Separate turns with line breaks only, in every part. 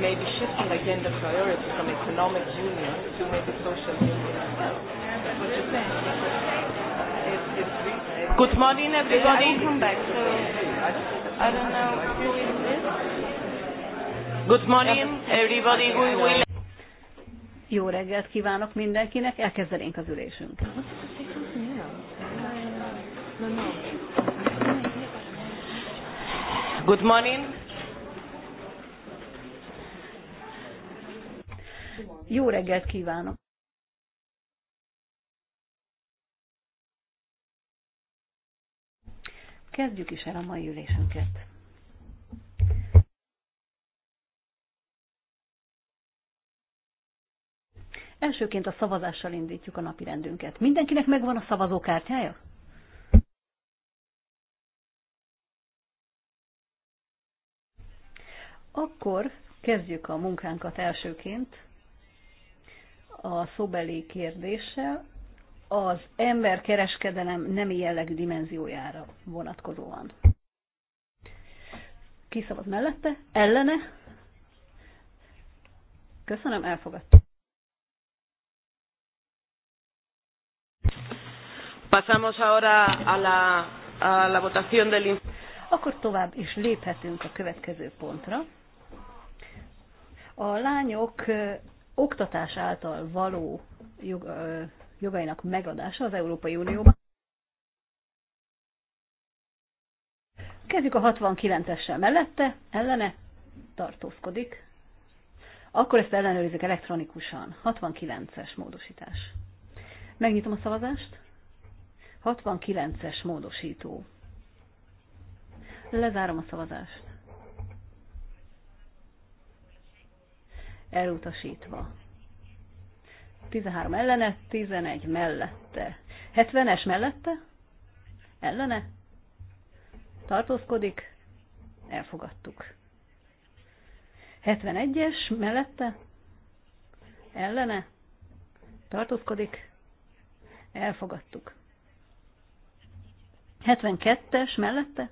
maybe shifting again the priority from economic union to maybe social union as well. what you're saying. It's, Good morning, everybody. Yeah, come back. So, I don't know who is this.
Good morning, everybody. Who will. Jó reggelt kívánok mindenkinek, elkezdenénk az ülésünk. Good morning. Jó reggelt kívánok! Kezdjük is el a mai ülésünket. Elsőként a szavazással indítjuk a napi rendünket. Mindenkinek megvan a szavazókártyája? Akkor kezdjük a munkánkat elsőként a szobeli kérdéssel, az emberkereskedelem nem jellegű dimenziójára vonatkozóan. Kiszabad mellette, ellene. Köszönöm, elfogadtam.
Pasamos ahora a la, a la votación
del Akkor tovább is léphetünk a következő pontra. A lányok oktatás által való jog, jogainak megadása az Európai Unióban. Kezdjük a 69-essel mellette, ellene tartózkodik. Akkor ezt ellenőrizzük elektronikusan. 69-es módosítás. Megnyitom a szavazást. 69-es módosító.
Lezárom a szavazást.
elutasítva. 13 ellene, 11 mellette. 70-es mellette? Ellene? Tartózkodik? Elfogadtuk. 71-es mellette? Ellene? Tartózkodik? Elfogadtuk. 72-es mellette?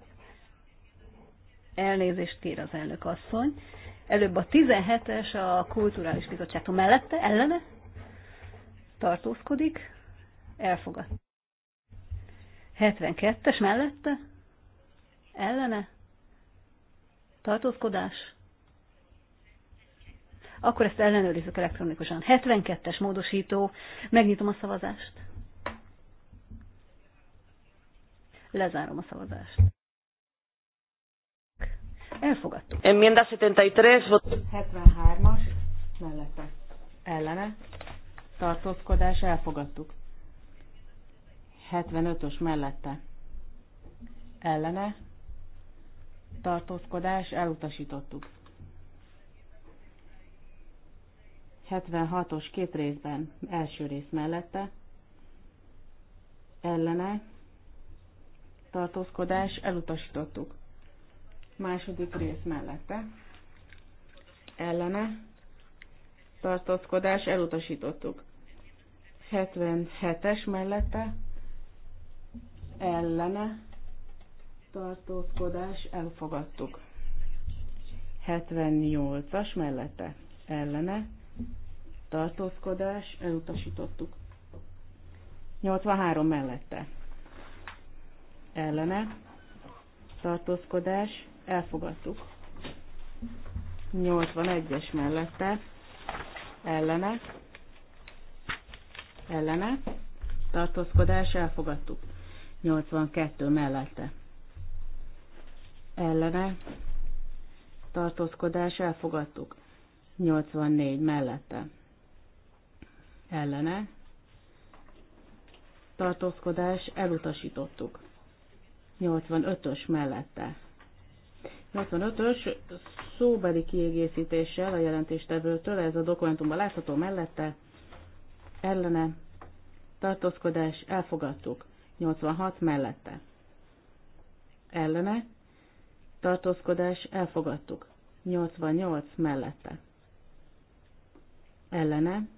Elnézést kér az elnök asszony. Előbb a 17-es a Kulturális Bizottságtól mellette, ellene tartózkodik, elfogad. 72-es mellette, ellene tartózkodás, akkor ezt ellenőrizzük elektronikusan. 72-es módosító, megnyitom a szavazást. Lezárom a szavazást. Elfogadtuk.
Enmienda 73.
73-as mellette. Ellene. Tartózkodás elfogadtuk. 75-ös mellette. Ellene. Tartózkodás elutasítottuk. 76-os két részben, első rész mellette, ellene, tartózkodás elutasítottuk. Második rész mellette. Ellene. Tartózkodás elutasítottuk. 77-es mellette. Ellene. Tartózkodás elfogadtuk. 78-as mellette. Ellene. Tartózkodás elutasítottuk. 83 mellette. Ellene. Tartózkodás elfogadtuk. 81-es mellette ellene ellene tartózkodás elfogadtuk. 82 mellette ellene tartózkodás elfogadtuk. 84 mellette ellene tartózkodás elutasítottuk. 85-ös mellette 85-ös szóbeli kiegészítéssel a jelentéstevőtől, ez a dokumentumban látható mellette, ellene, tartózkodás, elfogadtuk. 86 mellette. Ellene, tartózkodás, elfogadtuk. 88 mellette. Ellene,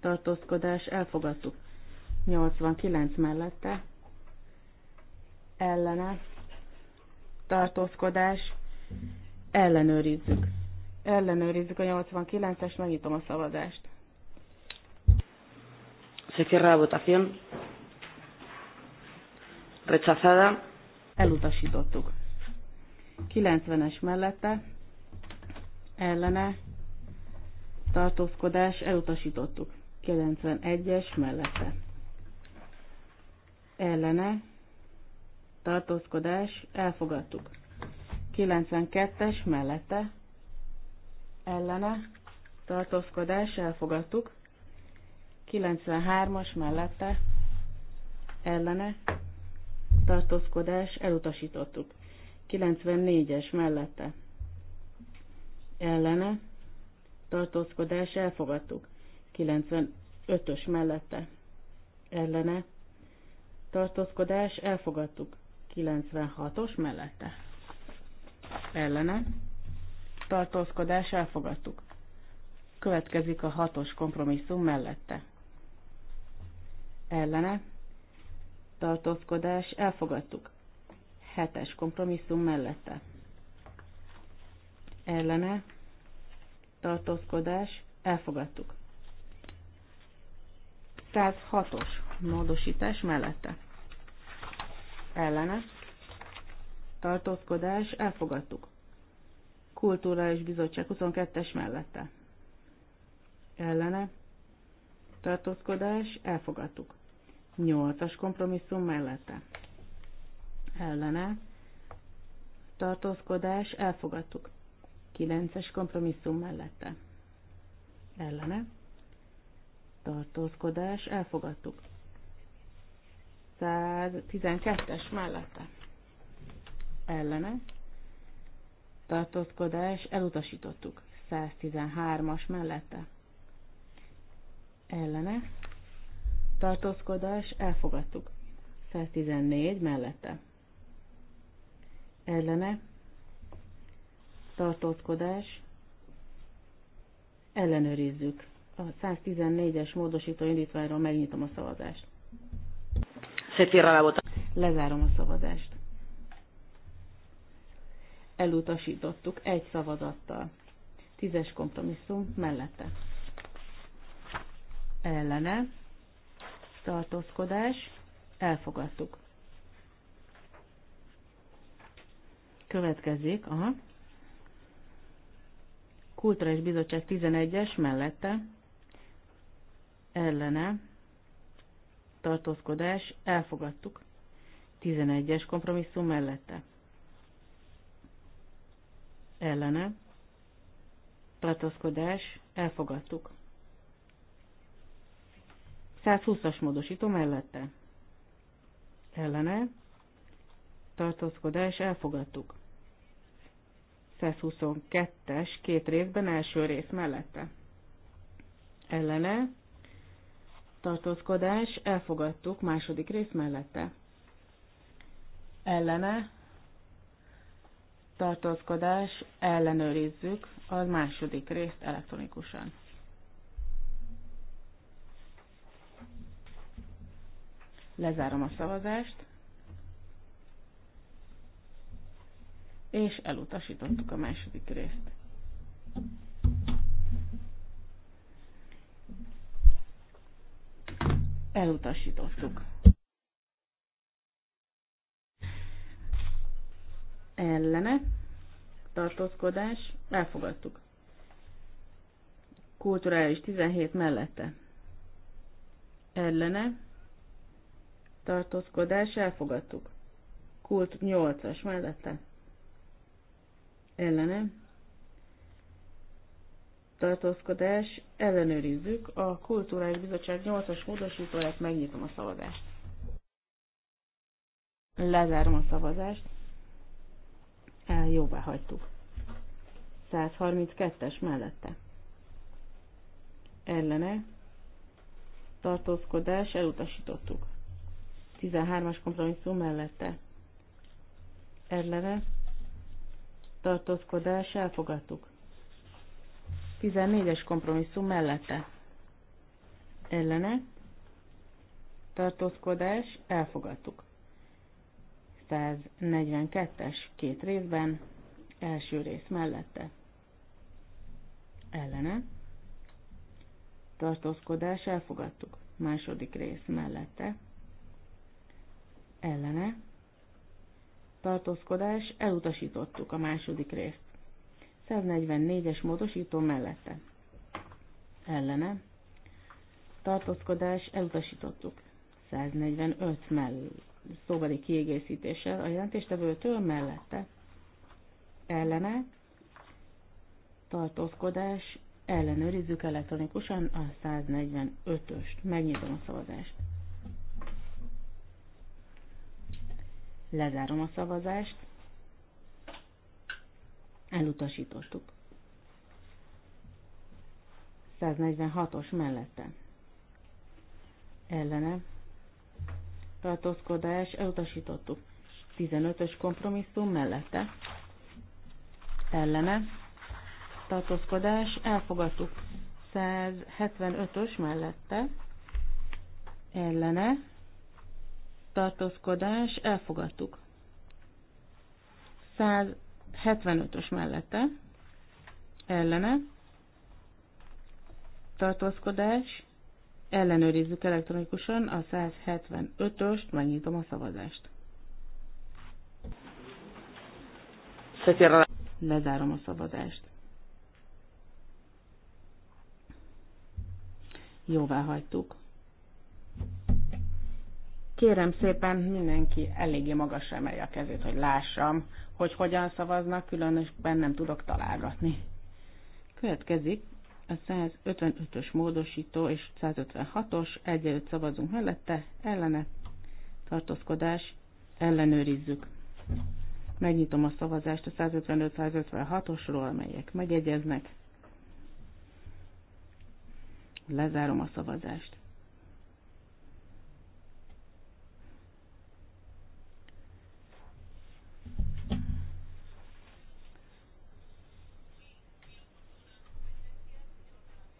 tartózkodás, elfogadtuk. 89 mellette. Ellene, tartózkodás, ellenőrizzük. Ellenőrizzük a 89-es, megnyitom a szavazást.
Se cierra la votación. Rechazada.
Elutasítottuk. 90-es mellette ellene tartózkodás elutasítottuk. 91-es mellette ellene tartózkodás, elfogadtuk. 92-es mellette, ellene, tartózkodás, elfogadtuk. 93-as mellette, ellene, tartózkodás, elutasítottuk. 94-es mellette, ellene, tartózkodás, elfogadtuk. 95-ös mellette, ellene, tartózkodás, elfogadtuk. 96-os mellette. Ellene. Tartózkodás elfogadtuk. Következik a 6-os kompromisszum mellette. Ellene. Tartózkodás elfogadtuk. 7-es kompromisszum mellette. Ellene. Tartózkodás elfogadtuk. 106-os módosítás mellette ellene tartózkodás elfogadtuk. Kultúra és Bizottság 22-es mellette ellene tartózkodás elfogadtuk. 8-as kompromisszum mellette ellene tartózkodás elfogadtuk. 9-es kompromisszum mellette ellene tartózkodás elfogadtuk. 112-es mellette ellene tartózkodás elutasítottuk 113-as mellette ellene tartózkodás elfogadtuk 114 mellette ellene tartózkodás ellenőrizzük a 114-es módosító indítványról megnyitom a szavazást Se cierra la votación. Lezárom a szavazást. Elutasítottuk egy szavazattal. Tízes kompromisszum mellette. Ellene. Tartózkodás. Elfogadtuk. Következik a Kulturális Bizottság 11-es mellette. Ellene tartózkodás, elfogadtuk. 11-es kompromisszum mellette. Ellene, tartózkodás, elfogadtuk. 120-as módosító mellette. Ellene, tartózkodás, elfogadtuk. 122-es két részben első rész mellette. Ellene, tartózkodás, elfogadtuk második rész mellette. Ellene, tartózkodás, ellenőrizzük a második részt elektronikusan. Lezárom a szavazást, és elutasítottuk a második részt. elutasítottuk. Ellene tartózkodás elfogadtuk. Kulturális 17 mellette. Ellene tartózkodás elfogadtuk. Kult 8-as mellette. Ellene tartózkodás, ellenőrizzük. A Kulturális Bizottság 8-as módosítóját megnyitom a szavazást. Lezárom a szavazást. El, jóvá hagytuk. 132-es mellette. Ellene. Tartózkodás, elutasítottuk. 13-as kompromisszum mellette. Ellene. Tartózkodás, elfogadtuk. 14-es kompromisszum mellette. Ellene. Tartózkodás. Elfogadtuk. 142-es két részben. Első rész mellette. Ellene. Tartózkodás. Elfogadtuk. Második rész mellette. Ellene. Tartózkodás. Elutasítottuk a második részt. 144-es módosító mellette. Ellene. Tartózkodás elutasítottuk. 145 mell szóbeli kiegészítéssel a jelentéstevőtől mellette. Ellene. Tartózkodás ellenőrizzük elektronikusan a 145-öst. Megnyitom a szavazást. Lezárom a szavazást elutasítottuk. 146-os mellette. Ellene. Tartózkodás elutasítottuk. 15-ös kompromisszum mellette. Ellene. Tartózkodás elfogadtuk. 175-ös mellette. Ellene. Tartózkodás elfogadtuk. 100 75-ös mellette ellene tartózkodás, ellenőrizzük elektronikusan a 175-öst, megnyitom a szavazást. Lezárom a szavazást. Jóvá hagytuk. Kérem szépen mindenki eléggé magas emelje a kezét, hogy lássam, hogy hogyan szavaznak, különösen nem tudok találgatni. Következik a 155-ös módosító és 156-os, egyelőtt szavazunk mellette, ellene, tartózkodás, ellenőrizzük. Megnyitom a szavazást a 155-156-osról, amelyek megegyeznek. Lezárom a szavazást.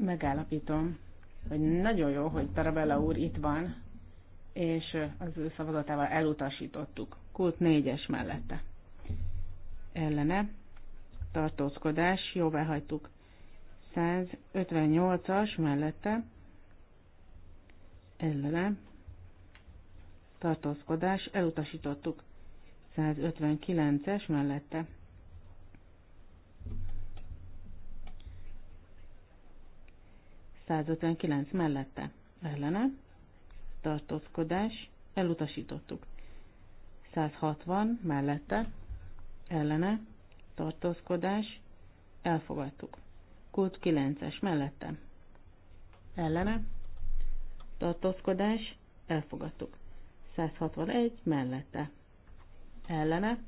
megállapítom, hogy nagyon jó, hogy Tarabella úr itt van, és az ő szavazatával elutasítottuk. Kult négyes mellette. Ellene. Tartózkodás. jó hagytuk. 158-as mellette. Ellene. Tartózkodás. Elutasítottuk. 159-es mellette. 159 mellette ellene tartózkodás elutasítottuk. 160 mellette ellene tartózkodás elfogadtuk. Kult 9-es mellette ellene tartózkodás elfogadtuk. 161 mellette ellene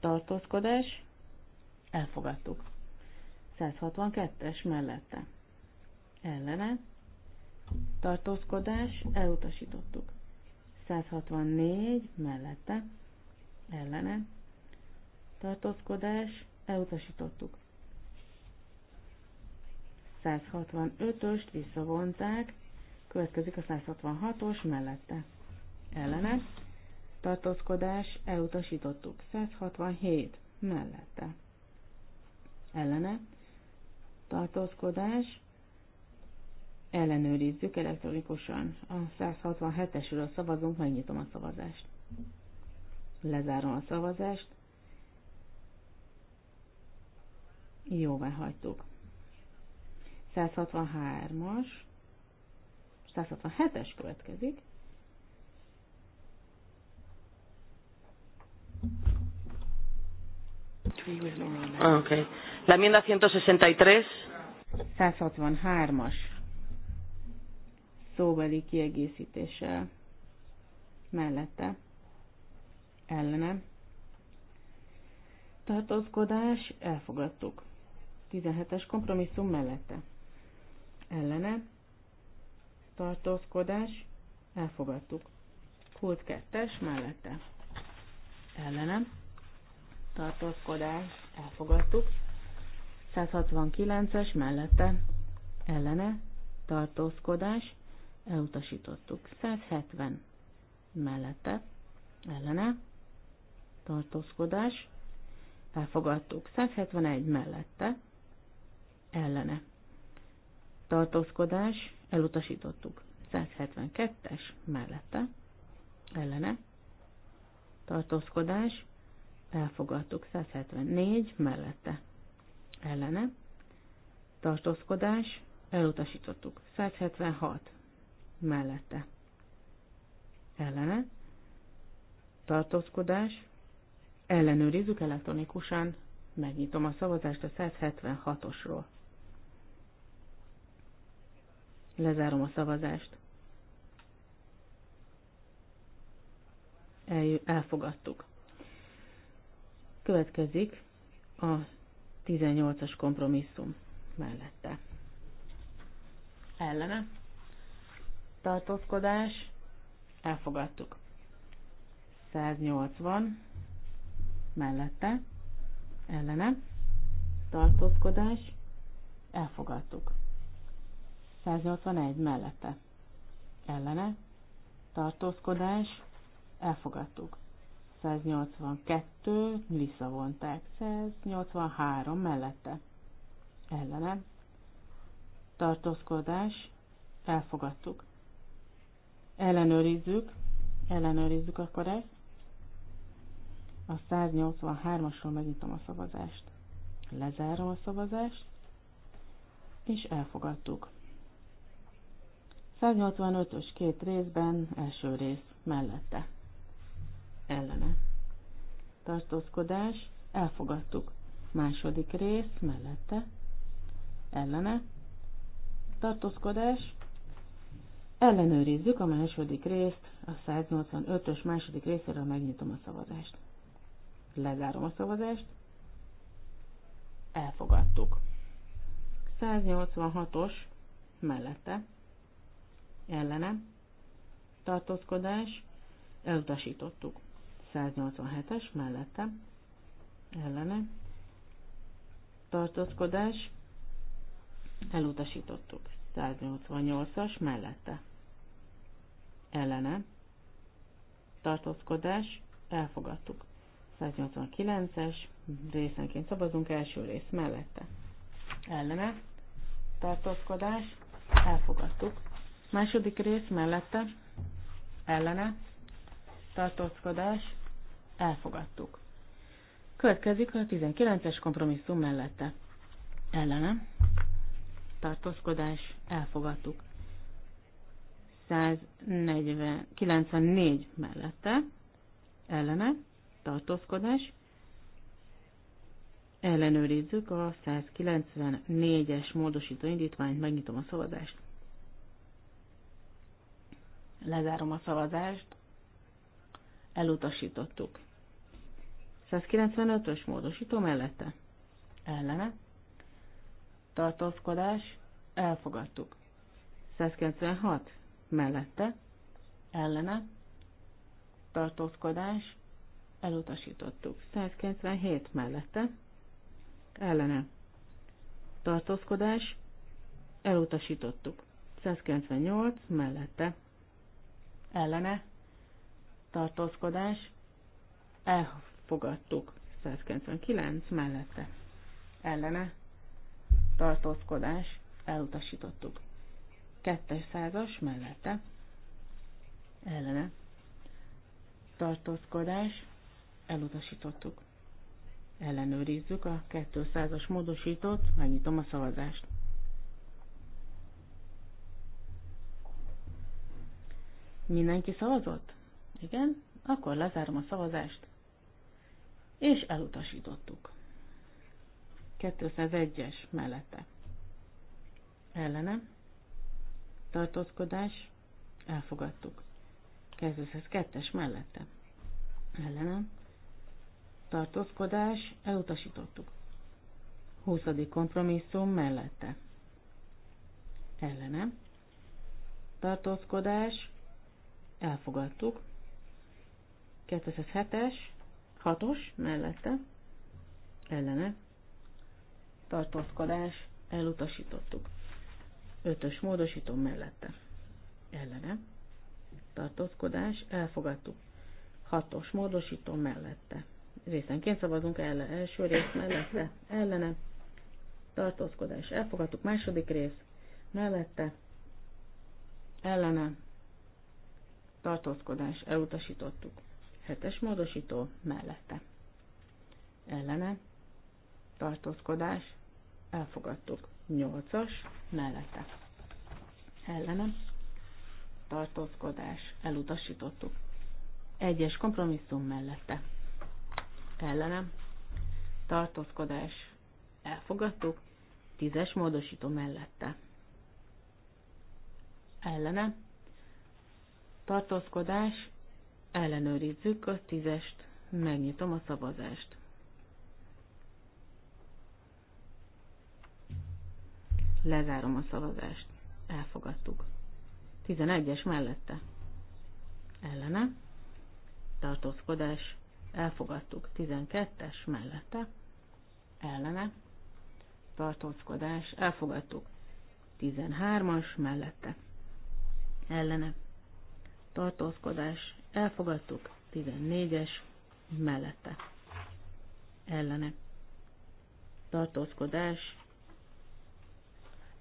tartózkodás elfogadtuk. 162-es mellette ellene, tartózkodás, elutasítottuk. 164 mellette, ellene, tartózkodás, elutasítottuk. 165-öst visszavonták, következik a 166-os mellette. Ellene, tartózkodás, elutasítottuk. 167 mellette. Ellene, tartózkodás, ellenőrizzük elektronikusan. A 167-esről szavazunk, megnyitom a szavazást. Lezárom a szavazást. Jóvá hagytuk. 163-as, 167-es következik.
Ah, okay.
La enmienda 163. 163-as
szóbeli kiegészítéssel mellette ellene. Tartózkodás elfogadtuk. 17-es kompromisszum mellette ellene. Tartózkodás elfogadtuk. Kult 2-es mellette ellene. Tartózkodás elfogadtuk. 169-es mellette ellene. Tartózkodás elutasítottuk. 170 mellette ellene tartózkodás, elfogadtuk. 171 mellette ellene tartózkodás, elutasítottuk. 172-es mellette ellene tartózkodás, elfogadtuk. 174 mellette ellene tartózkodás, elutasítottuk. 176 mellette. Ellene. Tartózkodás. Ellenőrizzük elektronikusan. Megnyitom a szavazást a 176-osról. Lezárom a szavazást. El, elfogadtuk. Következik a 18-as kompromisszum mellette. Ellene tartózkodás, elfogadtuk. 180 mellette, ellene, tartózkodás, elfogadtuk. 181 mellette, ellene, tartózkodás, elfogadtuk. 182 visszavonták, 183 mellette, ellene, tartózkodás, elfogadtuk ellenőrizzük, ellenőrizzük akkor ezt. A 183-asról megnyitom a szavazást. Lezárom a szavazást, és elfogadtuk. 185-ös két részben, első rész mellette. Ellene. Tartózkodás, elfogadtuk. Második rész mellette. Ellene. Tartózkodás, Ellenőrizzük a második részt, a 185-ös második részéről megnyitom a szavazást. Lezárom a szavazást. Elfogadtuk. 186-os mellette ellene tartózkodás elutasítottuk. 187-es mellette ellene tartózkodás elutasítottuk. 188-as mellette. Ellene. Tartózkodás. Elfogadtuk. 189-es részenként szavazunk első rész mellette. Ellene. Tartózkodás. Elfogadtuk. Második rész mellette. Ellene. Tartózkodás. Elfogadtuk. Következik a 19-es kompromisszum mellette. Ellene tartózkodás, elfogadtuk. 194 mellette, ellene, tartózkodás, ellenőrizzük a 194-es módosító indítványt, megnyitom a szavazást. Lezárom a szavazást, elutasítottuk. 195-ös módosító mellette, ellene, tartózkodás, elfogadtuk. 196 mellette, ellene, tartózkodás, elutasítottuk. 197 mellette, ellene, tartózkodás, elutasítottuk. 198 mellette, ellene, tartózkodás, elfogadtuk. 199 mellette, ellene, tartózkodás elutasítottuk. Kettes százas mellette ellene tartózkodás elutasítottuk. Ellenőrizzük a 200-as módosítót, megnyitom a szavazást. Mindenki szavazott? Igen? Akkor lezárom a szavazást. És elutasítottuk. 201-es mellette. Ellene. Tartózkodás. Elfogadtuk. 202-es mellette. Ellene. Tartózkodás. Elutasítottuk. 20. kompromisszum mellette. Ellene. Tartózkodás. Elfogadtuk. 207-es. 6-os mellette. Ellene tartózkodás, elutasítottuk. Ötös módosító mellette. Ellene. Tartózkodás, elfogadtuk. Hatos módosító mellette. Részenként szavazunk el, első rész mellette, ellene. Tartózkodás, elfogadtuk. Második rész mellette, ellene. Tartózkodás, elutasítottuk. Hetes módosító mellette. Ellene tartózkodás, elfogadtuk. 8-as, mellette. Ellenem, tartózkodás, elutasítottuk. Egyes kompromisszum mellette. Ellenem, tartózkodás, elfogadtuk. Tízes módosító mellette. Ellenem, tartózkodás, ellenőrizzük a tízest, megnyitom a szavazást. Lezárom a szavazást.
Elfogadtuk.
11-es mellette. Ellene. Tartózkodás. Elfogadtuk. 12-es mellette. Ellene. Tartózkodás. Elfogadtuk. 13-as mellette. Ellene. Tartózkodás. Elfogadtuk. 14-es mellette. Ellene. Tartózkodás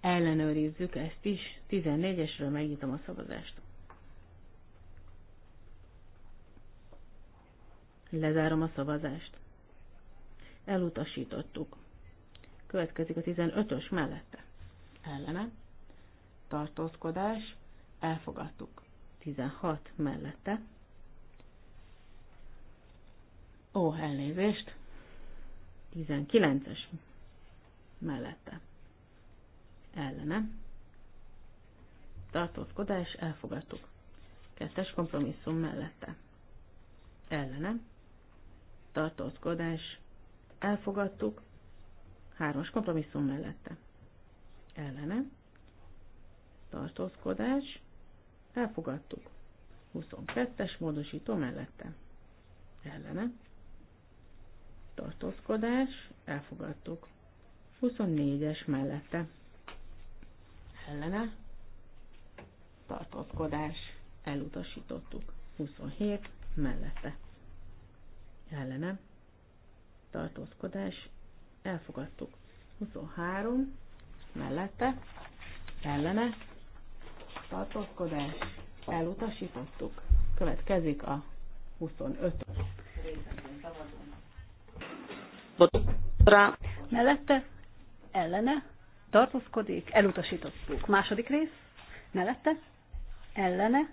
ellenőrizzük ezt is. 14-esről megnyitom a szavazást. Lezárom a szavazást. Elutasítottuk. Következik a 15-ös mellette. Ellene. Tartózkodás. Elfogadtuk. 16 mellette. Ó, elnézést. 19-es mellette ellene, tartózkodás, elfogadtuk. Kettes kompromisszum mellette, ellene, tartózkodás, elfogadtuk, hármas kompromisszum mellette, ellene, tartózkodás, elfogadtuk. 22-es módosító mellette, ellene, tartózkodás, elfogadtuk. 24-es mellette, ellene tartózkodás elutasítottuk. 27 mellette ellene tartózkodás elfogadtuk. 23 mellette ellene tartózkodás elutasítottuk. Következik a 25
Mellette ellene tartózkodik, elutasítottuk. Második rész, mellette, ellene,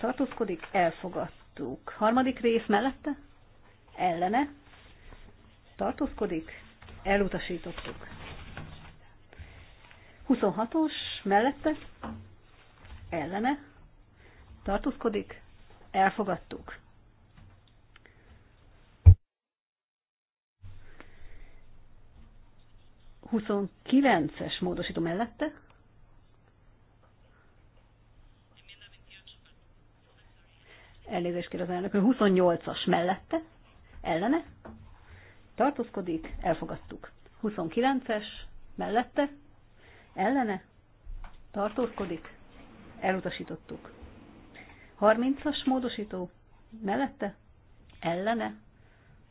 tartózkodik, elfogadtuk. Harmadik rész, mellette, ellene, tartózkodik, elutasítottuk. 26-os, mellette, ellene, tartózkodik, elfogadtuk. 29-es módosító mellette. Elnézést kér az elnök, 28-as mellette, ellene, tartózkodik, elfogadtuk. 29-es mellette, ellene, tartózkodik, elutasítottuk. 30-as módosító mellette, ellene,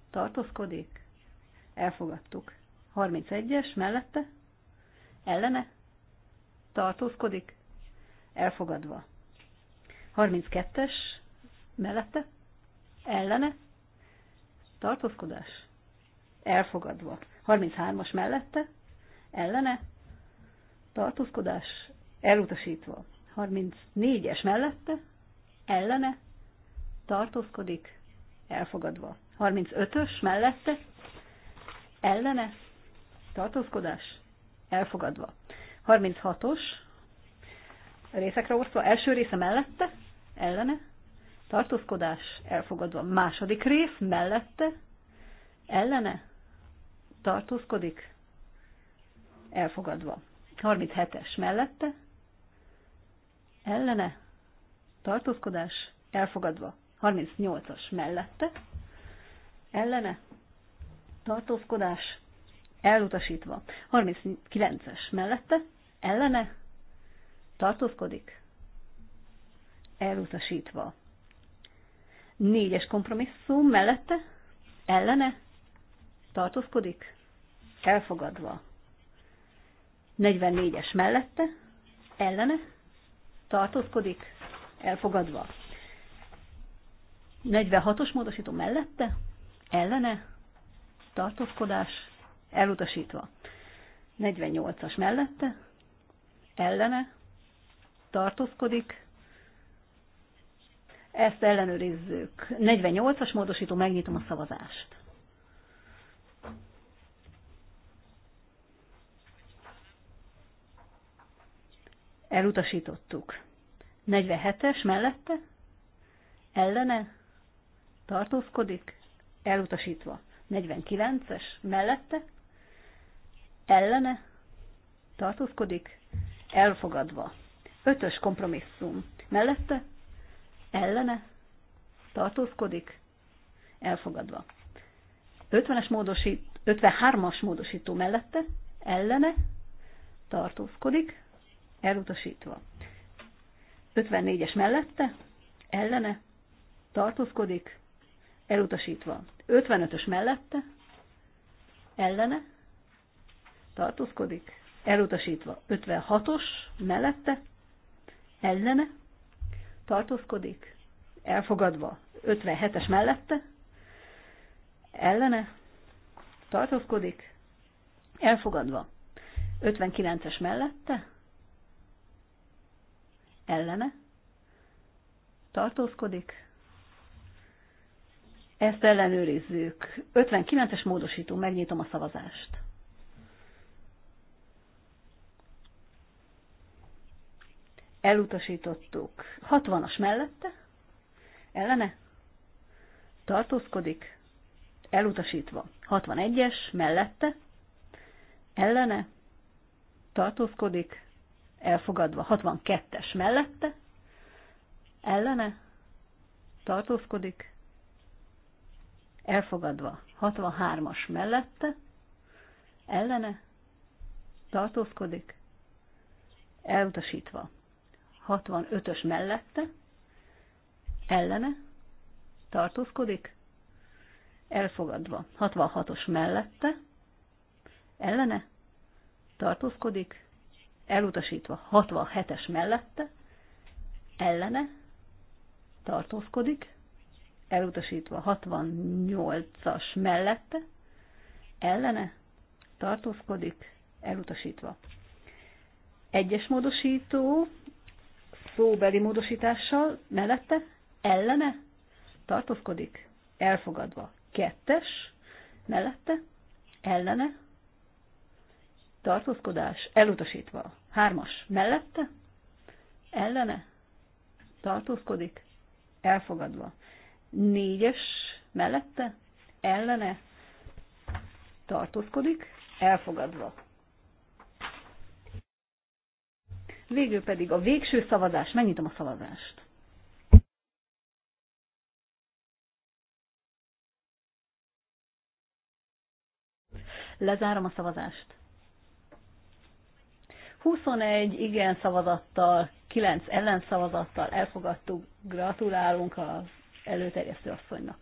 tartózkodik, elfogadtuk. 31-es mellette, ellene, tartózkodik, elfogadva. 32-es mellette, ellene, tartózkodás, elfogadva. 33-as mellette, ellene, tartózkodás, elutasítva. 34-es mellette, ellene, tartózkodik, elfogadva. 35-ös mellette, ellene, tartózkodás, elfogadva. 36-os, részekre osztva, első része mellette, ellene, tartózkodás, elfogadva. Második rész mellette, ellene, tartózkodik, elfogadva. 37-es mellette, ellene, tartózkodás, elfogadva. 38-as mellette, ellene, tartózkodás, elutasítva. 39-es mellette, ellene, tartózkodik, elutasítva. 4-es kompromisszum mellette, ellene, tartózkodik, elfogadva. 44-es mellette, ellene, tartózkodik, elfogadva. 46-os módosító mellette, ellene, tartózkodás, elutasítva. 48-as mellette, ellene, tartózkodik, ezt ellenőrizzük. 48-as módosító, megnyitom a szavazást. Elutasítottuk. 47-es mellette, ellene, tartózkodik, elutasítva. 49-es mellette, ellene tartózkodik, elfogadva. Ötös kompromisszum mellette, ellene tartózkodik, elfogadva. 50-es módosít, 53-as módosító mellette, ellene tartózkodik, elutasítva. 54-es mellette, ellene tartózkodik, elutasítva. 55-ös mellette, ellene tartózkodik, elutasítva 56-os mellette, ellene, tartózkodik, elfogadva 57-es mellette, ellene, tartózkodik, elfogadva 59-es mellette, ellene, tartózkodik, ezt ellenőrizzük. 59-es módosító, megnyitom a szavazást. elutasítottuk. 60-as mellette, ellene, tartózkodik, elutasítva. 61-es mellette, ellene, tartózkodik, elfogadva. 62-es mellette, ellene, tartózkodik, elfogadva. 63-as mellette, ellene, tartózkodik, elutasítva. 65-ös mellette, ellene, tartózkodik, elfogadva. 66-os mellette, ellene, tartózkodik, elutasítva. 67-es mellette, ellene, tartózkodik, elutasítva. 68-as mellette, ellene, tartózkodik, elutasítva. Egyes módosító szóbeli módosítással, mellette, ellene, tartózkodik, elfogadva. Kettes, mellette, ellene, tartózkodás, elutasítva. Hármas, mellette, ellene, tartózkodik, elfogadva. Négyes, mellette, ellene, tartózkodik, elfogadva. Végül pedig a végső szavazás. Megnyitom a szavazást. Lezárom a szavazást. 21 igen szavazattal, 9 ellen szavazattal elfogadtuk. Gratulálunk az előterjesztő asszonynak.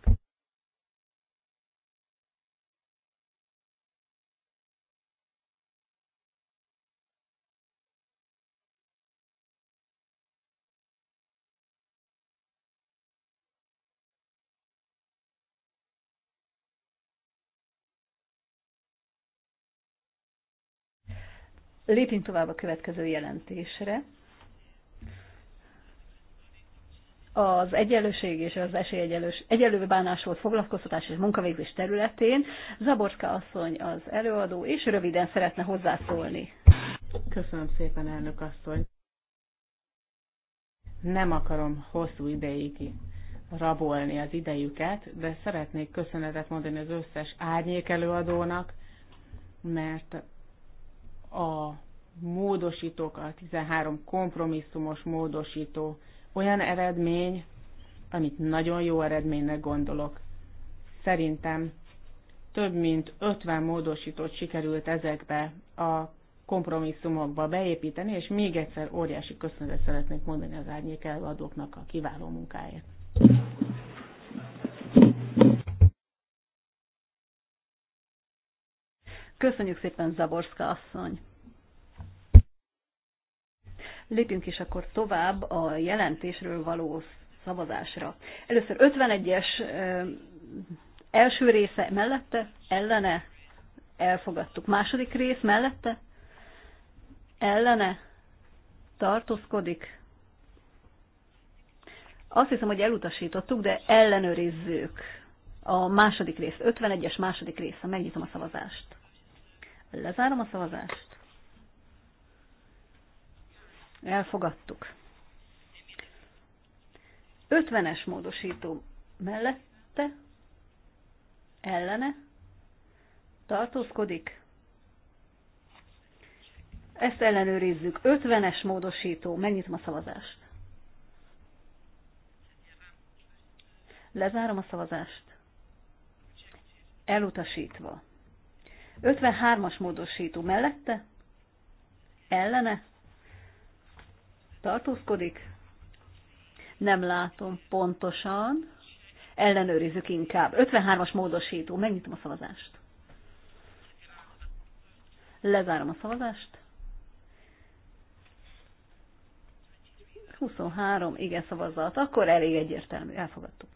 Lépjünk tovább a következő jelentésre. az egyenlőség és az esélyegyenlős, egyenlő volt foglalkoztatás és munkavégzés területén. Zaborska asszony az előadó, és röviden szeretne hozzászólni. Köszönöm szépen, elnök asszony.
Nem akarom hosszú ideig rabolni az idejüket, de szeretnék köszönetet mondani az összes árnyék előadónak, mert a módosítók, a 13 kompromisszumos módosító olyan eredmény, amit nagyon jó eredménynek gondolok. Szerintem több mint 50 módosítót sikerült ezekbe a kompromisszumokba beépíteni, és még egyszer óriási köszönetet szeretnék mondani az árnyék előadóknak a kiváló munkáért.
Köszönjük szépen, Zaborszka asszony! Lépjünk is akkor tovább a jelentésről való szavazásra. Először 51-es első része mellette, ellene, elfogadtuk. Második rész mellette, ellene, tartózkodik. Azt hiszem, hogy elutasítottuk, de ellenőrizzük a második rész, 51-es második része. Megnyitom a szavazást. Lezárom a szavazást. Elfogadtuk. 50-es módosító mellette, ellene, tartózkodik. Ezt ellenőrizzük. 50-es módosító. Megnyitom a szavazást. Lezárom a szavazást. Elutasítva. 53-as módosító mellette, ellene, tartózkodik, nem látom pontosan, ellenőrizzük inkább. 53-as módosító, megnyitom a szavazást. Lezárom a szavazást. 23 igen szavazat, akkor elég egyértelmű, elfogadtuk.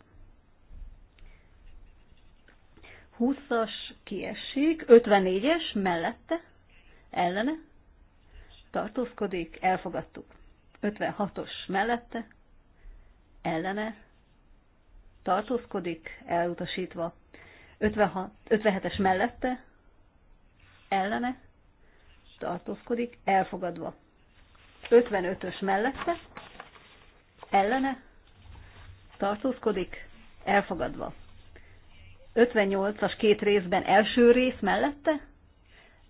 20-as kiesik, 54-es mellette, ellene, tartózkodik, elfogadtuk. 56-os mellette, ellene, tartózkodik, elutasítva. 56, 57-es mellette, ellene, tartózkodik, elfogadva. 55-ös mellette, ellene, tartózkodik, elfogadva. 58-as két részben első rész mellette?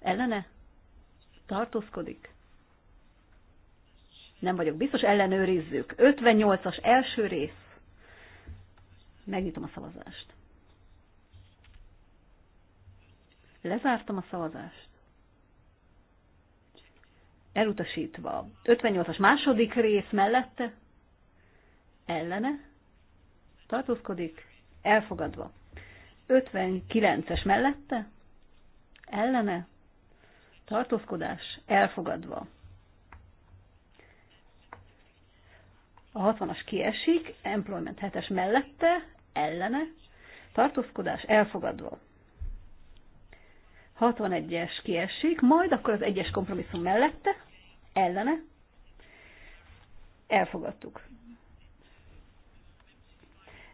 Ellene? Tartózkodik? Nem vagyok biztos, ellenőrizzük. 58-as első rész. Megnyitom a szavazást. Lezártam a szavazást. Elutasítva. 58-as második rész mellette? Ellene? Tartózkodik? Elfogadva. 59-es mellette, ellene, tartózkodás elfogadva. A 60-as kiesik, employment 7-es mellette, ellene, tartózkodás elfogadva. 61-es kiesik, majd akkor az 1-es kompromisszum mellette, ellene, elfogadtuk.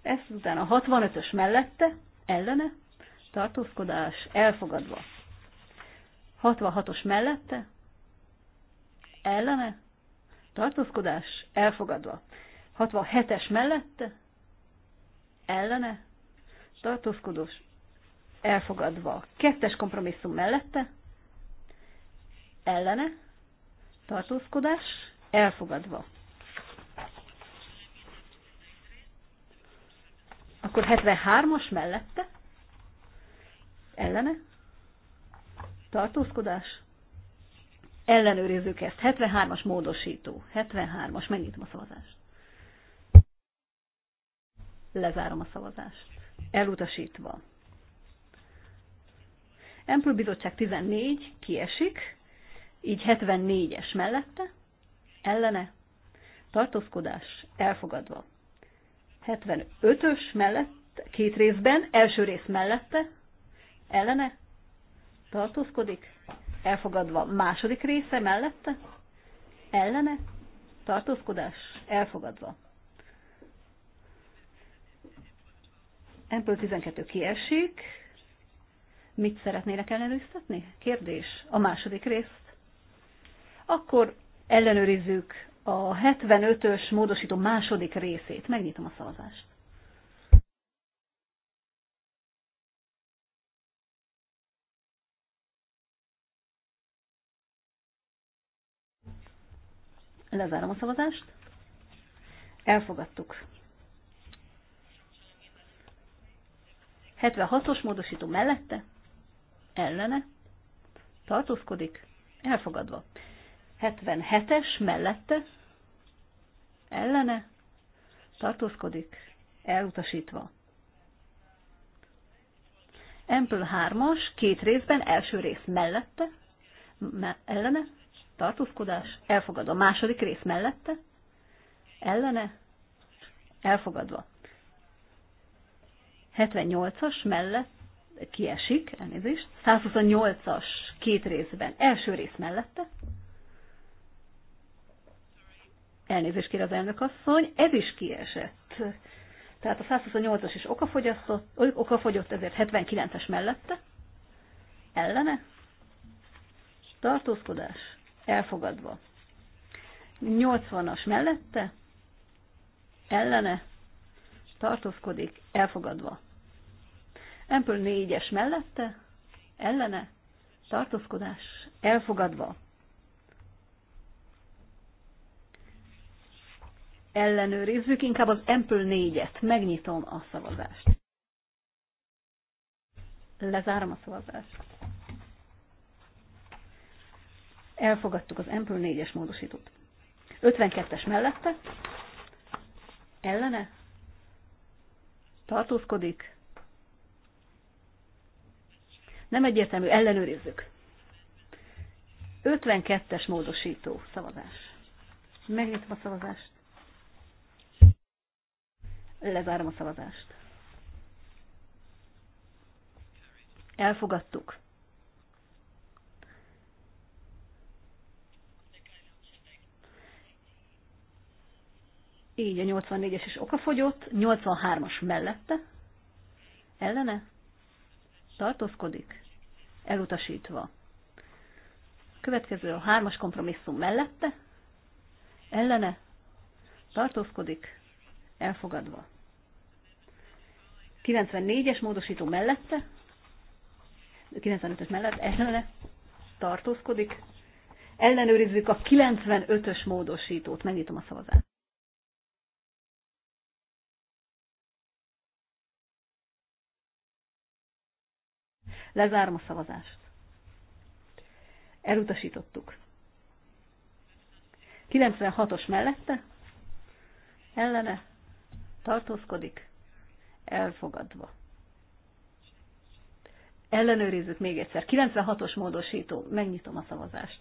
Ezt utána a 65-ös mellette, ellene, tartózkodás elfogadva. 66-os mellette, ellene, tartózkodás elfogadva. 67-es mellette, ellene, tartózkodós elfogadva. Kettes kompromisszum mellette, ellene, tartózkodás elfogadva. Akkor 73-as mellette? Ellene? Tartózkodás? Ellenőrizzük ezt. 73-as módosító. 73-as. Megnyitom a szavazást. Lezárom a szavazást. Elutasítva. Empül Bizottság 14 kiesik, így 74-es mellette, ellene, tartózkodás elfogadva. 75-ös mellett, két részben, első rész mellette, ellene, tartózkodik, elfogadva második része mellette, ellene, tartózkodás, elfogadva. Ebből 12 kiesik. Mit szeretnének ellenőriztetni? Kérdés. A második részt. Akkor ellenőrizzük a 75-ös módosító második részét. Megnyitom a szavazást. Lezárom a szavazást. Elfogadtuk. 76-os módosító mellette, ellene, tartózkodik, elfogadva. 77-es mellette, ellene tartózkodik, elutasítva. Ample 3-as, két részben, első rész mellette, me ellene, tartózkodás, elfogadva. Második rész mellette, ellene, elfogadva. 78-as mellett kiesik, elnézést, 128-as két részben, első rész mellette, Elnézést kér az elnök asszony, ez is kiesett. Tehát a 128-as is okafogyott, ezért 79-es mellette. Ellene? Tartózkodás? Elfogadva. 80-as mellette? Ellene? Tartózkodik? Elfogadva. Empől 4-es mellette? Ellene? Tartózkodás? Elfogadva. ellenőrizzük, inkább az empl 4-et. Megnyitom a szavazást. Lezárom a szavazást. Elfogadtuk az empl 4-es módosítót. 52-es mellette, ellene, tartózkodik, nem egyértelmű, ellenőrizzük. 52-es módosító szavazás. Megnyitom a szavazást. Lezárom a szavazást. Elfogadtuk. Így a 84-es is okafogyott, 83-as mellette, ellene, tartózkodik, elutasítva. Következő a 3-as kompromisszum mellette, ellene, tartózkodik, elfogadva. 94-es módosító mellette, 95-ös mellett ellene tartózkodik. Ellenőrizzük a 95-ös módosítót. Megnyitom a szavazást. Lezárom a szavazást. Elutasítottuk. 96-os mellette, ellene tartózkodik, elfogadva. Ellenőrizzük még egyszer. 96-os módosító. Megnyitom a szavazást.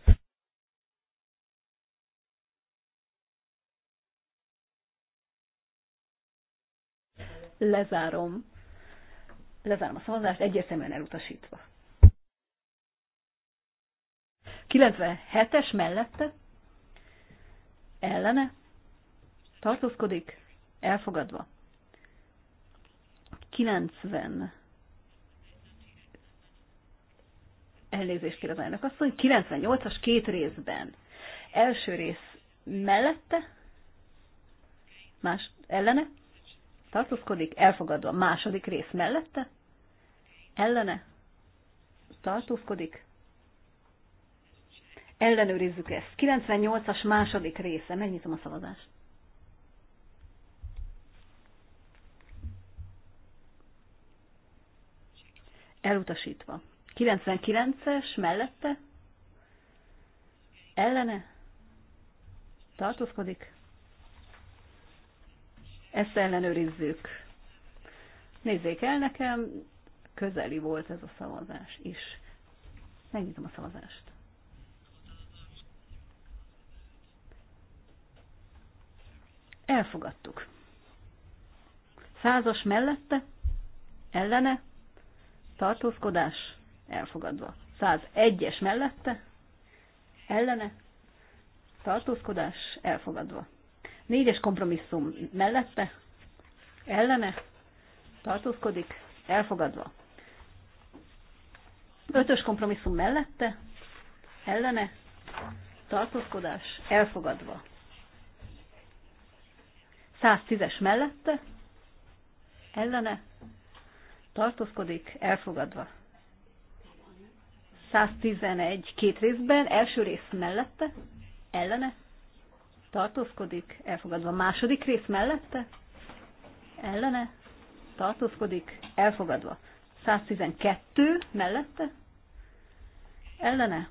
Lezárom. Lezárom a szavazást, egyértelműen elutasítva. 97-es mellette ellene tartózkodik, elfogadva. 90 elnézést kér az elnök asszony, 98-as két részben. Első rész mellette, más ellene, tartózkodik, elfogadva. Második rész mellette, ellene, tartózkodik, ellenőrizzük ezt. 98-as második része, megnyitom a szavazást. elutasítva. 99-es mellette ellene tartózkodik. Ezt ellenőrizzük. Nézzék el nekem, közeli volt ez a szavazás is. Megnyitom a szavazást. Elfogadtuk. Százas mellette, ellene, tartózkodás elfogadva. 101-es mellette, ellene, tartózkodás elfogadva. 4-es kompromisszum mellette, ellene, tartózkodik elfogadva. 5-ös kompromisszum mellette, ellene, tartózkodás elfogadva. 110-es mellette, ellene, tartózkodik, elfogadva. 111 két részben, első rész mellette, ellene, tartózkodik, elfogadva. Második rész mellette, ellene, tartózkodik, elfogadva. 112 mellette, ellene,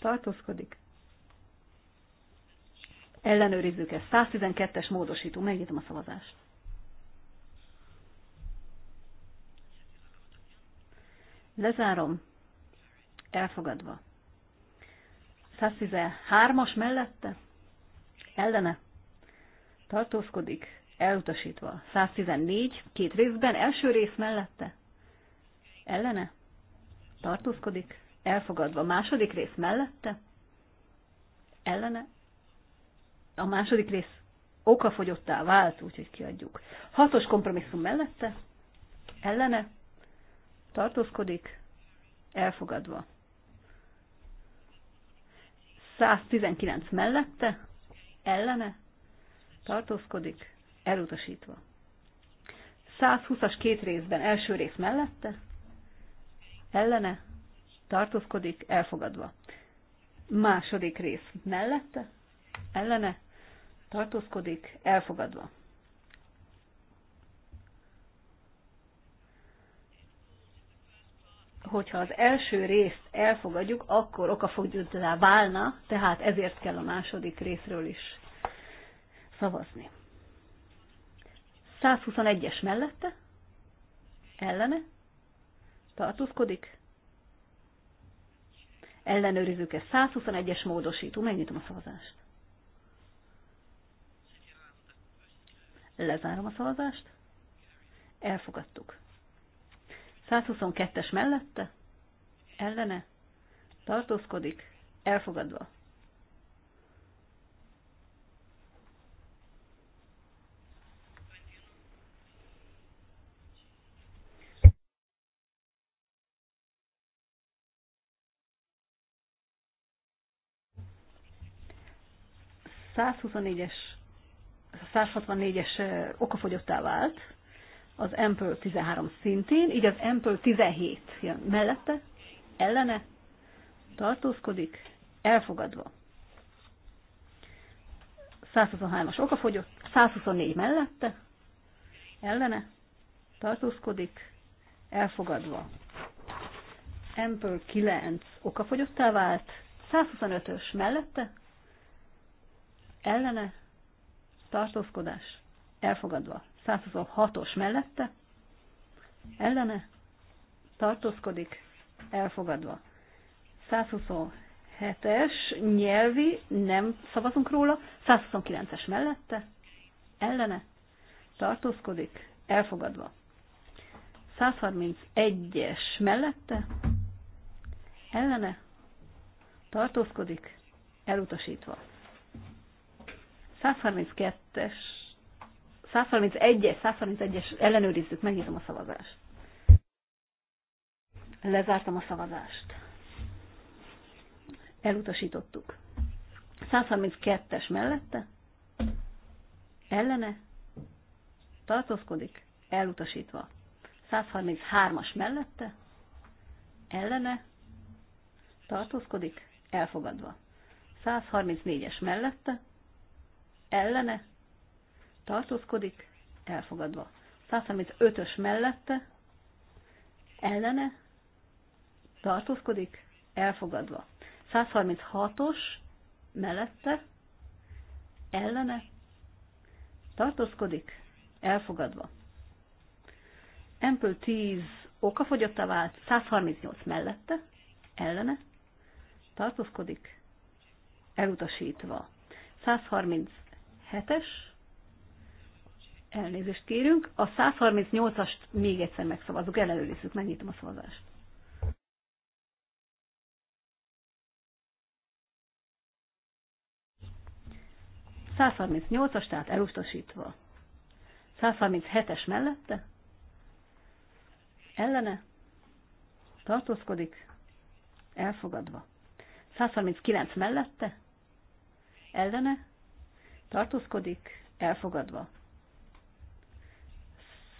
tartózkodik. Ellenőrizzük ezt. 112-es módosító. Megnyitom a szavazást. Lezárom. Elfogadva. 113-as mellette? Ellene? Tartózkodik. Elutasítva. 114, két részben, első rész mellette? Ellene? Tartózkodik. Elfogadva. Második rész mellette? Ellene? A második rész okafogyottá vált, úgyhogy kiadjuk. Hatos kompromisszum mellette? Ellene? tartózkodik, elfogadva. 119 mellette, ellene, tartózkodik, elutasítva. 120-as két részben első rész mellette, ellene, tartózkodik, elfogadva. Második rész mellette, ellene, tartózkodik, elfogadva. hogyha az első részt elfogadjuk, akkor okafogyottá válna, tehát ezért kell a második részről is szavazni. 121-es mellette? Ellene? Tartózkodik? Ellenőrizzük ezt. 121-es módosító. Megnyitom a szavazást. Lezárom a szavazást. Elfogadtuk. 122-es mellette? Ellene? Tartózkodik? Elfogadva. A 164-es okafogyottá vált, az Ample 13 szintén, így az Ample 17 jön mellette, ellene, tartózkodik, elfogadva. 123-as okafogyott, 124 mellette, ellene, tartózkodik, elfogadva. Ample 9 okafogyottá vált, 125-ös mellette, ellene, tartózkodás, elfogadva. 126-os mellette, ellene, tartózkodik, elfogadva. 127-es nyelvi, nem szavazunk róla, 129-es mellette, ellene, tartózkodik, elfogadva. 131-es mellette, ellene, tartózkodik, elutasítva. 132-es 131-es, 131-es, ellenőrizzük, megnyitom a szavazást. Lezártam a szavazást. Elutasítottuk. 132-es mellette? Ellene? Tartózkodik? Elutasítva. 133-as mellette? Ellene? Tartózkodik? Elfogadva. 134-es mellette? Ellene? tartózkodik, elfogadva. 135-ös mellette, ellene, tartózkodik, elfogadva. 136-os mellette, ellene, tartózkodik, elfogadva. Ample 10 okafogyottá vált, 138 mellette, ellene, tartózkodik, elutasítva. 137-es Elnézést kérünk. A 138-ast még egyszer megszavazunk, ellenőrizzük, megnyitom a szavazást. as tehát elutasítva. 137-es mellette? Ellene? Tartózkodik? Elfogadva. 139 mellette? Ellene? Tartózkodik? Elfogadva.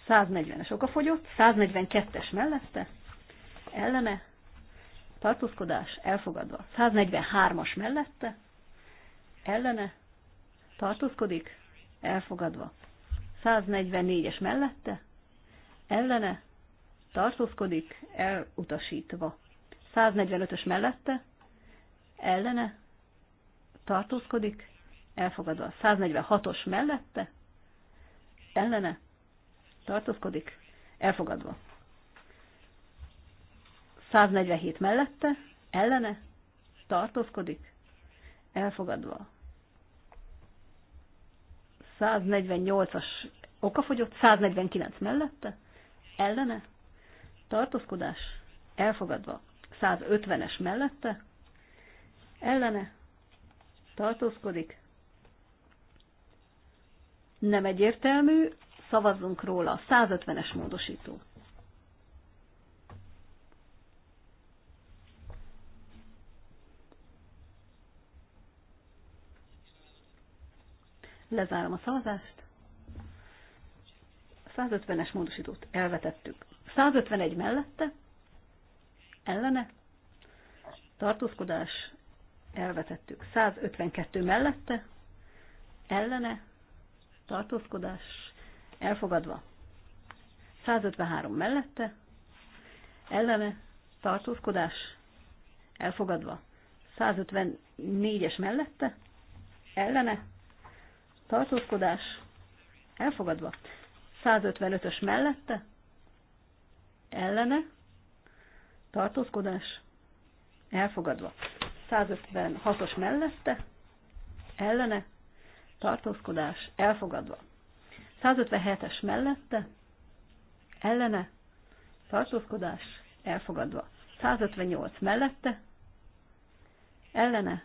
140-es okafogyott, 142-es mellette, ellene, tartózkodás elfogadva. 143-as mellette, ellene, tartózkodik, elfogadva. 144-es mellette, ellene, tartózkodik, elutasítva. 145-ös mellette, ellene, tartózkodik, elfogadva. 146-os mellette, ellene, tartózkodik, elfogadva. 147 mellette, ellene, tartózkodik, elfogadva. 148-as okafogyott, 149 mellette, ellene, tartózkodás, elfogadva. 150-es mellette, ellene, tartózkodik, nem egyértelmű, szavazzunk róla. 150-es módosító. Lezárom a szavazást. 150-es módosítót elvetettük. 151 mellette, ellene, tartózkodás, elvetettük. 152 mellette, ellene, tartózkodás, elfogadva. 153 mellette, ellene, tartózkodás, elfogadva. 154-es mellette, ellene, tartózkodás, elfogadva. 155-ös mellette, ellene, tartózkodás, elfogadva. 156-os mellette, ellene, tartózkodás, elfogadva. 157-es mellette, ellene, tartózkodás, elfogadva. 158 mellette, ellene,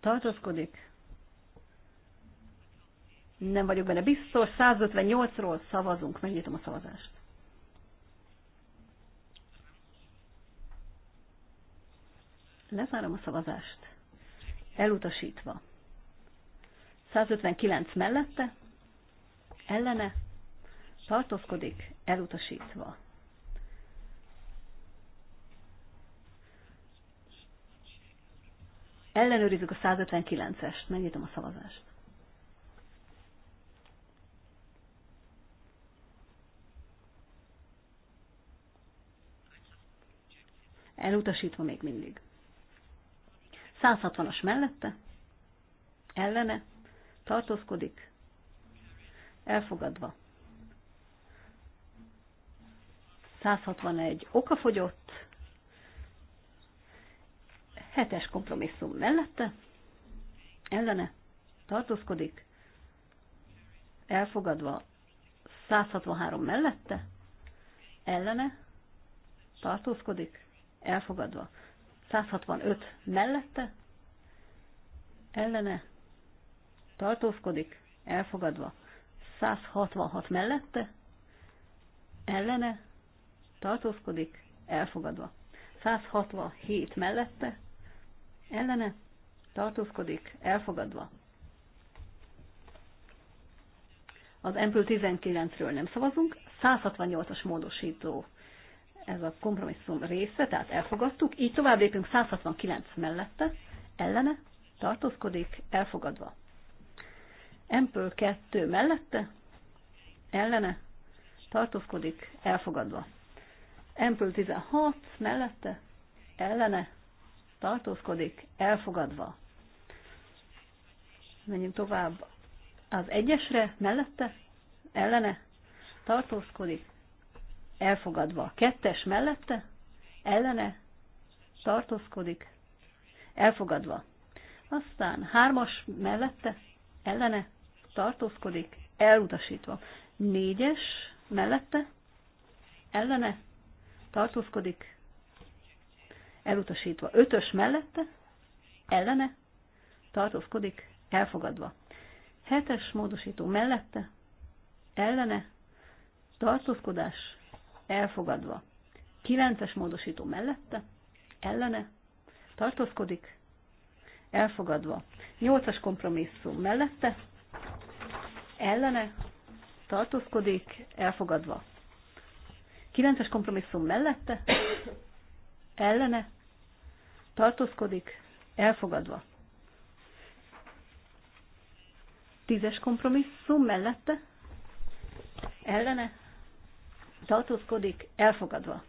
tartózkodik, nem vagyok benne biztos, 158-ról szavazunk, megnyitom a szavazást. Lezárom a szavazást. Elutasítva. 159 mellette, ellene tartózkodik, elutasítva. Ellenőrizzük a 159-est, megnyitom a szavazást. Elutasítva még mindig. 160-as mellette, ellene, tartózkodik, elfogadva. 161 oka 7-es kompromisszum mellette, ellene tartózkodik, elfogadva 163 mellette, ellene tartózkodik, elfogadva 165 mellette, ellene tartózkodik, elfogadva 166 mellette, ellene, tartózkodik, elfogadva. 167 mellette, ellene, tartózkodik, elfogadva. Az Ample 19-ről nem szavazunk, 168-as módosító ez a kompromisszum része, tehát elfogadtuk, így tovább lépünk 169 mellette, ellene, tartózkodik, elfogadva. Empől 2 mellette, ellene, tartózkodik, elfogadva. Empől 16 mellette, ellene, tartózkodik, elfogadva. Menjünk tovább. Az egyesre, mellette, ellene, tartózkodik, elfogadva. Kettes mellette, ellene, tartózkodik, elfogadva. Aztán hármas mellette, ellene, tartózkodik, elutasítva. Négyes, mellette, ellene, tartózkodik, elutasítva. Ötös mellette, ellene, tartózkodik, elfogadva. Hetes módosító mellette, ellene, tartózkodás, elfogadva. Kilences módosító mellette, ellene, tartózkodik, elfogadva. Nyolcas kompromisszum mellette, ellene tartózkodik, elfogadva. Kilences kompromisszum mellette, ellene tartózkodik, elfogadva. Tízes kompromisszum mellette, ellene tartózkodik, elfogadva.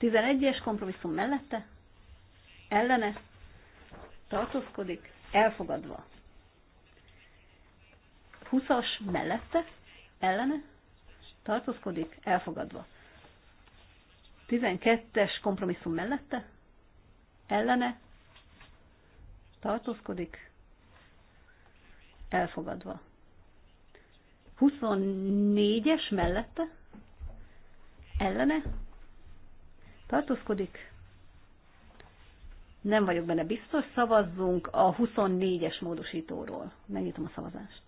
11-es kompromisszum mellette, ellene tartózkodik, elfogadva. 20-as mellette, ellene, tartózkodik, elfogadva. 12-es kompromisszum mellette, ellene, tartózkodik, elfogadva. 24-es mellette, ellene, tartózkodik, nem vagyok benne biztos, szavazzunk a 24-es módosítóról. Megnyitom a szavazást.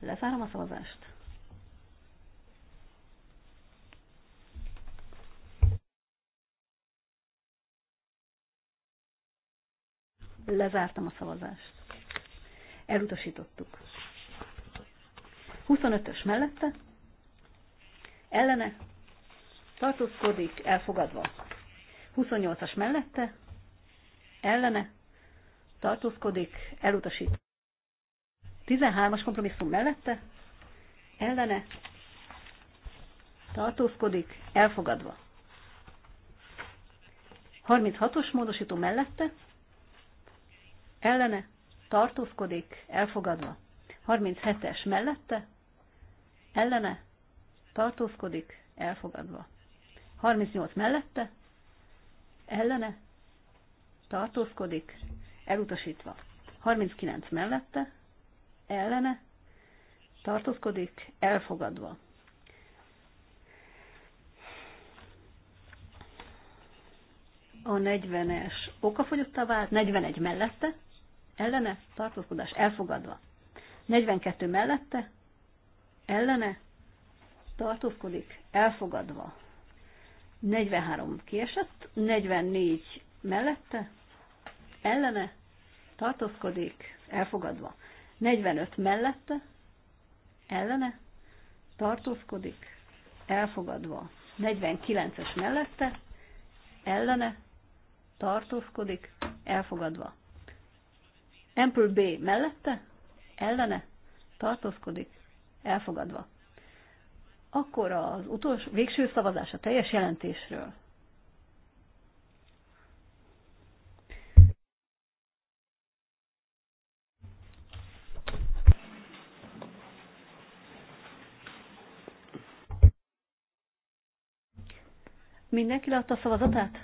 Lezárom a szavazást. Lezártam a szavazást. Elutasítottuk. 25-ös mellette, ellene, tartózkodik, elfogadva. 28-as mellette, ellene, tartózkodik, elutasít. 13-as kompromisszum mellette, ellene, tartózkodik, elfogadva. 36-os módosító mellette, ellene, tartózkodik, elfogadva. 37-es mellette, ellene, tartózkodik, elfogadva. 38 mellette, ellene tartózkodik, elutasítva. 39 mellette, ellene tartózkodik, elfogadva. A 40-es okafogyottá vált, 41 mellette, ellene tartózkodás elfogadva. 42 mellette, ellene tartózkodik, elfogadva. 43 kiesett, 44 mellette, ellene, tartózkodik, elfogadva. 45 mellette, ellene, tartózkodik, elfogadva. 49-es mellette, ellene, tartózkodik, elfogadva. Ample B mellette, ellene, tartózkodik, elfogadva. Akkor az utolsó, végső szavazás a teljes jelentésről. Mindenki látta a szavazatát?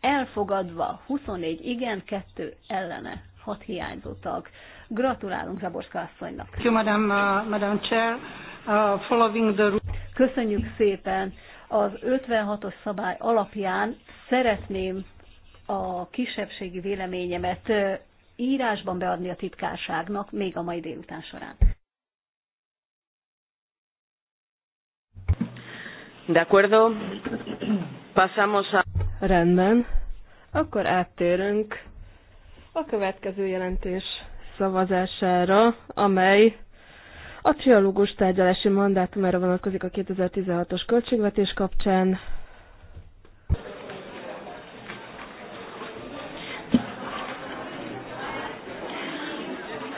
Elfogadva 24 igen, 2 ellene, 6 hiányzó tag. Gratulálunk Zaborszka asszonynak. Köszönöm, Madame, uh, madame chair. Uh, following the Köszönjük szépen! Az 56-os szabály alapján szeretném a kisebbségi véleményemet uh, írásban beadni a titkárságnak még a mai délután során.
De acuerdo. Pasamos a...
Rendben. Akkor áttérünk
a következő jelentés
szavazására, amely a trialógus tárgyalási mandátumára vonatkozik a 2016-os költségvetés kapcsán.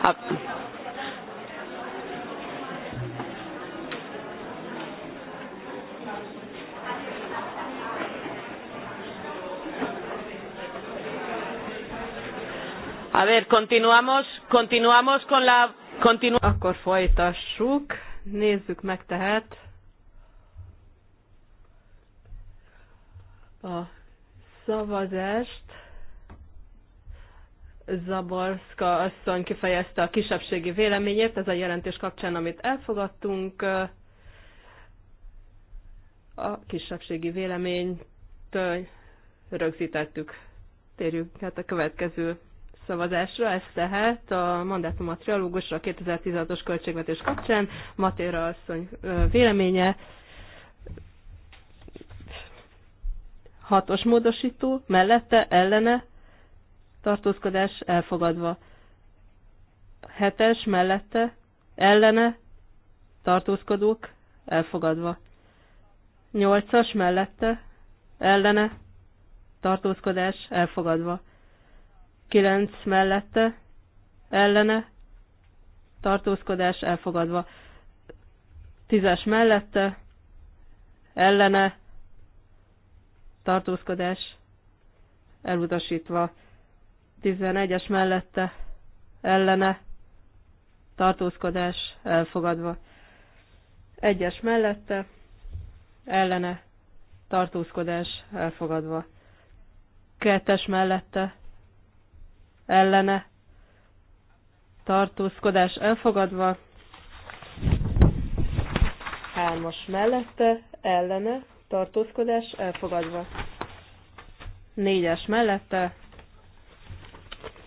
Hát,
a ver, continuamos, continuamos con la Continu- Akkor folytassuk. Nézzük
meg tehát a szavazást. Zaborska asszony kifejezte a kisebbségi véleményét, ez a jelentés kapcsán, amit elfogadtunk. A kisebbségi véleményt rögzítettük. Térjünk hát a következő szavazásra, ez tehát a mandátum a trialógusra 2016-os költségvetés kapcsán. Matéra asszony véleménye, hatos módosító, mellette, ellene, tartózkodás elfogadva. Hetes, mellette, ellene, tartózkodók elfogadva. Nyolcas, mellette, ellene, tartózkodás elfogadva kilenc mellette, ellene, tartózkodás elfogadva. tízes mellette, ellene, tartózkodás elutasítva. tizenegyes mellette, ellene, tartózkodás elfogadva. egyes mellette, ellene, tartózkodás elfogadva. kettes mellette, ellene tartózkodás elfogadva, hármas mellette ellene tartózkodás elfogadva, négyes mellette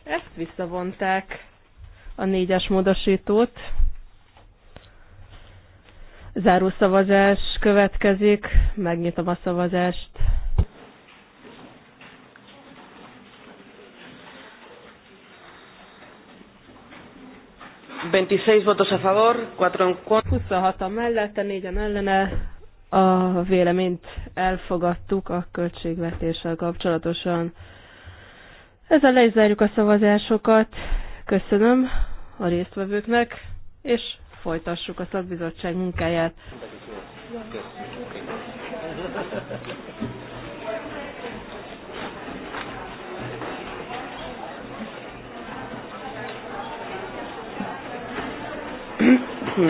ezt visszavonták a négyes módosítót. Zárószavazás következik, megnyitom a szavazást.
26 a 4 a mellette, 4-en ellene
a véleményt elfogadtuk a költségvetéssel kapcsolatosan. Ezzel le a szavazásokat. Köszönöm a résztvevőknek, és folytassuk a szakbizottság munkáját.
Köszönöm. Me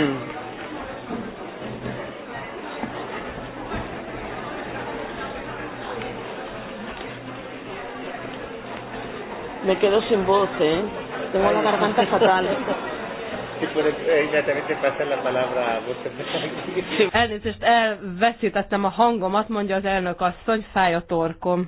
quedo sin voz, ¿eh? Tengo la garganta fatal. Sí,
eh, inmediatamente pasa la palabra a vos.
Elnézést, elveszítettem a hangomat, mondja az elnök asszony, fáj a torkom.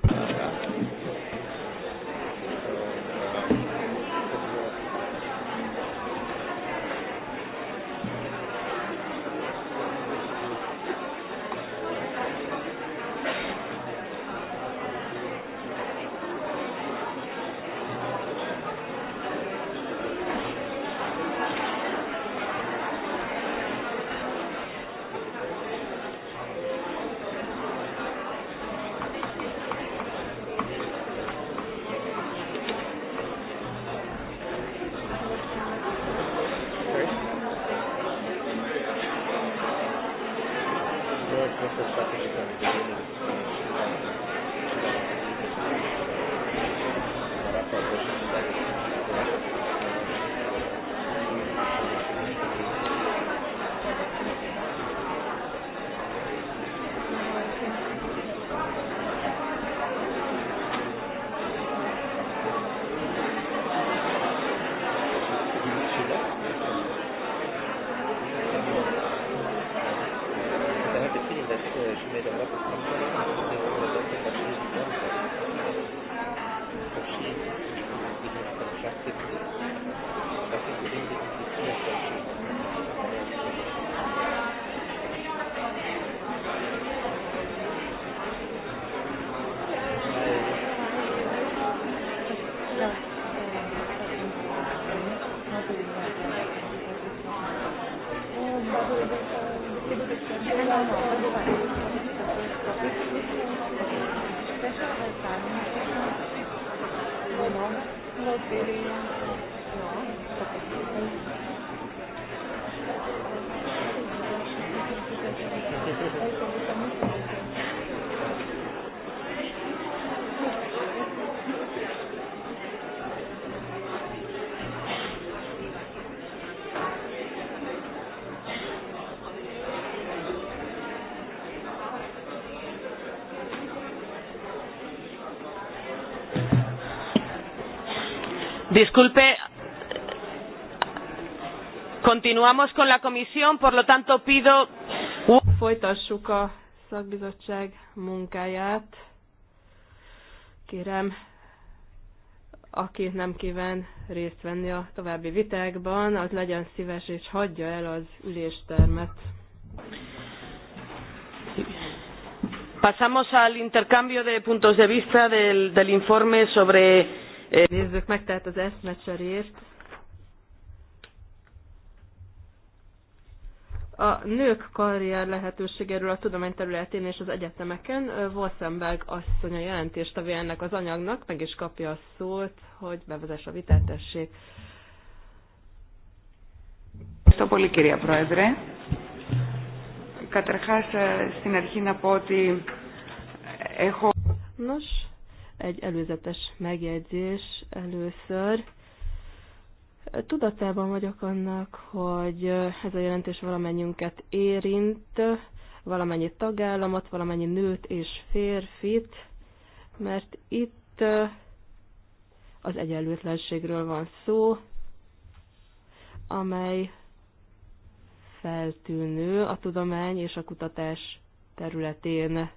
she made a reference.
Disculpe, continuamos con la comisión, por lo tanto pido...
Folytassuk a szakbizottság munkáját. Kérem, aki nem kíván részt venni a további vitákban, az legyen szíves és hagyja el az üléstermet.
Pasamos al intercambio de puntos de vista del, del informe sobre Nézzük meg tehát az eszmecserét. A nők
karrier lehetőségéről a tudományterületén és az egyetemeken Wolfenberg asszony a jelentéstevője ennek az anyagnak, meg is kapja a szót, hogy bevezess a vitát, tessék.
Ευχαριστώ πολύ κυρία Πρόεδρε. Καταρχάς στην αρχή να πω ότι έχω...
Nos, egy előzetes megjegyzés először. Tudatában vagyok annak, hogy ez a jelentés valamennyünket érint, valamennyi tagállamot, valamennyi nőt és férfit, mert itt az egyenlőtlenségről van szó, amely feltűnő a tudomány és a kutatás területén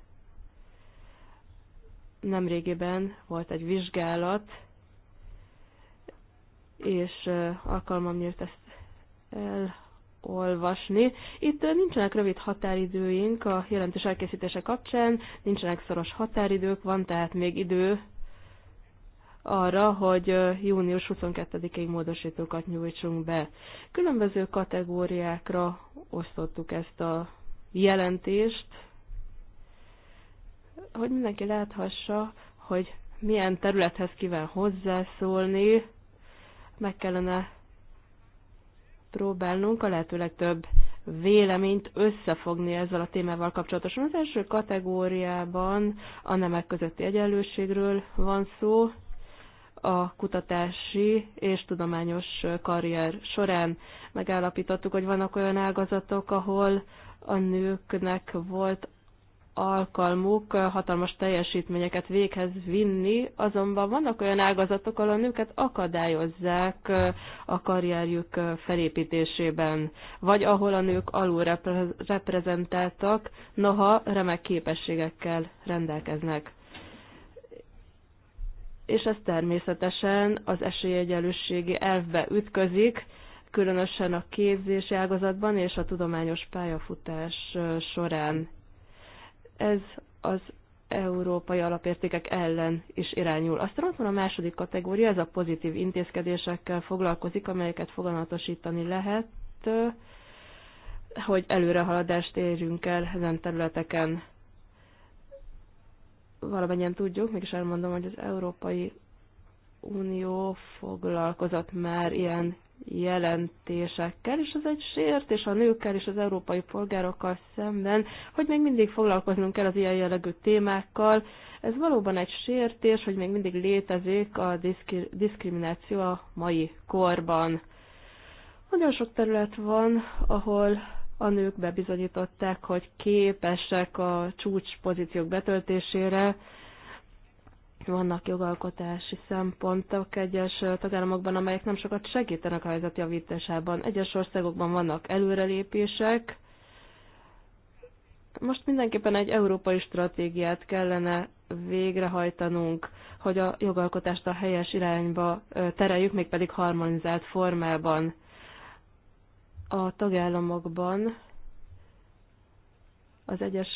nemrégiben volt egy vizsgálat, és alkalmam nyílt ezt elolvasni. Itt nincsenek rövid határidőink a jelentős elkészítése kapcsán, nincsenek szoros határidők, van tehát még idő arra, hogy június 22-ig módosítókat nyújtsunk be. Különböző kategóriákra osztottuk ezt a jelentést, hogy mindenki láthassa, hogy milyen területhez kíván hozzászólni, meg kellene próbálnunk a lehető legtöbb véleményt összefogni ezzel a témával kapcsolatosan. Az első kategóriában a nemek közötti egyenlőségről van szó, a kutatási és tudományos karrier során megállapítottuk, hogy vannak olyan ágazatok, ahol a nőknek volt alkalmuk hatalmas teljesítményeket véghez vinni, azonban vannak olyan ágazatok, ahol a nőket akadályozzák a karrierjük felépítésében, vagy ahol a nők alul reprezentáltak, noha remek képességekkel rendelkeznek. És ez természetesen az esélyegyelősségi elvbe ütközik, különösen a képzési ágazatban és a tudományos pályafutás során ez az európai alapértékek ellen is irányul. Aztán ott van a második kategória, ez a pozitív intézkedésekkel foglalkozik, amelyeket foganatosítani lehet, hogy előrehaladást érjünk el ezen területeken. Valamennyien tudjuk, mégis elmondom, hogy az Európai Unió foglalkozott már ilyen jelentésekkel, és ez egy sértés a nőkkel és az európai polgárokkal szemben, hogy még mindig foglalkoznunk kell az ilyen jellegű témákkal. Ez valóban egy sértés, hogy még mindig létezik a diszkri diszkrimináció a mai korban. Nagyon sok terület van, ahol a nők bebizonyították, hogy képesek a csúcs pozíciók betöltésére, vannak jogalkotási szempontok egyes tagállamokban, amelyek nem sokat segítenek a helyzet javításában. Egyes országokban vannak előrelépések. Most mindenképpen egy európai stratégiát kellene végrehajtanunk, hogy a jogalkotást a helyes irányba tereljük, mégpedig harmonizált formában. A tagállamokban az egyes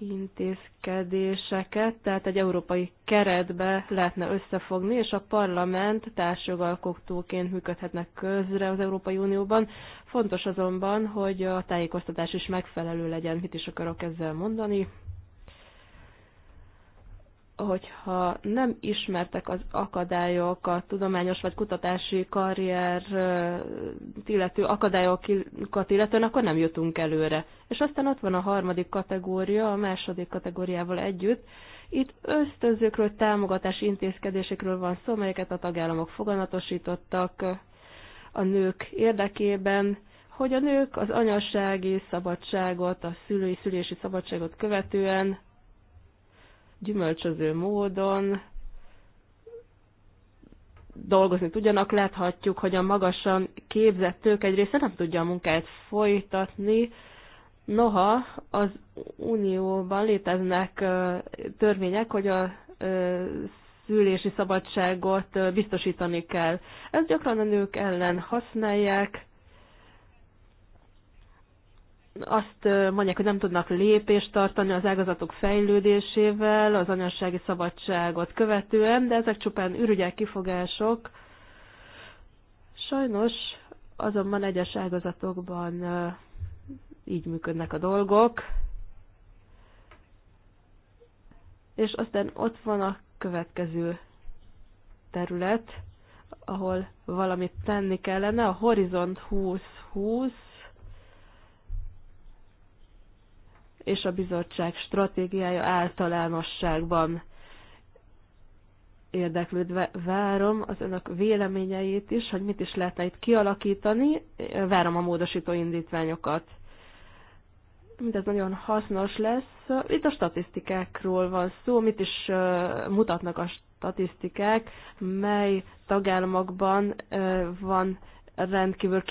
intézkedéseket, tehát egy európai keretbe lehetne összefogni, és a parlament társjogalkotóként működhetnek közre az Európai Unióban. Fontos azonban, hogy a tájékoztatás is megfelelő legyen, mit is akarok ezzel mondani hogyha nem ismertek az akadályok, a tudományos vagy kutatási karrier illető akadályokat illetően, akkor nem jutunk előre. És aztán ott van a harmadik kategória, a második kategóriával együtt. Itt ösztönzőkről, támogatási intézkedésekről van szó, melyeket a tagállamok foganatosítottak a nők érdekében, hogy a nők az anyasági szabadságot, a szülői szülési szabadságot követően gyümölcsöző módon dolgozni tudjanak. Láthatjuk, hogy a magasan képzett tők egy része nem tudja a munkáját folytatni, Noha az Unióban léteznek törvények, hogy a szülési szabadságot biztosítani kell. Ezt gyakran a nők ellen használják, azt mondják, hogy nem tudnak lépést tartani az ágazatok fejlődésével, az anyassági szabadságot követően, de ezek csupán ürügyek, kifogások. Sajnos azonban egyes ágazatokban így működnek a dolgok. És aztán ott van a következő terület, ahol valamit tenni kellene, a Horizont 2020, és a bizottság stratégiája általánosságban érdeklődve várom az önök véleményeit is, hogy mit is lehetne itt kialakítani, várom a módosító indítványokat. Mindez nagyon hasznos lesz. Itt a statisztikákról van szó, mit is mutatnak a statisztikák, mely tagállamokban van rendkívül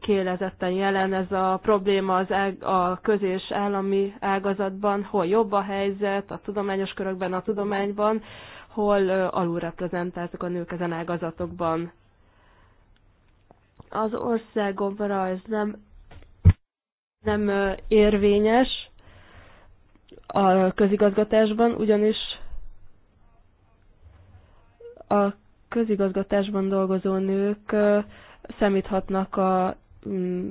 kielezetten jelen ez a probléma az ág, a köz- és állami ágazatban, hol jobb a helyzet, a tudományos körökben, a tudományban, hol alulreprezentáltak a nők ezen ágazatokban. Az országomra ez nem, nem érvényes a közigazgatásban, ugyanis a közigazgatásban dolgozó nők számíthatnak a mm,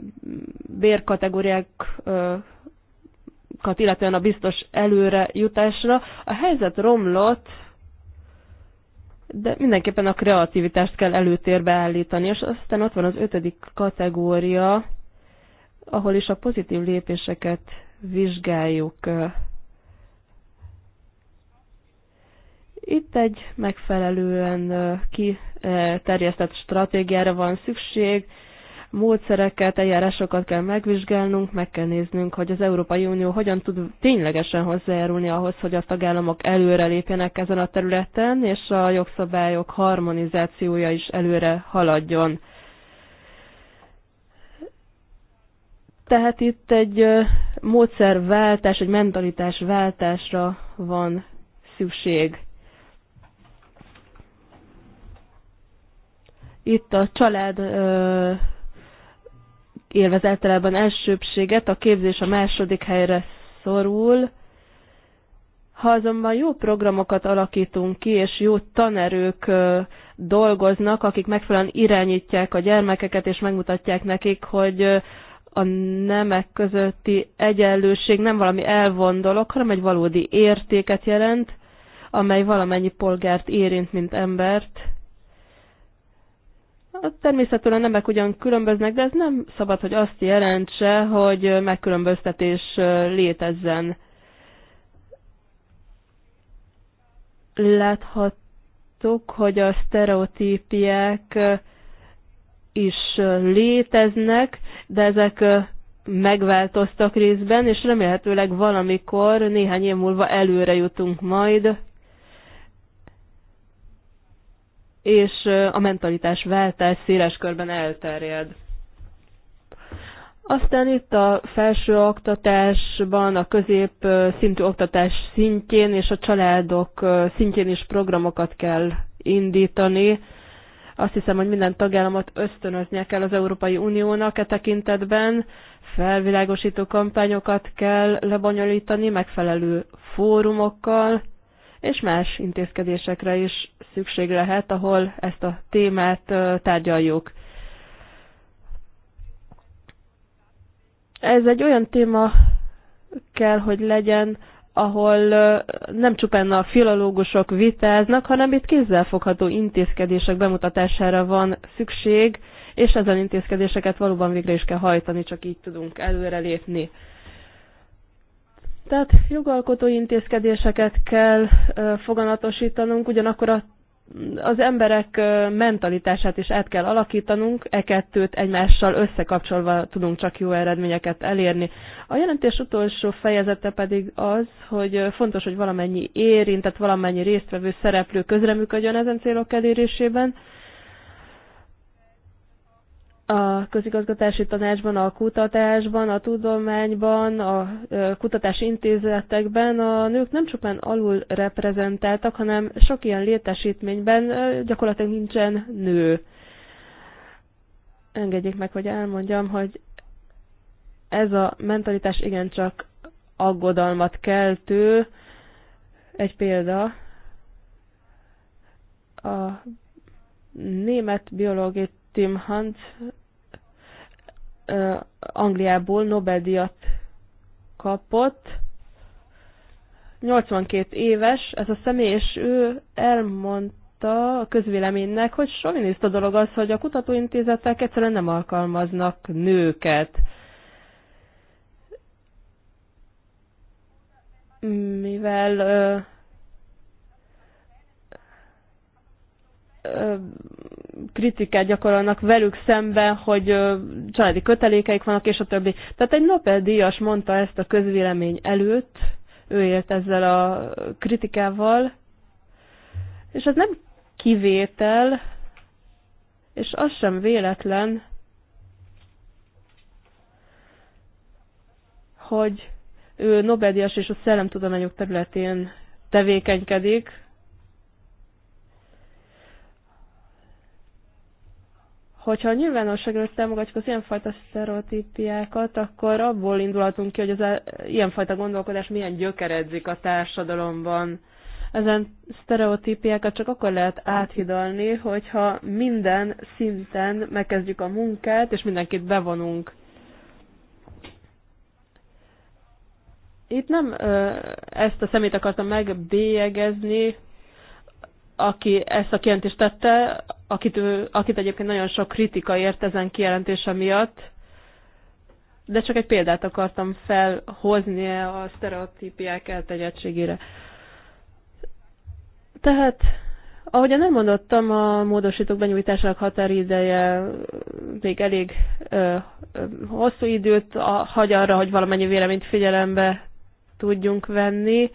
bérkategóriákat, illetően a biztos előre jutásra. A helyzet romlott, de mindenképpen a kreativitást kell előtérbe állítani, és aztán ott van az ötödik kategória, ahol is a pozitív lépéseket vizsgáljuk Itt egy megfelelően kiterjesztett stratégiára van szükség, módszereket, eljárásokat kell megvizsgálnunk, meg kell néznünk, hogy az Európai Unió hogyan tud ténylegesen hozzájárulni ahhoz, hogy a tagállamok előrelépjenek ezen a területen, és a jogszabályok harmonizációja is előre haladjon. Tehát itt egy módszerváltás, egy mentalitásváltásra van szükség. Itt a család élvez általában elsőbséget, a képzés a második helyre szorul. Ha azonban jó programokat alakítunk ki, és jó tanerők dolgoznak, akik megfelelően irányítják a gyermekeket, és megmutatják nekik, hogy a nemek közötti egyenlőség nem valami elvon dolog, hanem egy valódi értéket jelent, amely valamennyi polgárt érint, mint embert, Természetesen nemek ugyan különböznek, de ez nem szabad, hogy azt jelentse, hogy megkülönböztetés létezzen. Láthattuk, hogy a sztereotípiek is léteznek, de ezek megváltoztak részben, és remélhetőleg valamikor, néhány év múlva előre jutunk majd és a mentalitás váltás széles körben elterjed. Aztán itt a felső oktatásban, a közép szintű oktatás szintjén és a családok szintjén is programokat kell indítani. Azt hiszem, hogy minden tagállamot ösztönöznie kell az Európai Uniónak e tekintetben, felvilágosító kampányokat kell lebonyolítani megfelelő fórumokkal, és más intézkedésekre is szükség lehet, ahol ezt a témát tárgyaljuk. Ez egy olyan téma kell, hogy legyen, ahol nem csupán a filológusok vitáznak, hanem itt kézzelfogható intézkedések bemutatására van szükség, és ezen intézkedéseket valóban végre is kell hajtani, csak így tudunk előrelépni. lépni. Tehát jogalkotó intézkedéseket kell foganatosítanunk, ugyanakkor a, az emberek mentalitását is át kell alakítanunk, e kettőt egymással összekapcsolva tudunk csak jó eredményeket elérni. A jelentés utolsó fejezete pedig az, hogy fontos, hogy valamennyi érintett, valamennyi résztvevő szereplő közreműködjön ezen célok elérésében, a közigazgatási tanácsban, a kutatásban, a tudományban, a kutatási intézetekben a nők nem csupán alul reprezentáltak, hanem sok ilyen létesítményben gyakorlatilag nincsen nő. Engedjék meg, hogy elmondjam, hogy ez a mentalitás igencsak aggodalmat keltő. Egy példa, a német biológiai Tim Hunt Angliából Nobel-díjat kapott, 82 éves ez a személy, és ő elmondta a közvéleménynek, hogy a dolog az, hogy a kutatóintézetek egyszerűen nem alkalmaznak nőket. Mivel ö, ö, kritikát gyakorolnak velük szemben, hogy családi kötelékeik vannak, és a többi. Tehát egy Nobel-díjas mondta ezt a közvélemény előtt, ő élt ezzel a kritikával, és ez nem kivétel, és az sem véletlen, hogy ő Nobel-díjas és a szellemtudományok területén tevékenykedik, Hogyha nyilvánosságra támogatjuk az ilyenfajta sztereotípiákat, akkor abból indulhatunk ki, hogy az ilyenfajta gondolkodás milyen gyökeredzik a társadalomban. Ezen sztereotípiákat csak akkor lehet áthidalni, hogyha minden szinten megkezdjük a munkát, és mindenkit bevonunk. Itt nem ö, ezt a szemét akartam megbélyegezni, aki ezt a kijelentést tette, akit, akit egyébként nagyon sok kritika ért ezen kijelentése miatt, de csak egy példát akartam felhozni a sztereotípiák eltegyettségére. Tehát, ahogyan nem mondottam, a módosítók benyújtásának határideje még elég ö, ö, hosszú időt hagy arra, hogy valamennyi véleményt figyelembe tudjunk venni.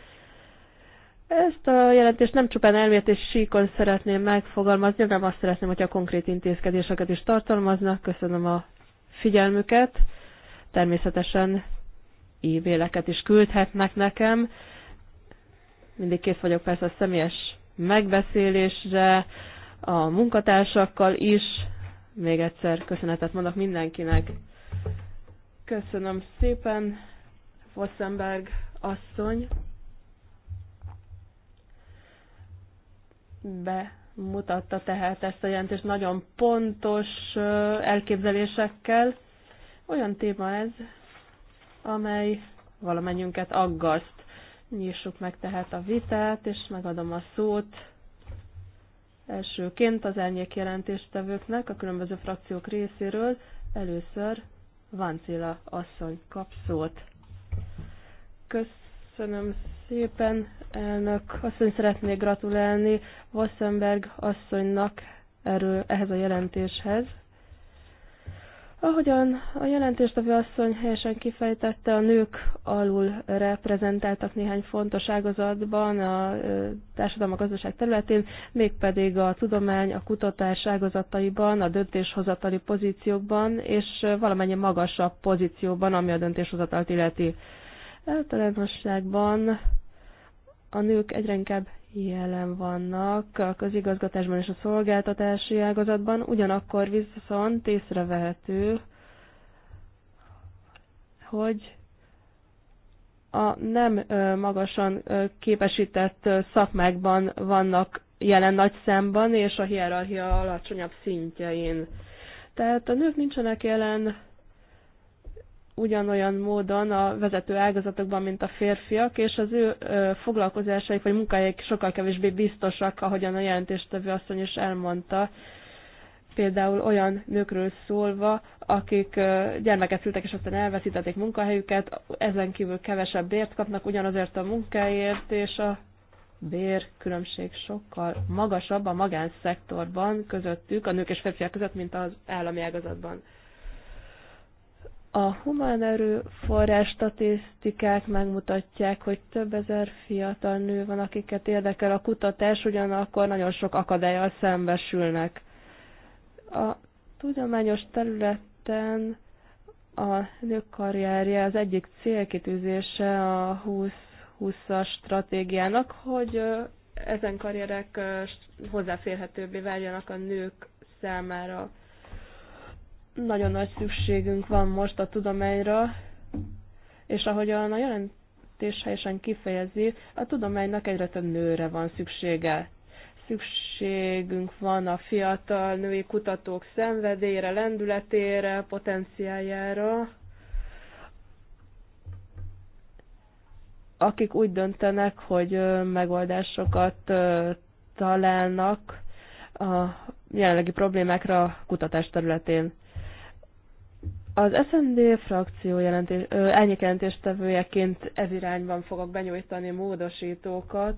Ezt a jelentést nem csupán elmért és síkon szeretném megfogalmazni, hanem azt szeretném, hogyha konkrét intézkedéseket is tartalmaznak. Köszönöm a figyelmüket. Természetesen e-maileket is küldhetnek nekem. Mindig kész vagyok persze a személyes megbeszélésre, a munkatársakkal is. Még egyszer köszönetet mondok mindenkinek. Köszönöm szépen, Fossenberg asszony. bemutatta tehát ezt a jelentést nagyon pontos elképzelésekkel. Olyan téma ez, amely valamennyünket aggaszt. Nyissuk meg tehát a vitát, és megadom a szót elsőként az elnyék jelentéstevőknek a különböző frakciók részéről. Először Váncila asszony kap szót. Köszönöm Köszönöm szépen, elnök. Azt szeretnék gratulálni Wassenberg asszonynak erről, ehhez a jelentéshez. Ahogyan a jelentéstevő asszony helyesen kifejtette, a nők alul reprezentáltak néhány fontos ágazatban a társadalom a gazdaság területén, mégpedig a tudomány, a kutatás ágazataiban, a döntéshozatali pozíciókban és valamennyi magasabb pozícióban, ami a döntéshozatalt illeti. Általánosságban a nők egyre inkább jelen vannak a közigazgatásban és a szolgáltatási ágazatban, ugyanakkor viszont észrevehető, hogy a nem magasan képesített szakmákban vannak jelen nagy számban, és a hierarchia alacsonyabb szintjein. Tehát a nők nincsenek jelen ugyanolyan módon a vezető ágazatokban, mint a férfiak, és az ő foglalkozásaik vagy munkájaik sokkal kevésbé biztosak, ahogyan a jelentéstevő asszony is elmondta. Például olyan nőkről szólva, akik gyermeket szültek, és aztán elveszítették munkahelyüket, ezen kívül kevesebb bért kapnak ugyanazért a munkáért, és a bérkülönbség sokkal magasabb a magánszektorban közöttük, a nők és férfiak között, mint az állami ágazatban. A humán erőforrás statisztikák megmutatják, hogy több ezer fiatal nő van, akiket érdekel a kutatás, ugyanakkor nagyon sok akadályal szembesülnek. A tudományos területen a nők karrierje az egyik célkitűzése a 20-20-as stratégiának, hogy ezen karrierek hozzáférhetőbbé váljanak a nők számára nagyon nagy szükségünk van most a tudományra, és ahogyan a jelentés helyesen kifejezi, a tudománynak egyre több nőre van szüksége. Szükségünk van a fiatal női kutatók szenvedélyre, lendületére, potenciáljára, akik úgy döntenek, hogy megoldásokat találnak a jelenlegi problémákra a kutatás területén. Az SND frakció jelentés, jelentéstevőjeként ez irányban fogok benyújtani módosítókat,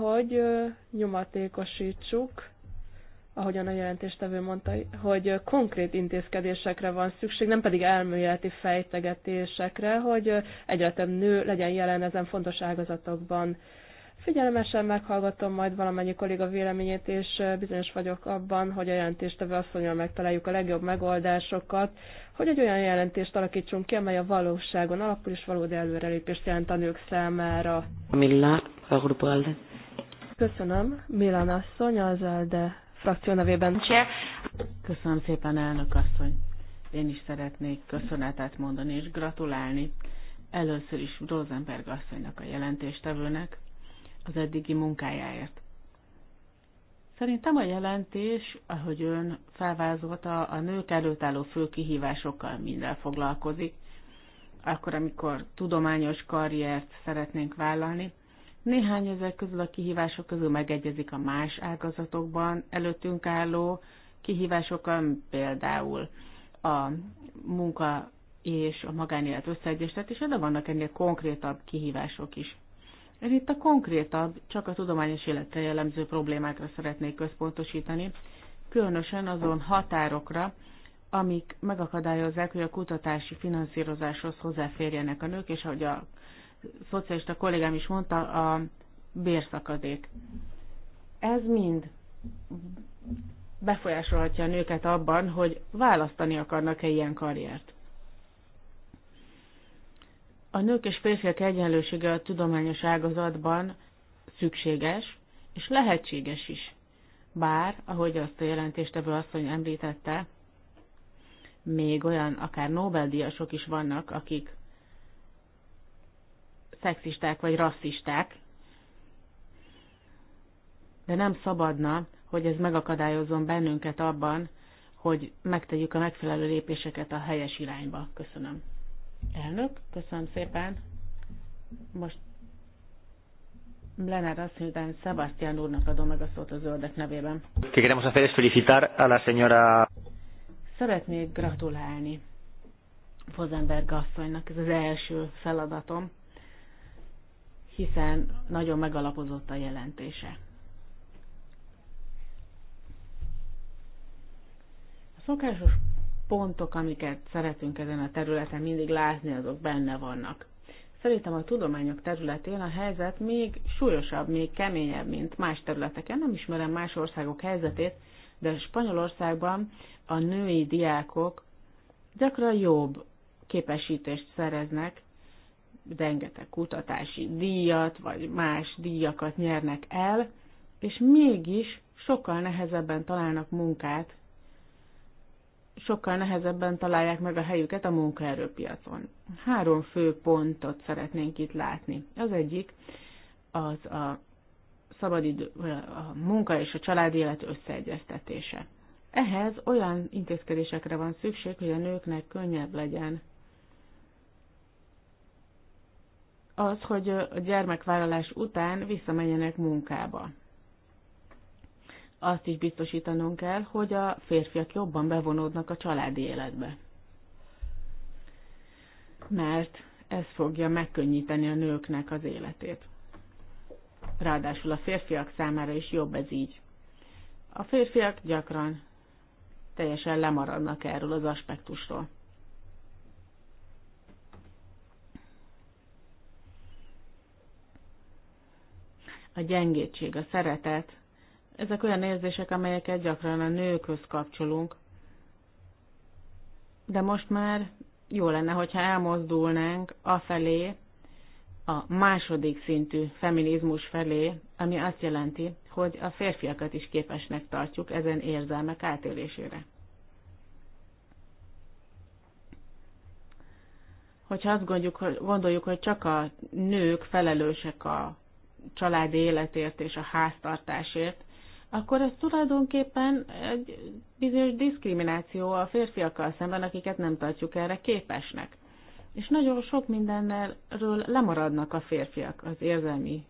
hogy nyomatékosítsuk, ahogyan a jelentéstevő mondta, hogy konkrét intézkedésekre van szükség, nem pedig elméleti fejtegetésekre, hogy egyre több nő legyen jelen ezen fontos ágazatokban figyelmesen meghallgatom majd valamennyi kolléga véleményét, és bizonyos vagyok abban, hogy a jelentéstevő asszonyal megtaláljuk a legjobb megoldásokat, hogy egy olyan jelentést alakítsunk ki, amely a valóságon alapul és valódi előrelépést jelent a nők számára.
Köszönöm, Milan asszony, az ELDE frakció nevében. Köszönöm szépen, elnök asszony. Én is szeretnék köszönetet mondani és gratulálni. Először is Rosenberg asszonynak a jelentéstevőnek, az eddigi munkájáért. Szerintem a jelentés, ahogy ön felvázolta, a nők előtt álló fő kihívásokkal minden foglalkozik, akkor, amikor tudományos karriert szeretnénk vállalni. Néhány ezek közül a kihívások közül megegyezik a más ágazatokban előttünk álló kihívásokkal, például a munka és a magánélet összeegyeztetése, de vannak ennél konkrétabb kihívások is. Én itt a konkrétabb, csak a tudományos életre jellemző problémákra szeretnék központosítani, különösen azon határokra, amik megakadályozzák, hogy a kutatási finanszírozáshoz hozzáférjenek a nők, és ahogy a szocialista kollégám is mondta, a bérszakadék. Ez mind befolyásolhatja a nőket abban, hogy választani akarnak-e ilyen karriert. A nők és férfiak egyenlősége a tudományos ágazatban szükséges és lehetséges is. Bár, ahogy azt a ebből asszony említette, még olyan akár Nobel-díjasok is vannak, akik szexisták vagy rasszisták, de nem szabadna, hogy ez megakadályozzon bennünket abban, hogy megtegyük a megfelelő lépéseket a helyes irányba. Köszönöm. Elnök, köszönöm szépen. Most Lenár azt hogy Sebastian úrnak adom meg a szót a zöldek nevében.
Que a hacer felicitar a la señora...
Szeretnék gratulálni Fozenberg asszonynak, ez az első feladatom, hiszen nagyon megalapozott a jelentése. A szokásos pontok, amiket szeretünk ezen a területen mindig látni, azok benne vannak. Szerintem a tudományok területén a helyzet még súlyosabb, még keményebb, mint más területeken. Nem ismerem más országok helyzetét, de Spanyolországban a női diákok gyakran jobb képesítést szereznek, rengeteg kutatási díjat, vagy más díjakat nyernek el, és mégis sokkal nehezebben találnak munkát, sokkal nehezebben találják meg a helyüket a munkaerőpiacon. Három fő pontot szeretnénk itt látni. Az egyik az a szabadidő, a munka és a család élet összeegyeztetése. Ehhez olyan intézkedésekre van szükség, hogy a nőknek könnyebb legyen az, hogy a gyermekvállalás után visszamenjenek munkába azt is biztosítanunk kell, hogy a férfiak jobban bevonódnak a családi életbe. Mert ez fogja megkönnyíteni a nőknek az életét. Ráadásul a férfiak számára is jobb ez így. A férfiak gyakran teljesen lemaradnak erről az aspektusról. A gyengétség, a szeretet, ezek olyan érzések, amelyeket gyakran a nőkhöz kapcsolunk, de most már jó lenne, hogyha elmozdulnánk afelé, a második szintű feminizmus felé, ami azt jelenti, hogy a férfiakat is képesnek tartjuk ezen érzelmek átélésére. Hogyha azt gondoljuk, hogy, gondoljuk, hogy csak a nők felelősek a családi életért és a háztartásért, akkor ez tulajdonképpen egy bizonyos diszkrimináció a férfiakkal szemben, akiket nem tartjuk erre képesnek. És nagyon sok mindenről lemaradnak a férfiak az érzelmi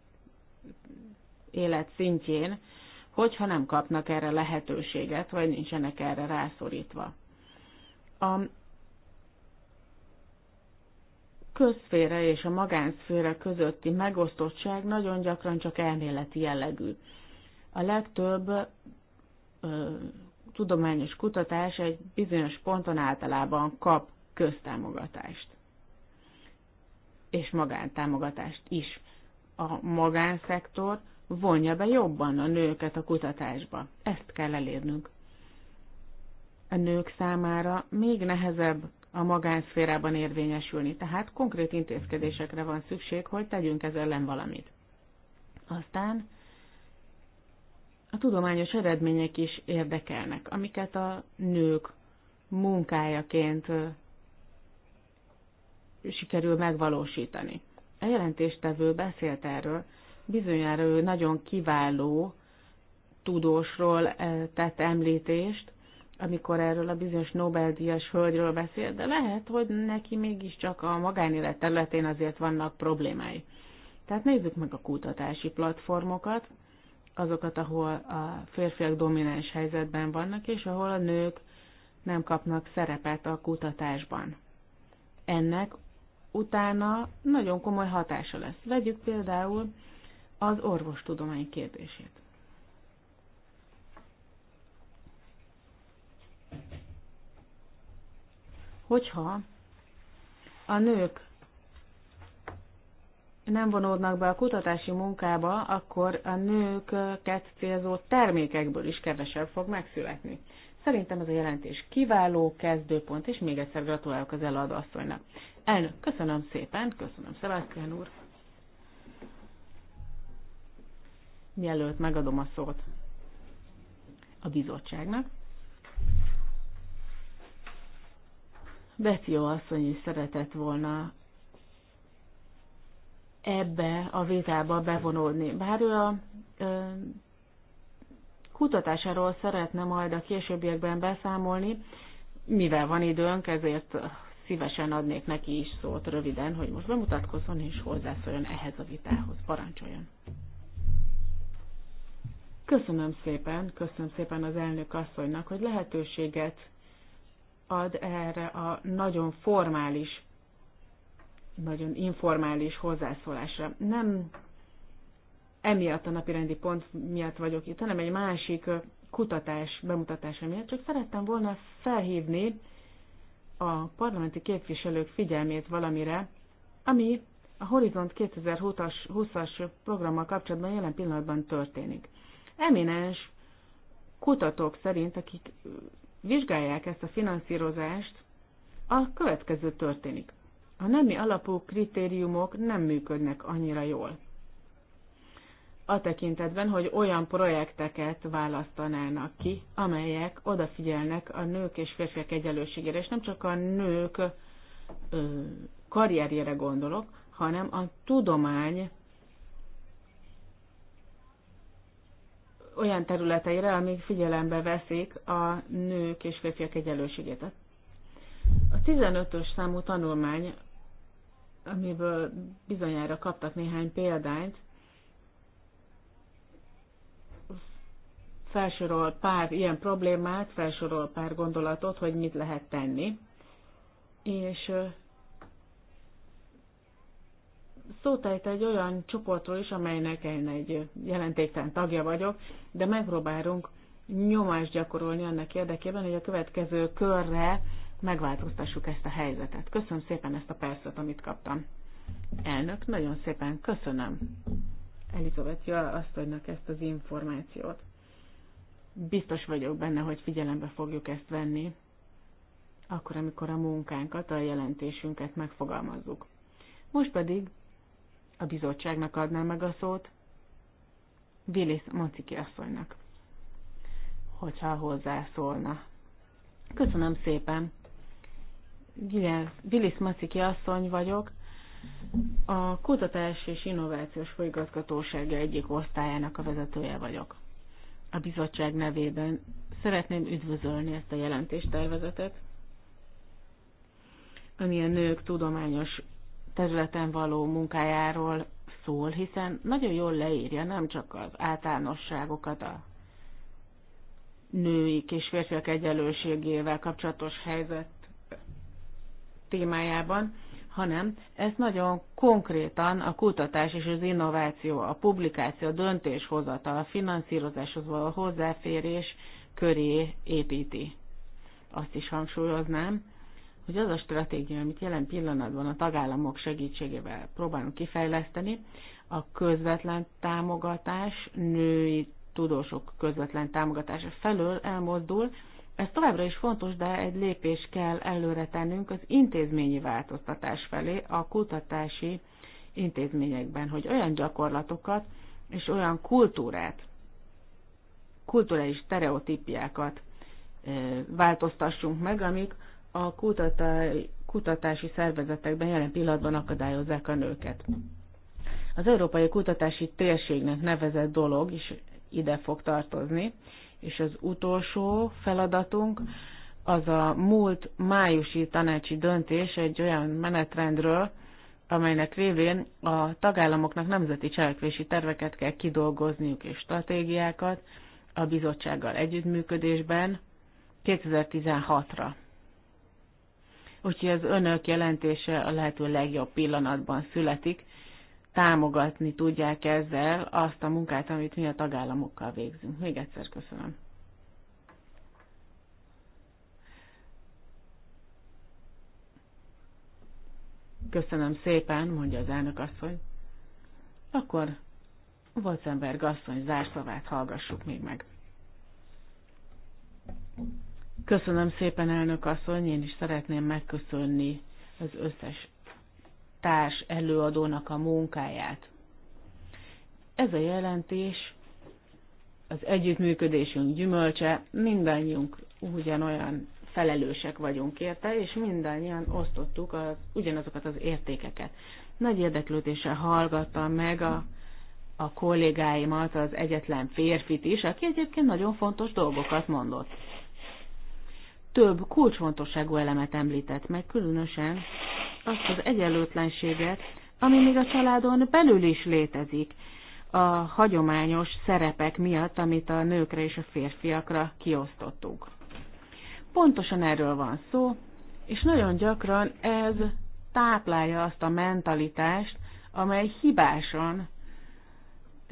élet szintjén, hogyha nem kapnak erre lehetőséget, vagy nincsenek erre rászorítva. A közszféra és a magánszféra közötti megosztottság nagyon gyakran csak elméleti jellegű. A legtöbb ö, tudományos kutatás egy bizonyos ponton általában kap köztámogatást, és magántámogatást is. A magánszektor vonja be jobban a nőket a kutatásba. Ezt kell elérnünk. A nők számára még nehezebb a magánszférában érvényesülni, tehát konkrét intézkedésekre van szükség, hogy tegyünk ez ellen valamit. Aztán a tudományos eredmények is érdekelnek, amiket a nők munkájaként sikerül megvalósítani. A jelentéstevő beszélt erről, bizonyára ő nagyon kiváló tudósról tett említést, amikor erről a bizonyos Nobel-díjas hölgyről beszél, de lehet, hogy neki mégiscsak a magánélet területén azért vannak problémái. Tehát nézzük meg a kutatási platformokat, azokat, ahol a férfiak domináns helyzetben vannak, és ahol a nők nem kapnak szerepet a kutatásban. Ennek utána nagyon komoly hatása lesz. Vegyük például az orvostudomány kérdését. Hogyha a nők nem vonódnak be a kutatási munkába, akkor a nőket célzó termékekből is kevesebb fog megszületni. Szerintem ez a jelentés kiváló kezdőpont, és még egyszer gratulálok az előadó asszonynak. Elnök, köszönöm szépen, köszönöm Sebastian úr. Mielőtt megadom a szót a bizottságnak, Beció asszony is szeretett volna ebbe a vitába bevonulni. Bár ő a ö, kutatásáról szeretne majd a későbbiekben beszámolni, mivel van időnk, ezért szívesen adnék neki is szót röviden, hogy most bemutatkozzon és hozzászóljon ehhez a vitához. Parancsoljon! Köszönöm szépen, köszönöm szépen az elnök asszonynak, hogy lehetőséget ad erre a nagyon formális nagyon informális hozzászólásra. Nem emiatt a napirendi pont miatt vagyok itt, hanem egy másik kutatás bemutatása miatt, csak szerettem volna felhívni a parlamenti képviselők figyelmét valamire, ami a Horizont 2020-as programmal kapcsolatban jelen pillanatban történik. Eminens kutatók szerint, akik vizsgálják ezt a finanszírozást, a következő történik a nemi alapú kritériumok nem működnek annyira jól. A tekintetben, hogy olyan projekteket választanának ki, amelyek odafigyelnek a nők és férfiak egyenlőségére, és nem csak a nők ö, karrierjére gondolok, hanem a tudomány olyan területeire, amik figyelembe veszik a nők és férfiak egyenlőségét. A 15-ös számú tanulmány amiből bizonyára kaptak néhány példányt, felsorol pár ilyen problémát, felsorol pár gondolatot, hogy mit lehet tenni, és szótájt egy olyan csoportról is, amelynek én egy jelentéktelen tagja vagyok, de megpróbálunk nyomást gyakorolni annak érdekében, hogy a következő körre megváltoztassuk ezt a helyzetet. Köszönöm szépen ezt a percet, amit kaptam. Elnök, nagyon szépen köszönöm Elizabeth ja, azt adnak ezt az információt. Biztos vagyok benne, hogy figyelembe fogjuk ezt venni, akkor, amikor a munkánkat, a jelentésünket megfogalmazzuk. Most pedig a bizottságnak adnám meg a szót, Vilis Maciki asszonynak, hogyha hozzászólna. Köszönöm szépen! Vilis Maciki asszony vagyok, a Kutatás és Innovációs Főigazgatósága egyik osztályának a vezetője vagyok. A bizottság nevében szeretném üdvözölni ezt a jelentéstervezetet, ami a nők tudományos területen való munkájáról szól, hiszen nagyon jól leírja nem csak az általánosságokat, a női és férfiak egyenlőségével kapcsolatos helyzet témájában, hanem ezt nagyon konkrétan a kutatás és az innováció, a publikáció, a döntéshozatal, a finanszírozáshoz való hozzáférés köré építi. Azt is hangsúlyoznám, hogy az a stratégia, amit jelen pillanatban a tagállamok segítségével próbálunk kifejleszteni, a közvetlen támogatás, női tudósok közvetlen támogatása felől elmozdul, ez továbbra is fontos, de egy lépés kell előre tennünk az intézményi változtatás felé a kutatási intézményekben, hogy olyan gyakorlatokat és olyan kultúrát, kulturális stereotípiákat változtassunk meg, amik a kutatási szervezetekben jelen pillanatban akadályozzák a nőket. Az Európai Kutatási Térségnek nevezett dolog is ide fog tartozni, és az utolsó feladatunk az a múlt májusi tanácsi döntés egy olyan menetrendről, amelynek révén a tagállamoknak nemzeti cselekvési terveket kell kidolgozniuk és stratégiákat a bizottsággal együttműködésben 2016-ra. Úgyhogy az önök jelentése a lehető legjobb pillanatban születik, támogatni tudják ezzel azt a munkát, amit mi a tagállamokkal végzünk. Még egyszer köszönöm. Köszönöm szépen, mondja az elnök asszony. Akkor Wolzenberg asszony zárszavát hallgassuk még meg. Köszönöm szépen, elnök asszony, én is szeretném megköszönni az összes társ előadónak a munkáját. Ez a jelentés az együttműködésünk gyümölcse, mindannyiunk ugyanolyan felelősek vagyunk érte, és mindannyian osztottuk az, ugyanazokat az értékeket. Nagy érdeklődéssel hallgattam meg a, a kollégáimat, az egyetlen férfit is, aki egyébként nagyon fontos dolgokat mondott több kulcsfontosságú elemet említett meg, különösen azt az egyenlőtlenséget, ami még a családon belül is létezik, a hagyományos szerepek miatt, amit a nőkre és a férfiakra kiosztottuk. Pontosan erről van szó, és nagyon gyakran ez táplálja azt a mentalitást, amely hibásan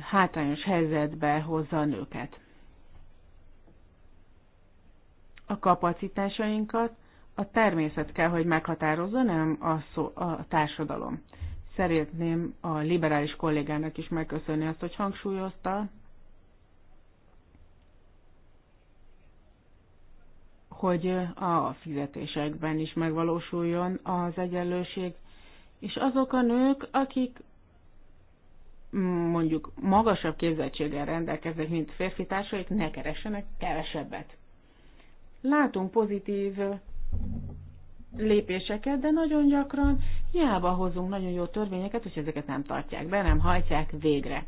hátrányos helyzetbe hozza a nőket a kapacitásainkat a természet kell, hogy meghatározza, nem a, szó, a társadalom. Szeretném a liberális kollégának is megköszönni azt, hogy hangsúlyozta, hogy a fizetésekben is megvalósuljon az egyenlőség, és azok a nők, akik mondjuk magasabb képzettséggel rendelkeznek, mint férfi társaik, ne keressenek kevesebbet látunk pozitív lépéseket, de nagyon gyakran hiába hozunk nagyon jó törvényeket, hogy ezeket nem tartják be, nem hajtják végre.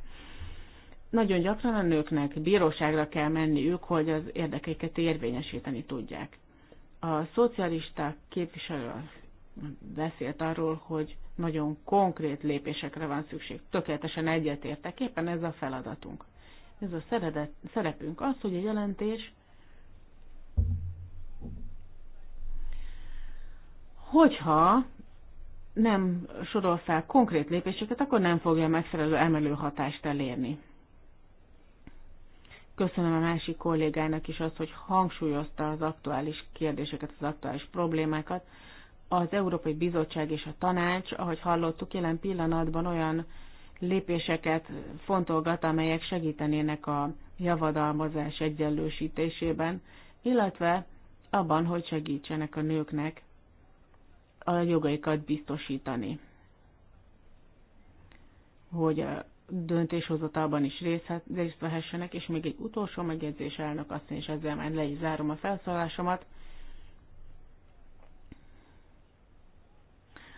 Nagyon gyakran a nőknek bíróságra kell menniük, hogy az érdekeiket érvényesíteni tudják. A szocialista képviselő beszélt arról, hogy nagyon konkrét lépésekre van szükség. Tökéletesen egyetértek, éppen ez a feladatunk. Ez a szerepünk az, hogy a jelentés Hogyha nem sorol fel konkrét lépéseket, akkor nem fogja megfelelő emelő hatást elérni. Köszönöm a másik kollégának is azt, hogy hangsúlyozta az aktuális kérdéseket, az aktuális problémákat. Az Európai Bizottság és a Tanács, ahogy hallottuk, jelen pillanatban olyan lépéseket fontolgat, amelyek segítenének a javadalmazás egyenlősítésében, illetve abban, hogy segítsenek a nőknek a jogaikat biztosítani, hogy a döntéshozatalban is részt vehessenek, és még egy utolsó megjegyzés elnök azt, és ezzel már le is zárom a felszólásomat.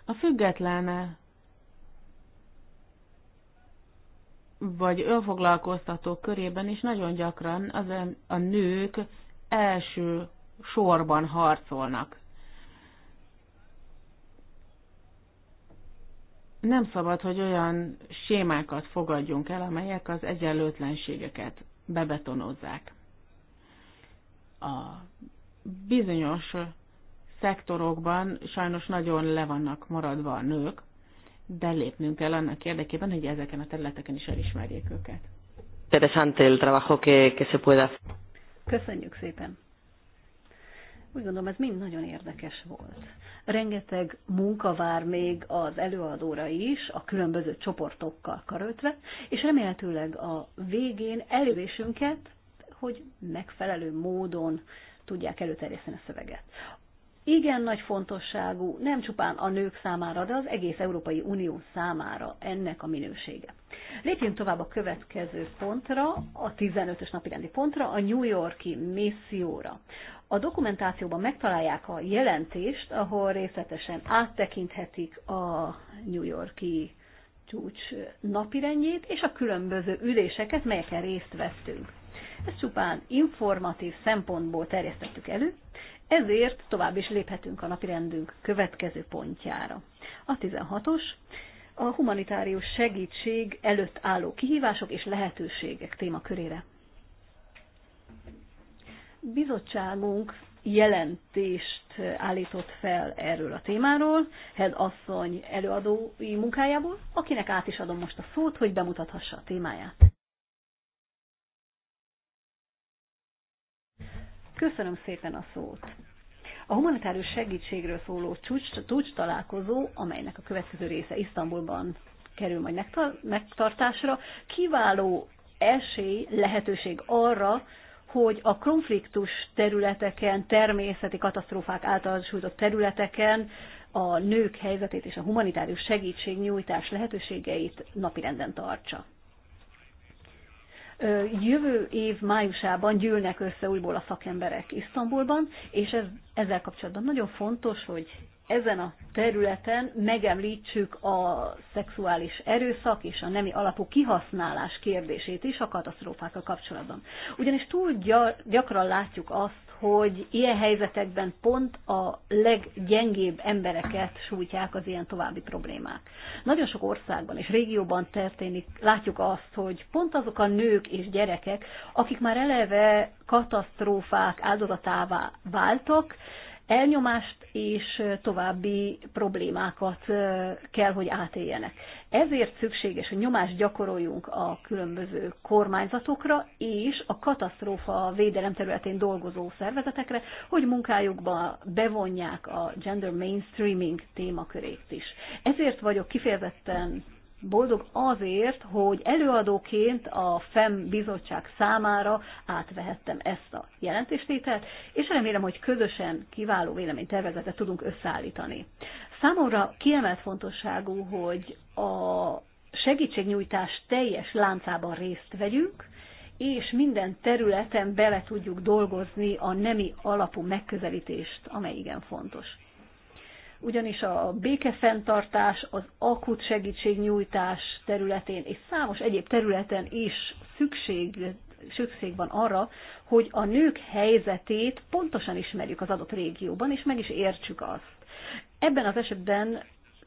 A független vagy önfoglalkoztató körében is nagyon gyakran az a nők első sorban harcolnak nem szabad, hogy olyan sémákat fogadjunk el, amelyek az egyenlőtlenségeket bebetonozzák. A bizonyos szektorokban sajnos nagyon le vannak maradva a nők, de lépnünk kell annak érdekében, hogy ezeken a területeken is elismerjék
őket.
Interesante el trabajo que, que se pueda.
Köszönjük szépen. Úgy gondolom, ez mind nagyon érdekes volt. Rengeteg munka vár még az előadóra is, a különböző csoportokkal karöltve, és remélhetőleg a végén elérésünket, hogy megfelelő módon tudják előterjeszteni a szöveget igen nagy fontosságú, nem csupán a nők számára, de az egész Európai Unió számára ennek a minősége. Lépjünk tovább a következő pontra, a 15-ös napirendi pontra, a New Yorki misszióra. A dokumentációban megtalálják a jelentést, ahol részletesen áttekinthetik a New Yorki csúcs napirendjét és a különböző üléseket, melyeken részt vettünk. Ezt csupán informatív szempontból terjesztettük elő, ezért tovább is léphetünk a napirendünk következő pontjára. A 16-os, a humanitárius segítség előtt álló kihívások és lehetőségek témakörére. Bizottságunk jelentést állított fel erről a témáról, Hed asszony előadói munkájából, akinek át is adom most a szót, hogy bemutathassa a témáját. Köszönöm szépen a szót. A humanitárius segítségről szóló csúcs, csúcs találkozó, amelynek a következő része Isztambulban kerül majd megtartásra, kiváló esély, lehetőség arra, hogy a konfliktus területeken, természeti katasztrófák által sújtott területeken a nők helyzetét és a humanitárius segítség nyújtás lehetőségeit napirenden tartsa jövő év májusában gyűlnek össze újból a szakemberek Isztambulban, és ez, ezzel kapcsolatban nagyon fontos, hogy ezen a területen megemlítsük a szexuális erőszak és a nemi alapú kihasználás kérdését is a katasztrófákkal kapcsolatban. Ugyanis túl gyakran látjuk azt, hogy ilyen helyzetekben pont a leggyengébb embereket sújtják az ilyen további problémák. Nagyon sok országban és régióban történik, látjuk azt, hogy pont azok a nők és gyerekek, akik már eleve katasztrófák áldozatává váltak, elnyomást és további problémákat kell, hogy átéljenek. Ezért szükséges, hogy nyomást gyakoroljunk a különböző kormányzatokra és a katasztrófa védelem területén dolgozó szervezetekre, hogy munkájukba bevonják a gender mainstreaming témakörét is. Ezért vagyok kifejezetten boldog azért, hogy előadóként a FEM bizottság számára átvehettem ezt a jelentéstételt, és remélem, hogy közösen kiváló véleménytervezetet tudunk összeállítani. Számomra kiemelt fontosságú, hogy a segítségnyújtás teljes láncában részt vegyünk, és minden területen bele tudjuk dolgozni a nemi alapú megközelítést, amely igen fontos ugyanis a békefenntartás az akut segítségnyújtás területén és számos egyéb területen is szükség, szükség van arra, hogy a nők helyzetét pontosan ismerjük az adott régióban, és meg is értsük azt. Ebben az esetben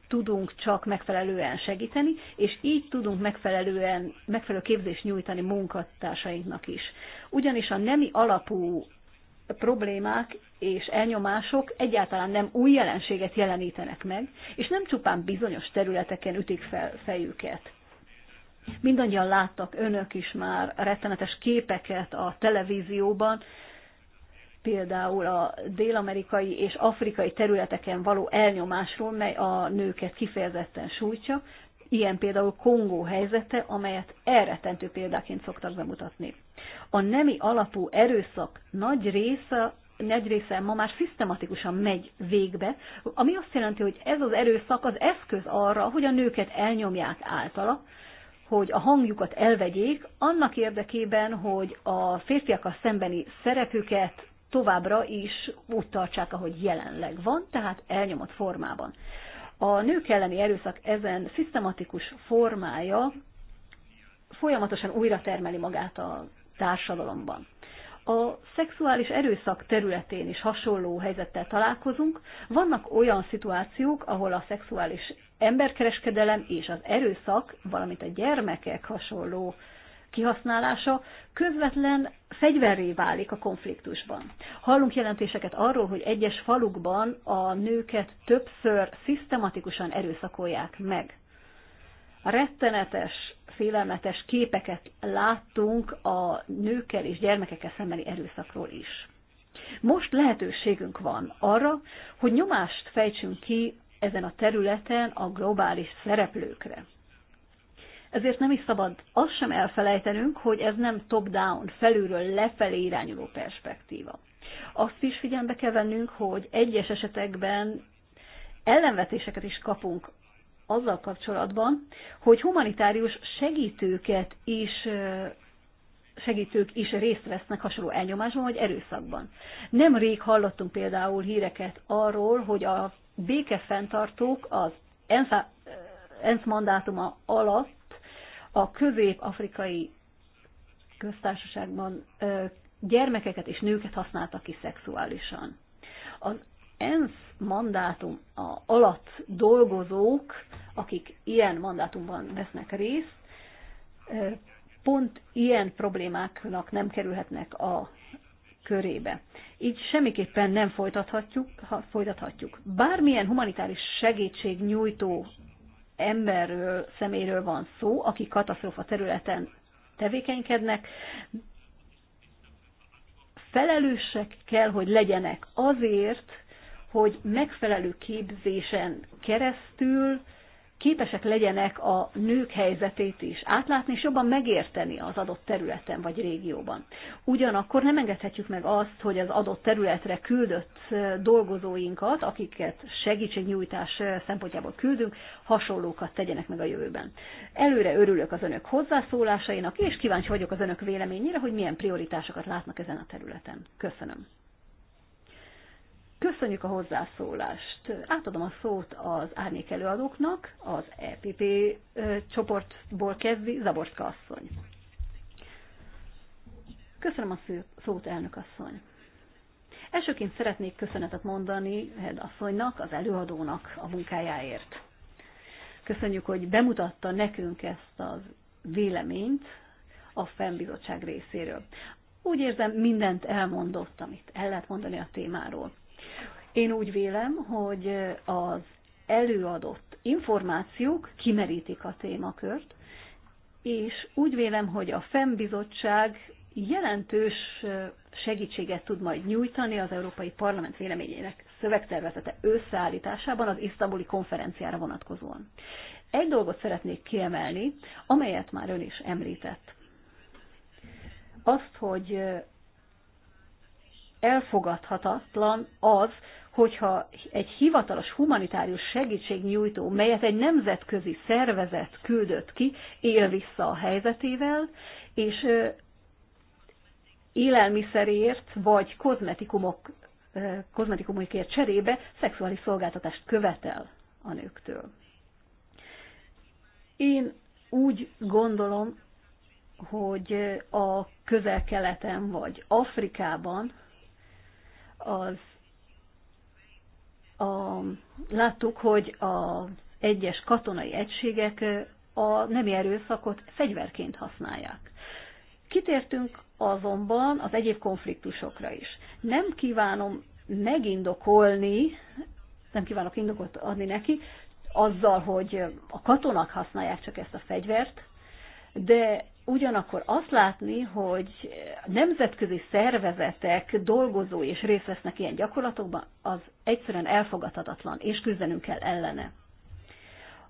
tudunk csak megfelelően segíteni, és így tudunk megfelelően, megfelelő képzést nyújtani munkatársainknak is. Ugyanis a nemi alapú problémák és elnyomások egyáltalán nem új jelenséget jelenítenek meg, és nem csupán bizonyos területeken ütik fel fejüket. Mindannyian láttak önök is már rettenetes képeket a televízióban, például a dél-amerikai és afrikai területeken való elnyomásról, mely a nőket kifejezetten sújtja, ilyen például Kongó helyzete, amelyet elretentő példáként szoktak bemutatni. A nemi alapú erőszak nagy része nagy része ma már szisztematikusan megy végbe, ami azt jelenti, hogy ez az erőszak az eszköz arra, hogy a nőket elnyomják általa, hogy a hangjukat elvegyék, annak érdekében, hogy a férfiakkal szembeni szerepüket továbbra is úgy tartsák, ahogy jelenleg van, tehát elnyomott formában. A nők elleni erőszak ezen szisztematikus formája folyamatosan újra termeli magát a társadalomban. A szexuális erőszak területén is hasonló helyzettel találkozunk. Vannak olyan szituációk, ahol a szexuális emberkereskedelem és az erőszak, valamint a gyermekek hasonló kihasználása közvetlen fegyverré válik a konfliktusban. Hallunk jelentéseket arról, hogy egyes falukban a nőket többször szisztematikusan erőszakolják meg rettenetes, félelmetes képeket láttunk a nőkkel és gyermekekkel szembeni erőszakról is. Most lehetőségünk van arra, hogy nyomást fejtsünk ki ezen a területen a globális szereplőkre. Ezért nem is szabad azt sem elfelejtenünk, hogy ez nem top-down, felülről lefelé irányuló perspektíva. Azt is figyelme kell vennünk, hogy egyes esetekben ellenvetéseket is kapunk azzal kapcsolatban, hogy humanitárius segítőket is segítők is részt vesznek hasonló elnyomásban vagy erőszakban. Nemrég hallottunk például híreket arról, hogy a békefenntartók az ENSZ, ENSZ mandátuma alatt a közép-afrikai köztársaságban gyermekeket és nőket használtak ki szexuálisan. Az ENSZ mandátum alatt dolgozók, akik ilyen mandátumban vesznek részt, pont ilyen problémáknak nem kerülhetnek a körébe. Így semmiképpen nem folytathatjuk, ha folytathatjuk. Bármilyen humanitáris segítség nyújtó emberről, szeméről van szó, aki katasztrófa területen tevékenykednek, felelősek kell, hogy legyenek azért, hogy megfelelő képzésen keresztül képesek legyenek a nők helyzetét is átlátni, és jobban megérteni az adott területen vagy régióban. Ugyanakkor nem engedhetjük meg azt, hogy az adott területre küldött dolgozóinkat, akiket segítségnyújtás szempontjából küldünk, hasonlókat tegyenek meg a jövőben. Előre örülök az önök hozzászólásainak, és kíváncsi vagyok az önök véleményére, hogy milyen prioritásokat látnak ezen a területen. Köszönöm. Köszönjük a hozzászólást. Átadom a szót az árnyék előadóknak, az EPP csoportból kezdi Zaborska asszony. Köszönöm a szót, elnök asszony. Elsőként szeretnék köszönetet mondani Hed asszonynak, az előadónak a munkájáért. Köszönjük, hogy bemutatta nekünk ezt a véleményt a fennbizottság részéről. Úgy érzem, mindent elmondott, amit el lehet mondani a témáról. Én úgy vélem, hogy az előadott információk kimerítik a témakört, és úgy vélem, hogy a FEM bizottság jelentős segítséget tud majd nyújtani az Európai Parlament véleményének szövegtervezete összeállításában az isztambuli konferenciára vonatkozóan. Egy dolgot szeretnék kiemelni, amelyet már ön is említett. Azt, hogy elfogadhatatlan az, hogyha egy hivatalos humanitárius segítségnyújtó, melyet egy nemzetközi szervezet küldött ki, él vissza a helyzetével, és élelmiszerért vagy kozmetikumok, kozmetikumokért cserébe szexuális szolgáltatást követel a nőktől. Én úgy gondolom, hogy a közel-keleten vagy Afrikában az a, láttuk, hogy az egyes katonai egységek a nemi erőszakot fegyverként használják. Kitértünk azonban az egyéb konfliktusokra is. Nem kívánom megindokolni, nem kívánok indokot adni neki, azzal, hogy a katonák használják csak ezt a fegyvert, de ugyanakkor azt látni, hogy nemzetközi szervezetek dolgozói és részt vesznek ilyen gyakorlatokban, az egyszerűen elfogadhatatlan, és küzdenünk kell ellene.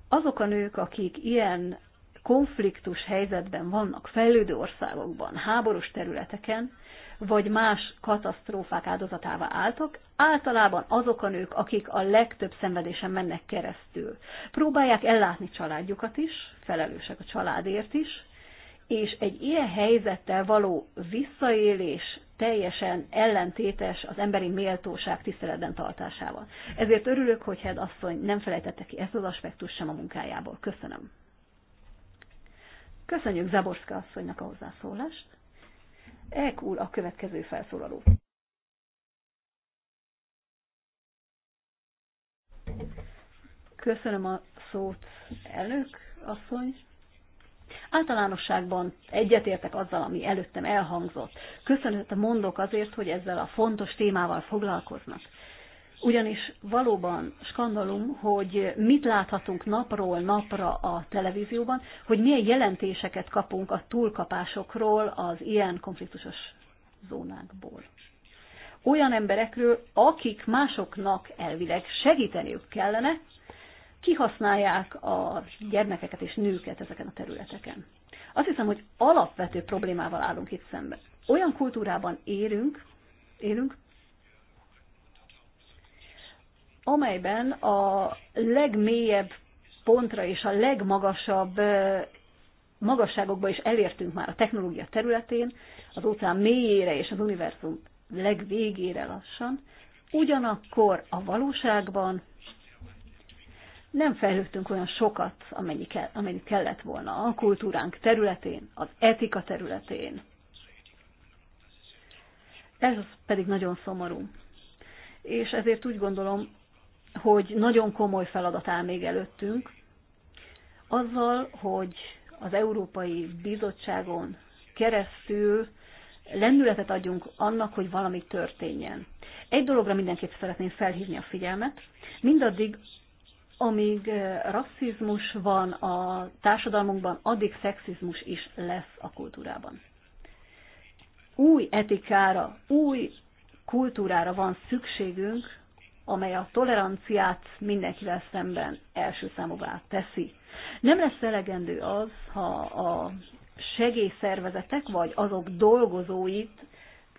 Azok a nők, akik ilyen konfliktus helyzetben vannak fejlődő országokban, háborús területeken, vagy más katasztrófák áldozatává álltak, általában azok a nők, akik a legtöbb szenvedésen mennek keresztül. Próbálják ellátni családjukat is, felelősek a családért is, és egy ilyen helyzettel való visszaélés teljesen ellentétes az emberi méltóság tiszteletben tartásával. Ezért örülök, hogy Hed asszony nem felejtette ki ezt az aspektus sem a munkájából. Köszönöm. Köszönjük Zaborszka asszonynak a hozzászólást. Ek úr a következő felszólaló. Köszönöm a szót, elnök asszony. Általánosságban egyetértek azzal, ami előttem elhangzott. Köszönetet mondok azért, hogy ezzel a fontos témával foglalkoznak. Ugyanis valóban skandalum, hogy mit láthatunk napról napra a televízióban, hogy milyen jelentéseket kapunk a túlkapásokról az ilyen konfliktusos zónákból. Olyan emberekről, akik másoknak elvileg segíteniük kellene, kihasználják a gyermekeket és nőket ezeken a területeken. Azt hiszem, hogy alapvető problémával állunk itt szemben. Olyan kultúrában érünk, élünk, amelyben a legmélyebb pontra és a legmagasabb magasságokba is elértünk már a technológia területén, az óceán mélyére és az univerzum legvégére lassan, ugyanakkor a valóságban nem fejlődtünk olyan sokat, amennyi, amennyi kellett volna a kultúránk területén, az etika területén. Ez pedig nagyon szomorú. És ezért úgy gondolom, hogy nagyon komoly feladat áll még előttünk, azzal, hogy az Európai Bizottságon keresztül lendületet adjunk annak, hogy valami történjen. Egy dologra mindenképp szeretném felhívni a figyelmet. Mindaddig, amíg eh, rasszizmus van a társadalmunkban, addig szexizmus is lesz a kultúrában. Új etikára, új kultúrára van szükségünk, amely a toleranciát mindenkivel szemben első számúvá teszi. Nem lesz elegendő az, ha a segélyszervezetek vagy azok dolgozóit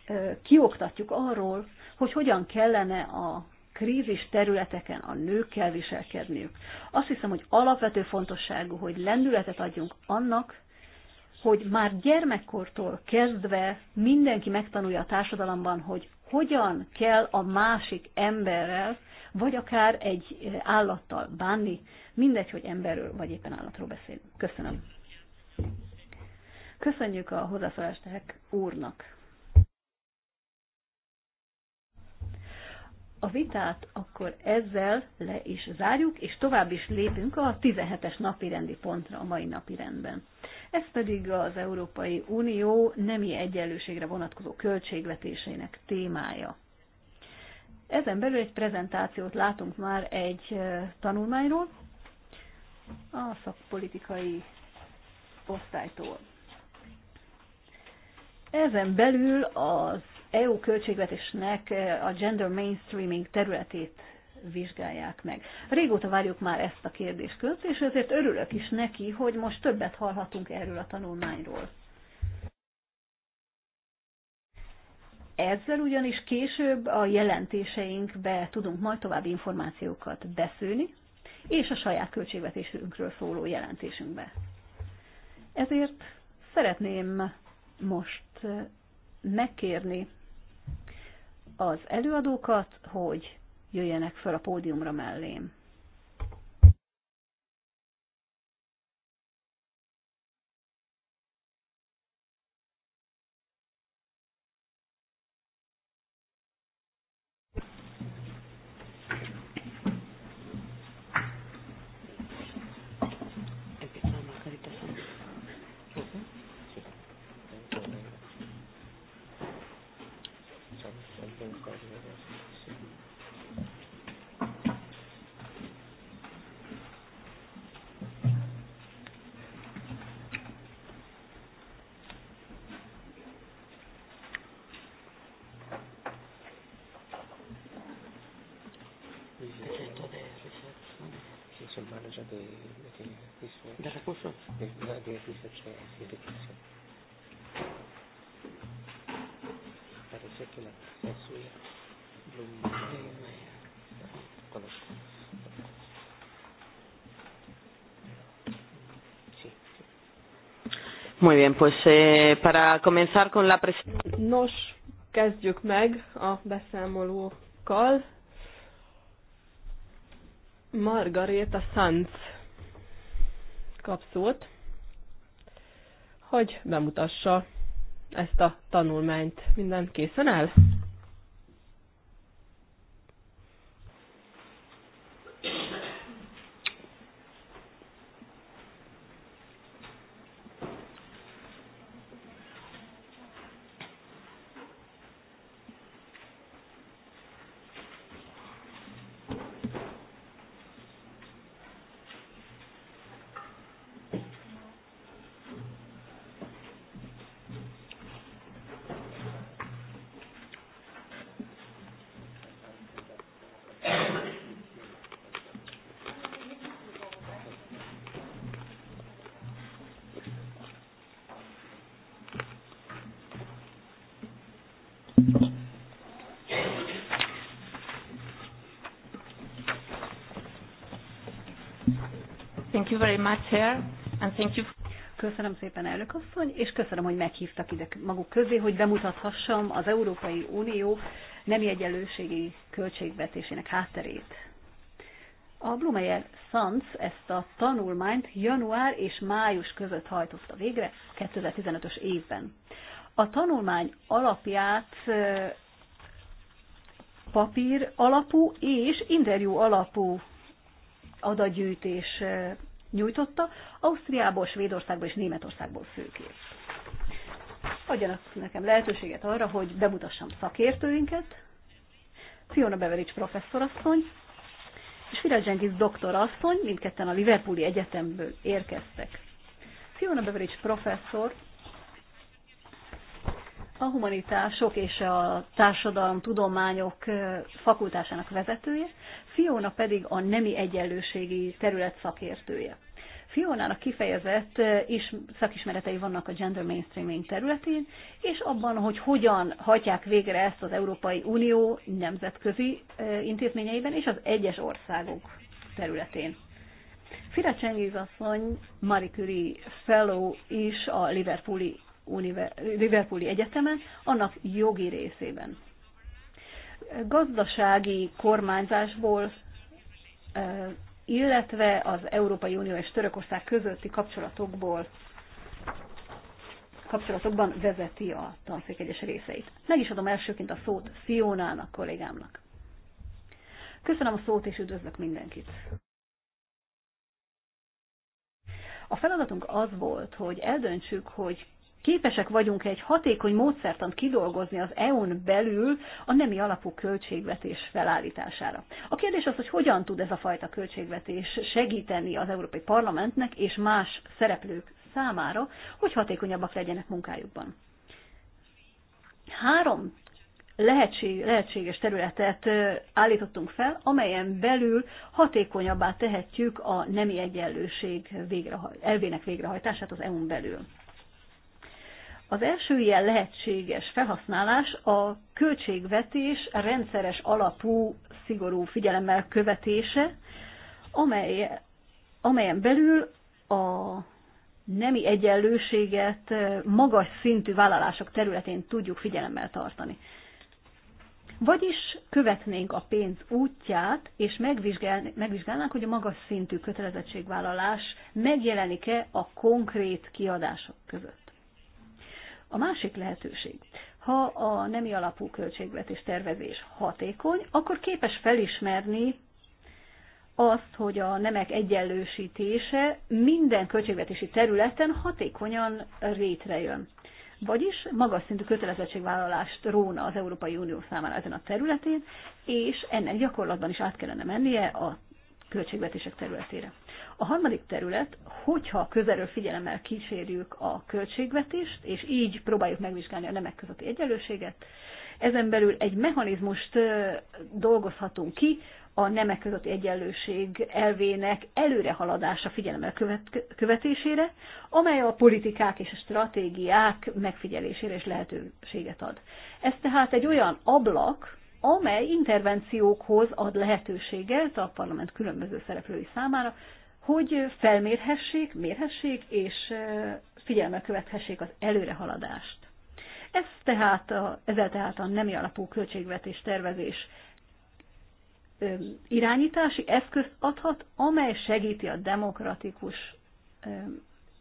eh, kioktatjuk arról, hogy hogyan kellene a krízis területeken a nők kell viselkedniük. Azt hiszem, hogy alapvető fontosságú, hogy lendületet adjunk annak, hogy már gyermekkortól kezdve mindenki megtanulja a társadalomban, hogy hogyan kell a másik emberrel, vagy akár egy állattal bánni, mindegy, hogy emberről vagy éppen állatról beszélünk. Köszönöm. Köszönjük a hozzászólást úrnak. a vitát akkor ezzel le is zárjuk, és tovább is lépünk a 17-es napi rendi pontra a mai napi rendben. Ez pedig az Európai Unió nemi egyenlőségre vonatkozó költségvetésének témája. Ezen belül egy prezentációt látunk már egy eh, tanulmányról, a szakpolitikai osztálytól. Ezen belül az EU költségvetésnek eh, a gender mainstreaming területét vizsgálják meg. Régóta várjuk már ezt a kérdéskört, és ezért örülök is neki, hogy most többet hallhatunk erről a tanulmányról. Ezzel ugyanis később a jelentéseinkbe tudunk majd további információkat beszőni, és a saját költségvetésünkről szóló jelentésünkbe. Ezért szeretném most eh, megkérni az előadókat, hogy jöjjenek fel a pódiumra mellém.
Muy bien, pues eh, para comenzar con la presentación. Nos, kezdjük meg a
beszámolókkal. Margareta Sanz kap szót, hogy bemutassa ezt a tanulmányt. Minden készen áll?
Thank you very much, sir, and thank you. Köszönöm szépen, elnök asszony, és köszönöm, hogy meghívtak ide maguk közé, hogy bemutathassam az Európai Unió nemi egyenlőségi költségvetésének hátterét. A Blumeyer Sons ezt a tanulmányt január és május között hajtotta végre 2015-ös évben. A tanulmány alapját papír alapú és interjú alapú adatgyűjtés nyújtotta, Ausztriából, Svédországból és Németországból főképp. Adjanak nekem lehetőséget arra, hogy bemutassam szakértőinket, Fiona Beveridge professzorasszony, és Fira Jenkins doktorasszony, mindketten a Liverpooli Egyetemből érkeztek. Fiona Beveridge professzor a humanitások és a társadalom tudományok fakultásának vezetője, Fiona pedig a nemi egyenlőségi terület szakértője. Fionának kifejezett is, szakismeretei vannak a gender mainstreaming területén, és abban, hogy hogyan hagyják végre ezt az Európai Unió nemzetközi intézményeiben és az egyes országok területén. Fira Csengiz asszony, Marie Curie Fellow is a Liverpooli Liverpooli Egyetemen, annak jogi részében. Gazdasági kormányzásból, illetve az Európai Unió és Törökország közötti kapcsolatokból kapcsolatokban vezeti a tanszék egyes részeit. Meg is adom elsőként a szót Fionának, kollégámnak. Köszönöm a szót, és üdvözlök mindenkit! A feladatunk az volt, hogy eldöntsük, hogy képesek vagyunk egy hatékony módszertant kidolgozni az EU-n belül a nemi alapú költségvetés felállítására. A kérdés az, hogy hogyan tud ez a fajta költségvetés segíteni az Európai Parlamentnek és más szereplők számára, hogy hatékonyabbak legyenek munkájukban. Három lehetség, lehetséges területet állítottunk fel, amelyen belül hatékonyabbá tehetjük a nemi egyenlőség végrehaj, elvének végrehajtását az EU-n belül. Az első ilyen lehetséges felhasználás a költségvetés rendszeres alapú, szigorú figyelemmel követése, amely, amelyen belül a nemi egyenlőséget magas szintű vállalások területén tudjuk figyelemmel tartani. Vagyis követnénk a pénz útját, és megvizsgálnánk, hogy a magas szintű kötelezettségvállalás megjelenik-e a konkrét kiadások között. A másik lehetőség, ha a nemi alapú költségvetés tervezés hatékony, akkor képes felismerni azt, hogy a nemek egyenlősítése minden költségvetési területen hatékonyan rétrejön. Vagyis magas szintű kötelezettségvállalást róna az Európai Unió számára ezen a területén, és ennek gyakorlatban is át kellene mennie a költségvetések területére. A harmadik terület, hogyha közelről figyelemmel kísérjük a költségvetést, és így próbáljuk megvizsgálni a nemek közötti egyenlőséget, ezen belül egy mechanizmust dolgozhatunk ki, a nemek közötti egyenlőség elvének előrehaladása figyelemmel követ, követésére, amely a politikák és a stratégiák megfigyelésére is lehetőséget ad. Ez tehát egy olyan ablak, amely intervenciókhoz ad lehetőséget a parlament különböző szereplői számára, hogy felmérhessék, mérhessék és figyelme követhessék az előrehaladást. Ez tehát a, ezzel tehát a nemi alapú költségvetés tervezés irányítási eszközt adhat, amely segíti a demokratikus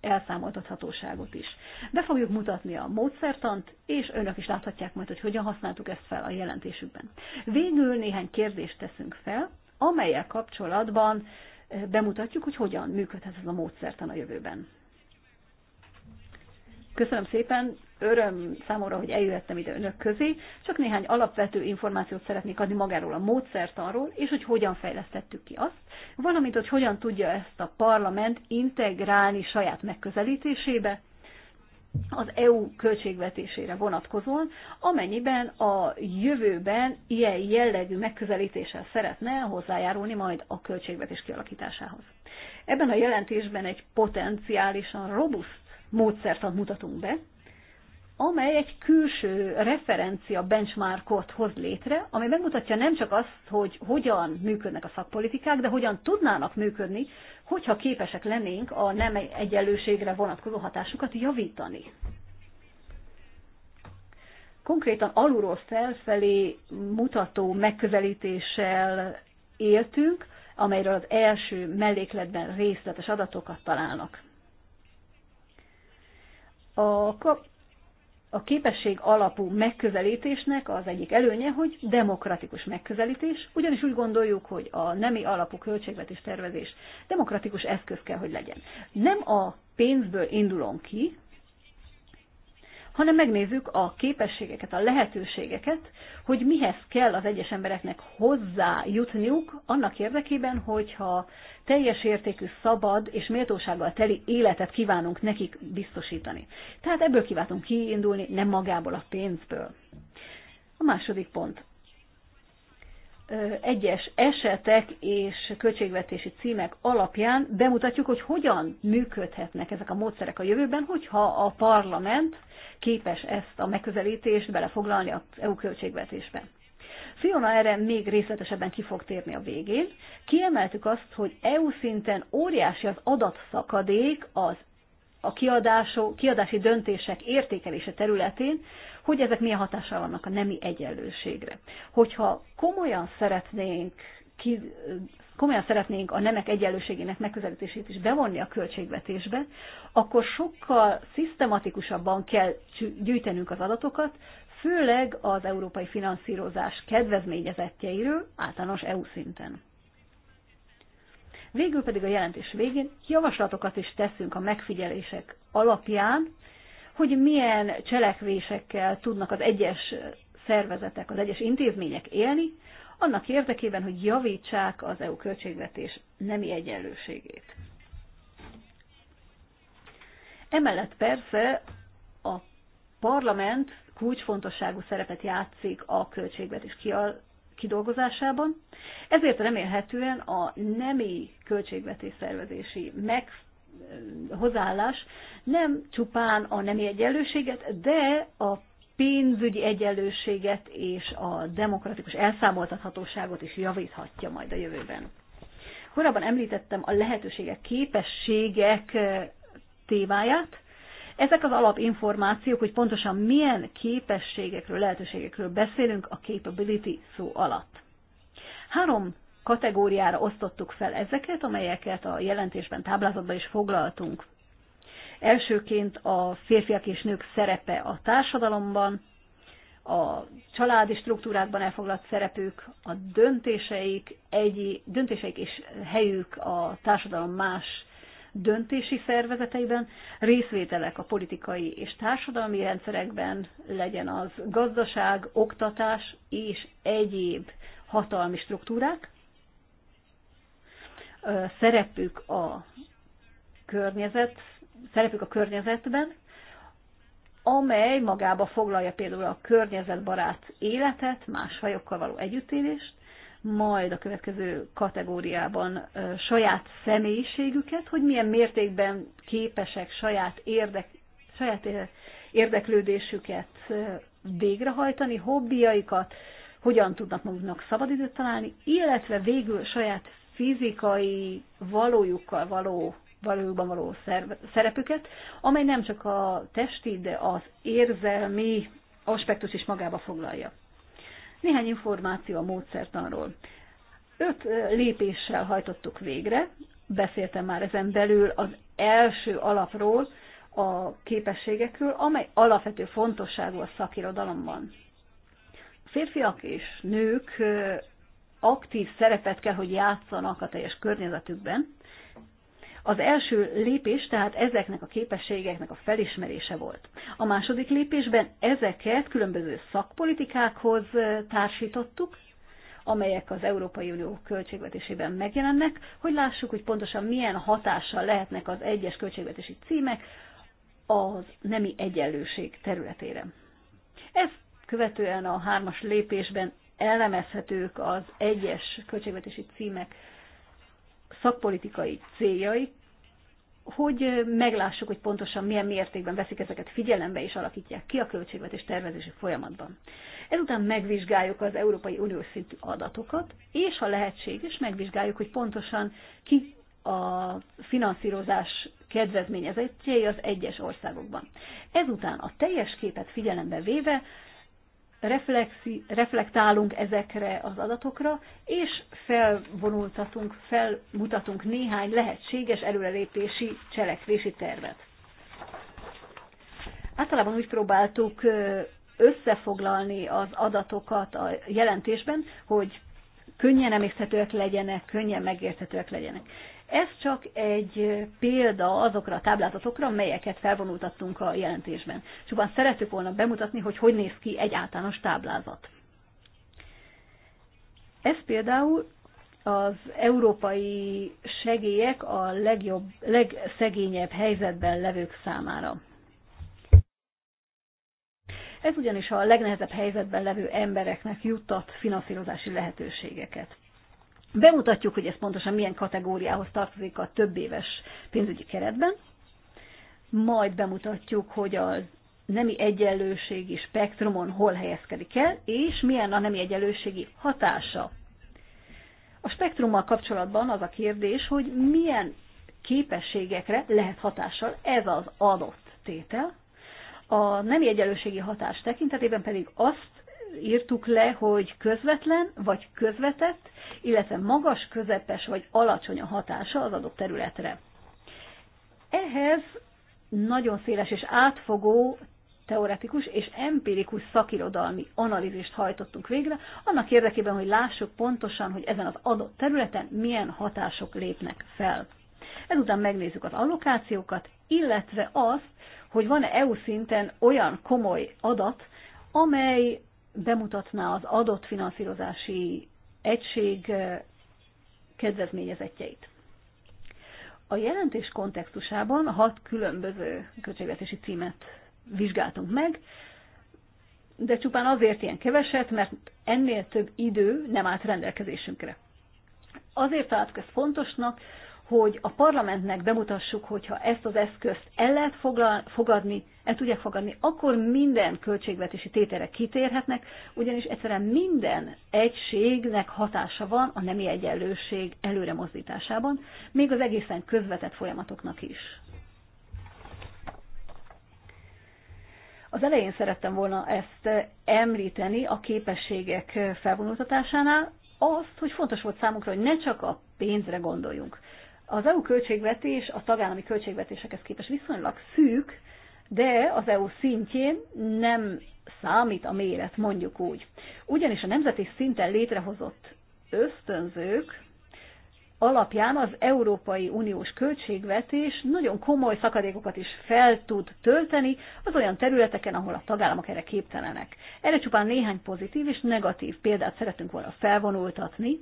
elszámoltathatóságot is. Be fogjuk mutatni a módszertant, és önök is láthatják majd, hogy hogyan használtuk ezt fel a jelentésükben. Végül néhány kérdést teszünk fel, amelyel kapcsolatban bemutatjuk, hogy hogyan működhet ez a módszertan a jövőben. Köszönöm szépen, öröm számomra, hogy eljöhettem ide önök közé. Csak néhány alapvető információt szeretnék adni magáról a módszertanról, és hogy hogyan fejlesztettük ki azt, valamint, hogy hogyan tudja ezt a parlament integrálni saját megközelítésébe, az EU költségvetésére vonatkozóan, amennyiben a jövőben ilyen jellegű megközelítéssel szeretne hozzájárulni majd a költségvetés kialakításához. Ebben a jelentésben egy potenciálisan robuszt módszertant mutatunk be, amely egy külső referencia benchmarkot hoz létre, ami megmutatja nem csak azt, hogy hogyan működnek a szakpolitikák, de hogyan tudnának működni, hogyha képesek lennénk a nem egyenlőségre vonatkozó hatásukat javítani. Konkrétan alulról felfelé mutató megközelítéssel éltünk, amelyről az első mellékletben részletes adatokat találnak. A a képesség alapú megközelítésnek az egyik előnye, hogy demokratikus megközelítés, ugyanis úgy gondoljuk, hogy a nemi alapú költségvetés tervezés demokratikus eszköz kell, hogy legyen. Nem a pénzből indulunk ki, hanem megnézzük a képességeket, a lehetőségeket, hogy mihez kell az egyes embereknek hozzájutniuk annak érdekében, hogyha teljes értékű, szabad és méltósággal teli életet kívánunk nekik biztosítani. Tehát ebből kívántunk kiindulni, nem magából a pénzből. A második pont egyes esetek és költségvetési címek alapján bemutatjuk, hogy hogyan működhetnek ezek a módszerek a jövőben, hogyha a parlament képes ezt a megközelítést belefoglalni az EU költségvetésbe. Fiona erre még részletesebben ki fog térni a végén. Kiemeltük azt, hogy EU szinten óriási az adatszakadék az a kiadások, kiadási döntések értékelése területén, hogy ezek milyen hatással vannak a nemi egyenlőségre. Hogyha komolyan szeretnénk ki, komolyan szeretnénk a nemek egyenlőségének megközelítését is bevonni a költségvetésbe, akkor sokkal szisztematikusabban kell gyűjtenünk az adatokat, főleg az európai finanszírozás kedvezményezettjeiről általános EU szinten. Végül pedig a jelentés végén javaslatokat is teszünk a megfigyelések alapján hogy milyen cselekvésekkel tudnak az egyes szervezetek, az egyes intézmények élni, annak érdekében, hogy javítsák az EU költségvetés nemi egyenlőségét. Emellett persze a parlament kulcsfontosságú szerepet játszik a költségvetés kidolgozásában, ezért remélhetően a nemi költségvetés szervezési meg, hozzáállás nem csupán a nemi egyenlőséget, de a pénzügyi egyenlőséget és a demokratikus elszámoltathatóságot is javíthatja majd a jövőben. Korábban említettem a lehetőségek, képességek eh, témáját. Ezek az alapinformációk, hogy pontosan milyen képességekről, lehetőségekről beszélünk a capability szó alatt. Három kategóriára osztottuk fel ezeket, amelyeket a jelentésben táblázatban is foglaltunk. Elsőként a férfiak és nők szerepe a társadalomban, a családi struktúrákban elfoglalt szerepük, a döntéseik, egy, döntéseik és helyük a társadalom más döntési szervezeteiben, részvételek a politikai és társadalmi rendszerekben, legyen az gazdaság, oktatás és egyéb hatalmi struktúrák, szerepük a környezet, szerepük a környezetben, amely magába foglalja például a környezetbarát életet, más fajokkal való együttélést, majd a következő kategóriában saját személyiségüket, hogy milyen mértékben képesek saját, érdek, saját érdeklődésüket végrehajtani, hobbiaikat, hogyan tudnak maguknak szabadidőt találni, illetve végül saját fizikai valójukkal való valójukban való szerepüket, amely nem csak a testi, de az érzelmi aspektus is magába foglalja. Néhány információ a módszertanról. Öt lépéssel hajtottuk végre, beszéltem már ezen belül az első alapról, a képességekről, amely alapvető fontosságú a szakirodalomban. Férfiak és nők aktív szerepet kell, hogy játszanak a teljes környezetükben. Az első lépés tehát ezeknek a képességeknek a felismerése volt. A második lépésben ezeket különböző szakpolitikákhoz társítottuk, amelyek az Európai Unió költségvetésében megjelennek, hogy lássuk, hogy pontosan milyen hatással lehetnek az egyes költségvetési címek az nemi egyenlőség területére. Ezt követően a hármas lépésben elemezhetők az egyes költségvetési címek szakpolitikai céljai, hogy meglássuk, hogy pontosan milyen mértékben veszik ezeket figyelembe és alakítják ki a költségvetés tervezési folyamatban. Ezután megvizsgáljuk az Európai Unió szintű adatokat, és ha lehetséges, megvizsgáljuk, hogy pontosan ki a finanszírozás kedvezményezettjei az egyes országokban. Ezután a teljes képet figyelembe véve reflexi, reflektálunk ezekre az adatokra, és felvonultatunk, felmutatunk néhány lehetséges előrelépési cselekvési tervet. Általában úgy próbáltuk összefoglalni az adatokat a jelentésben, hogy könnyen emészhetőek legyenek, könnyen megérthetőek legyenek. Ez csak egy példa azokra a táblázatokra, melyeket felvonultattunk a jelentésben. Csupán szerettük volna bemutatni, hogy hogy néz ki egy általános táblázat. Ez például az európai segélyek a legjobb, legszegényebb helyzetben levők számára. Ez ugyanis a legnehezebb helyzetben levő embereknek juttat finanszírozási lehetőségeket. Bemutatjuk, hogy ez pontosan milyen kategóriához tartozik a több éves pénzügyi keretben, majd bemutatjuk, hogy az nemi egyenlőségi spektrumon hol helyezkedik el, és milyen a nemi egyenlőségi hatása. A spektrummal kapcsolatban az a kérdés, hogy milyen képességekre lehet hatással ez az adott tétel, a nemi egyenlőségi hatás tekintetében pedig azt írtuk le, hogy közvetlen vagy közvetett, illetve magas, közepes vagy alacsony a hatása az adott területre. Ehhez nagyon széles és átfogó teoretikus és empirikus szakirodalmi analízist hajtottunk végre, annak érdekében, hogy lássuk pontosan, hogy ezen az adott területen milyen hatások lépnek fel. Ezután megnézzük az allokációkat, illetve azt, hogy van-e EU szinten olyan komoly adat, amely bemutatná az adott finanszírozási egység eh, kedvezményezetjeit. A jelentés kontextusában hat különböző költségvetési címet vizsgáltunk meg, de csupán azért ilyen keveset, mert ennél több idő nem állt rendelkezésünkre. Azért találtuk ezt fontosnak, hogy a parlamentnek bemutassuk, hogyha ezt az eszközt el lehet fogadni, el tudják fogadni, akkor minden költségvetési tétere kitérhetnek, ugyanis egyszerűen minden egységnek hatása van a nemi egyenlőség előre mozdításában, még az egészen közvetett folyamatoknak is. Az elején szerettem volna ezt említeni a képességek felvonultatásánál, azt, hogy fontos volt számunkra, hogy ne csak a pénzre gondoljunk. Az EU költségvetés a tagállami költségvetésekhez képest viszonylag szűk, de az EU szintjén nem számít a méret, mondjuk úgy. Ugyanis a nemzeti szinten létrehozott ösztönzők alapján az Európai Uniós költségvetés nagyon komoly szakadékokat is fel tud tölteni az olyan területeken, ahol a tagállamok erre képtelenek. Erre csupán néhány pozitív és negatív példát szeretünk volna felvonultatni,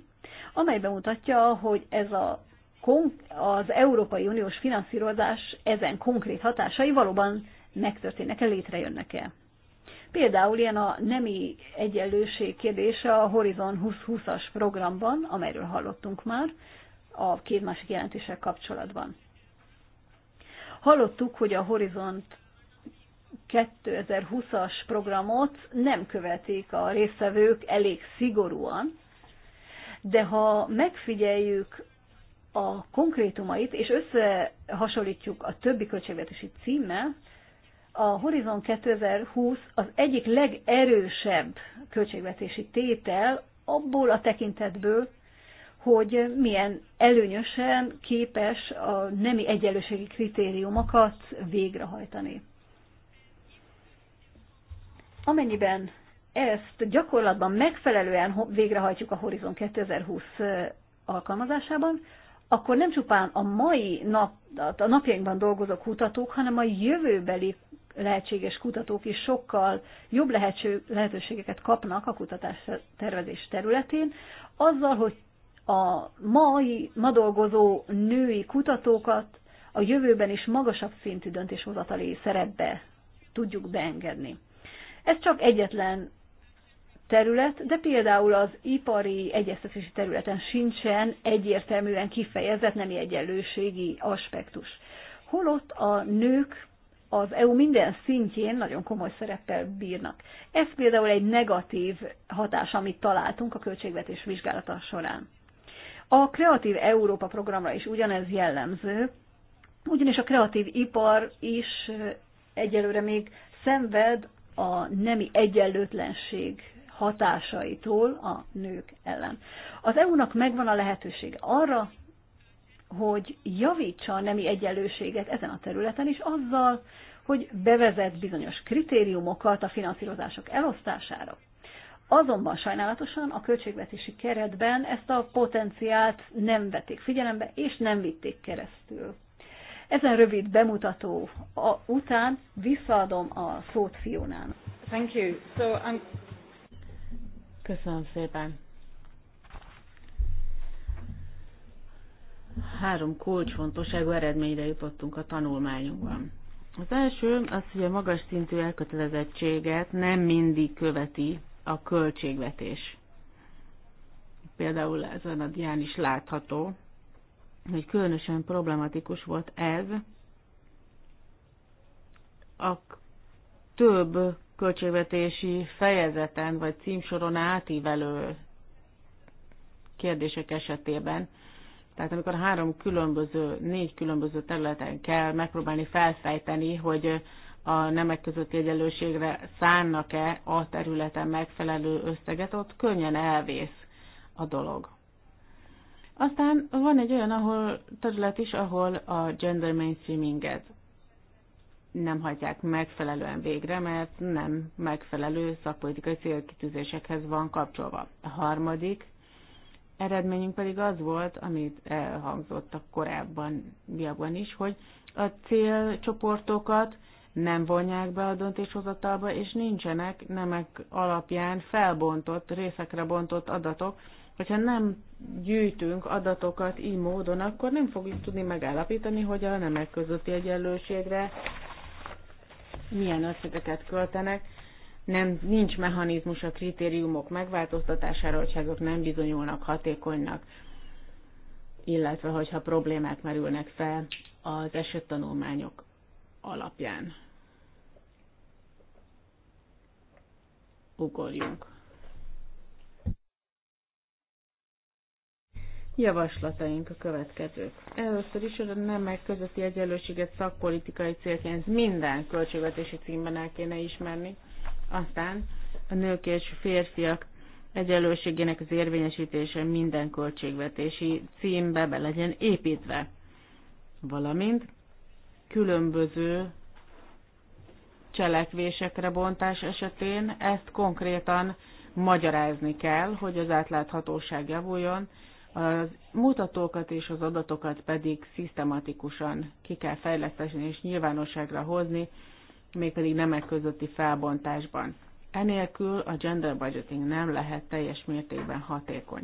amely bemutatja, hogy ez a az Európai Uniós finanszírozás ezen konkrét hatásai valóban megtörténnek-e, létrejönnek-e. Például ilyen a nemi egyenlőség kérdése a Horizon 2020-as programban, amelyről hallottunk már, a két másik jelentések kapcsolatban. Hallottuk, hogy a Horizont 2020-as programot nem követik a résztvevők elég szigorúan, de ha megfigyeljük a konkrétumait, és összehasonlítjuk a többi költségvetési címmel, a Horizon 2020 az egyik legerősebb költségvetési tétel abból a tekintetből, hogy milyen előnyösen képes a nemi egyenlőségi kritériumokat végrehajtani. Amennyiben ezt gyakorlatban megfelelően végrehajtjuk a Horizon 2020 alkalmazásában, akkor nem csupán a mai nap, a napjainkban dolgozó kutatók, hanem a jövőbeli lehetséges kutatók is sokkal jobb lehetőségeket kapnak a kutatás tervezés területén, azzal, hogy a mai, ma dolgozó női kutatókat a jövőben is magasabb szintű döntéshozatali szerepbe tudjuk beengedni. Ez csak egyetlen terület, de például az ipari egyeztetési területen sincsen egyértelműen kifejezett nemi egyenlőségi aspektus. Holott a nők az EU minden szintjén nagyon komoly szereppel bírnak. Ez például egy negatív hatás, amit találtunk a költségvetés vizsgálata során. A Kreatív Európa programra is ugyanez jellemző, ugyanis a kreatív ipar is egyelőre még szenved a nemi egyenlőtlenség hatásaitól a nők ellen. Az EU-nak megvan a lehetőség arra, hogy javítsa a nemi egyenlőséget ezen a területen is azzal, hogy bevezet bizonyos kritériumokat a finanszírozások elosztására. Azonban sajnálatosan a költségvetési keretben ezt a potenciált nem vették figyelembe, és nem vitték keresztül. Ezen rövid bemutató a, után visszaadom a szót Fionán.
Thank you. So um,
Köszönöm szépen.
három kulcsfontosságú eredményre jutottunk a tanulmányunkban. Az első az, hogy a magas szintű elkötelezettséget nem mindig követi a költségvetés. Például ezen a dián is látható, hogy különösen problematikus volt ez a több költségvetési fejezeten vagy címsoron átívelő kérdések esetében, tehát amikor három különböző, négy különböző területen kell megpróbálni felfejteni, hogy a nemek közötti egyenlőségre szánnak-e a területen megfelelő összeget, ott könnyen elvész a dolog. Aztán van egy olyan ahol, terület is, ahol a gender mainstreaminget nem hagyják megfelelően végre, mert nem megfelelő szakpolitikai célkitűzésekhez van kapcsolva. A harmadik eredményünk pedig az volt, amit elhangzottak korábban biakban is, hogy a célcsoportokat nem vonják be a döntéshozatalba, és nincsenek nemek alapján felbontott, részekre bontott adatok. Hogyha nem gyűjtünk adatokat így módon, akkor nem fogjuk tudni megállapítani, hogy a nemek közötti egyenlőségre milyen összegeket költenek, nem, nincs mechanizmus a kritériumok megváltoztatására, hogyha azok nem bizonyulnak hatékonynak, illetve hogyha problémák merülnek fel az esettanulmányok alapján. Ugorjunk. Javaslataink a következők. Először is a nemek közötti egyenlőséget szakpolitikai célként minden költségvetési címben el kéne ismerni aztán a nők és férfiak egyenlőségének az érvényesítése minden költségvetési címbe be legyen építve. Valamint különböző cselekvésekre bontás esetén ezt konkrétan magyarázni kell, hogy az átláthatóság javuljon, A mutatókat és az adatokat pedig szisztematikusan ki kell fejleszteni és nyilvánosságra hozni, mégpedig nemek közötti felbontásban. Enélkül a gender budgeting nem lehet teljes mértékben hatékony.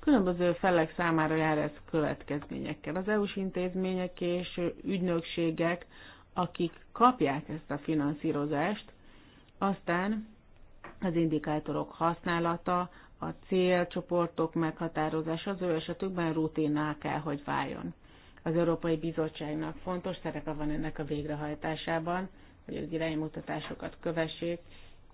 Különböző felek számára jár ez következményekkel. Az EU-s intézmények és ügynökségek, akik kapják ezt a finanszírozást, aztán az indikátorok használata, a célcsoportok meghatározása az ő esetükben rutinná kell, hogy váljon. Az Európai Bizottságnak fontos szerepe van ennek a végrehajtásában, hogy az iránymutatásokat kövessék,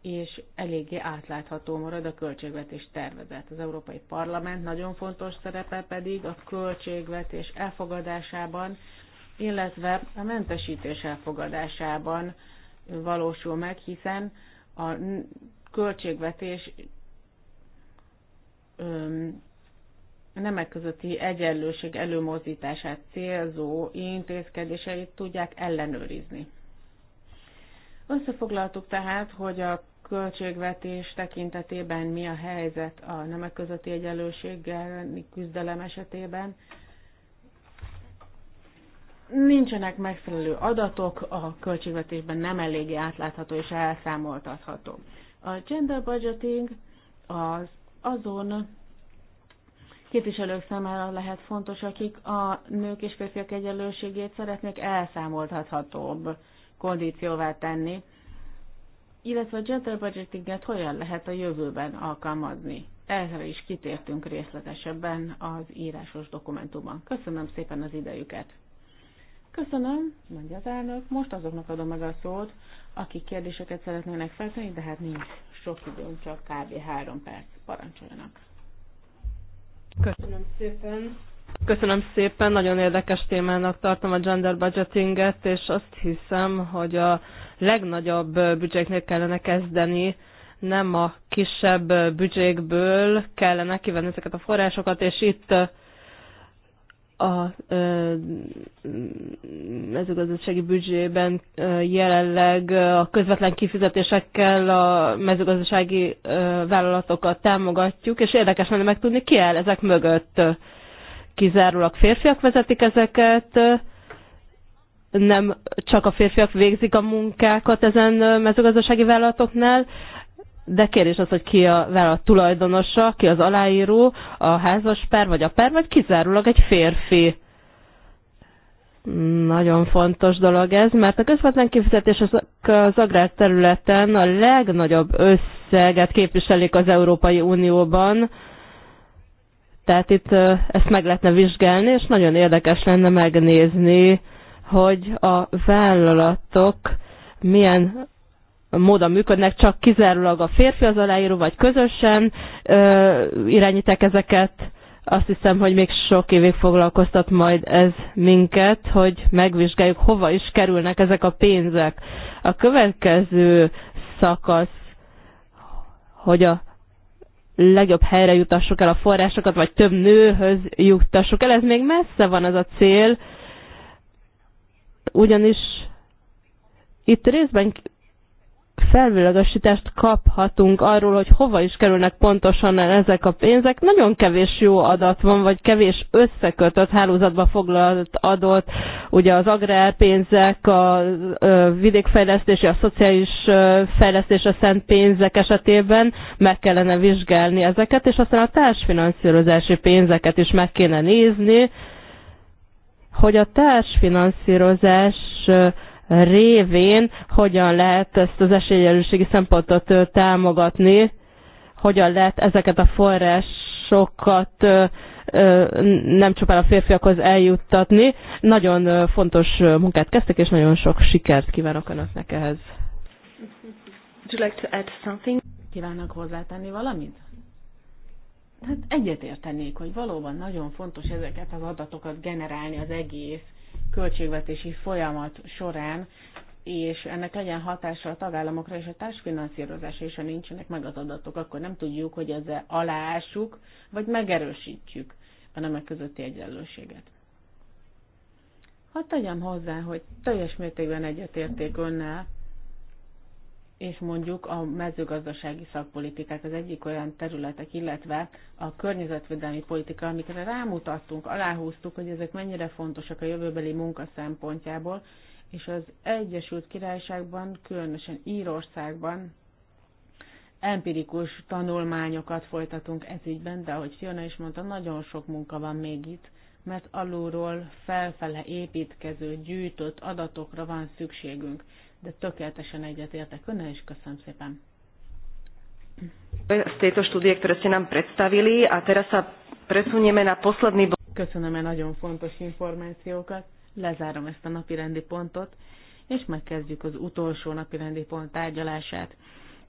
és eléggé átlátható marad a költségvetés tervezet. Az Európai Parlament nagyon fontos szerepe pedig a költségvetés elfogadásában, illetve a mentesítés elfogadásában valósul meg, hiszen a költségvetés öm, nemek közötti egyenlőség előmozdítását célzó intézkedéseit tudják ellenőrizni. Összefoglaltuk tehát, hogy a költségvetés tekintetében mi a helyzet a nemek közötti egyenlőséggel küzdelem esetében. Nincsenek megfelelő adatok, a költségvetésben nem eléggé átlátható és elszámoltatható. A gender budgeting az azon képviselők számára lehet fontos, akik a nők és férfiak egyenlőségét szeretnék elszámoltathatóbb kondícióvá tenni, illetve a gender budgetinget hogyan lehet a jövőben alkalmazni. Erre is kitértünk részletesebben az írásos dokumentumban. Köszönöm szépen az idejüket! Köszönöm, mondja az elnök. Most azoknak adom meg a szót, akik kérdéseket szeretnének feltenni, de hát nincs sok időm, csak kb. három perc. Parancsoljanak. Köszönöm szépen.
Köszönöm szépen, nagyon érdekes témának tartom a gender budgetinget, és azt hiszem, hogy a legnagyobb büdzséknél kellene kezdeni, nem a kisebb büdzsékből kellene kivenni ezeket a forrásokat, és itt a mezőgazdasági büdzsében jelenleg a közvetlen kifizetésekkel a mezőgazdasági vállalatokat támogatjuk, és érdekes lenne megtudni, ki áll ezek mögött kizárólag férfiak vezetik ezeket, nem csak a férfiak végzik a munkákat ezen mezőgazdasági vállalatoknál, de kérés az, hogy ki a vállalat tulajdonosa, ki az aláíró, a házaspár vagy a pár, vagy kizárólag egy férfi. Nagyon fontos dolog ez, mert a közvetlen kifizetés az, az területen a legnagyobb összeget képviselik az Európai Unióban, tehát itt ezt meg lehetne vizsgálni, és nagyon érdekes lenne megnézni, hogy a vállalatok milyen módon működnek, csak kizárólag a férfi az aláíró, vagy közösen ö, irányítják ezeket. Azt hiszem, hogy még sok évig foglalkoztat majd ez minket, hogy megvizsgáljuk, hova is kerülnek ezek a pénzek. A következő szakasz, hogy a legjobb helyre jutassuk el a forrásokat, vagy több nőhöz juttassuk el. Ez még messze van ez a cél, ugyanis itt részben felvilágosítást kaphatunk arról, hogy hova is kerülnek pontosan ezek a pénzek. Nagyon kevés jó adat van, vagy kevés összekötött hálózatba foglalt adott, ugye az agrárpénzek, a vidékfejlesztési, a szociális a szent pénzek esetében meg kellene vizsgálni ezeket, és aztán a társfinanszírozási pénzeket is meg kéne nézni, hogy a társfinanszírozás révén hogyan lehet ezt az esélyelőségi szempontot támogatni, hogyan lehet ezeket a forrásokat nem csupán a férfiakhoz eljuttatni. Nagyon fontos munkát kezdtek, és nagyon sok sikert kívánok Önöknek ehhez.
Would you like to add something? hozzátenni valamit? Hát egyetértenék, hogy valóban nagyon fontos ezeket az adatokat generálni az egész költségvetési folyamat során, és ennek legyen hatása a tagállamokra és a társfinanszírozásra, és ha nincsenek meg az adatok, akkor nem tudjuk, hogy ezzel aláássuk, vagy megerősítjük a nemek közötti egyenlőséget. Hadd tegyem hozzá, hogy teljes mértékben egyetérték önnel, és mondjuk a mezőgazdasági szakpolitikák az egyik olyan területek, illetve a környezetvédelmi politika, amikre rámutattunk, aláhúztuk, hogy ezek mennyire fontosak a jövőbeli munka szempontjából, és az Egyesült Királyságban, különösen Írországban empirikus tanulmányokat folytatunk ez ügyben, de ahogy Fiona is mondta, nagyon sok munka van még itt, mert alulról felfele építkező, gyűjtött adatokra van szükségünk de tökéletesen egyetértek önnel, és köszönöm szépen.
Z tejto štúdie, ktoré ste nám predstavili a teraz
sa presunieme na posledný bod. Köszönöm a nagyon fontos információkat. Lezárom ezt a napi rendi pontot, és megkezdjük az utolsó napi rendi pont tárgyalását.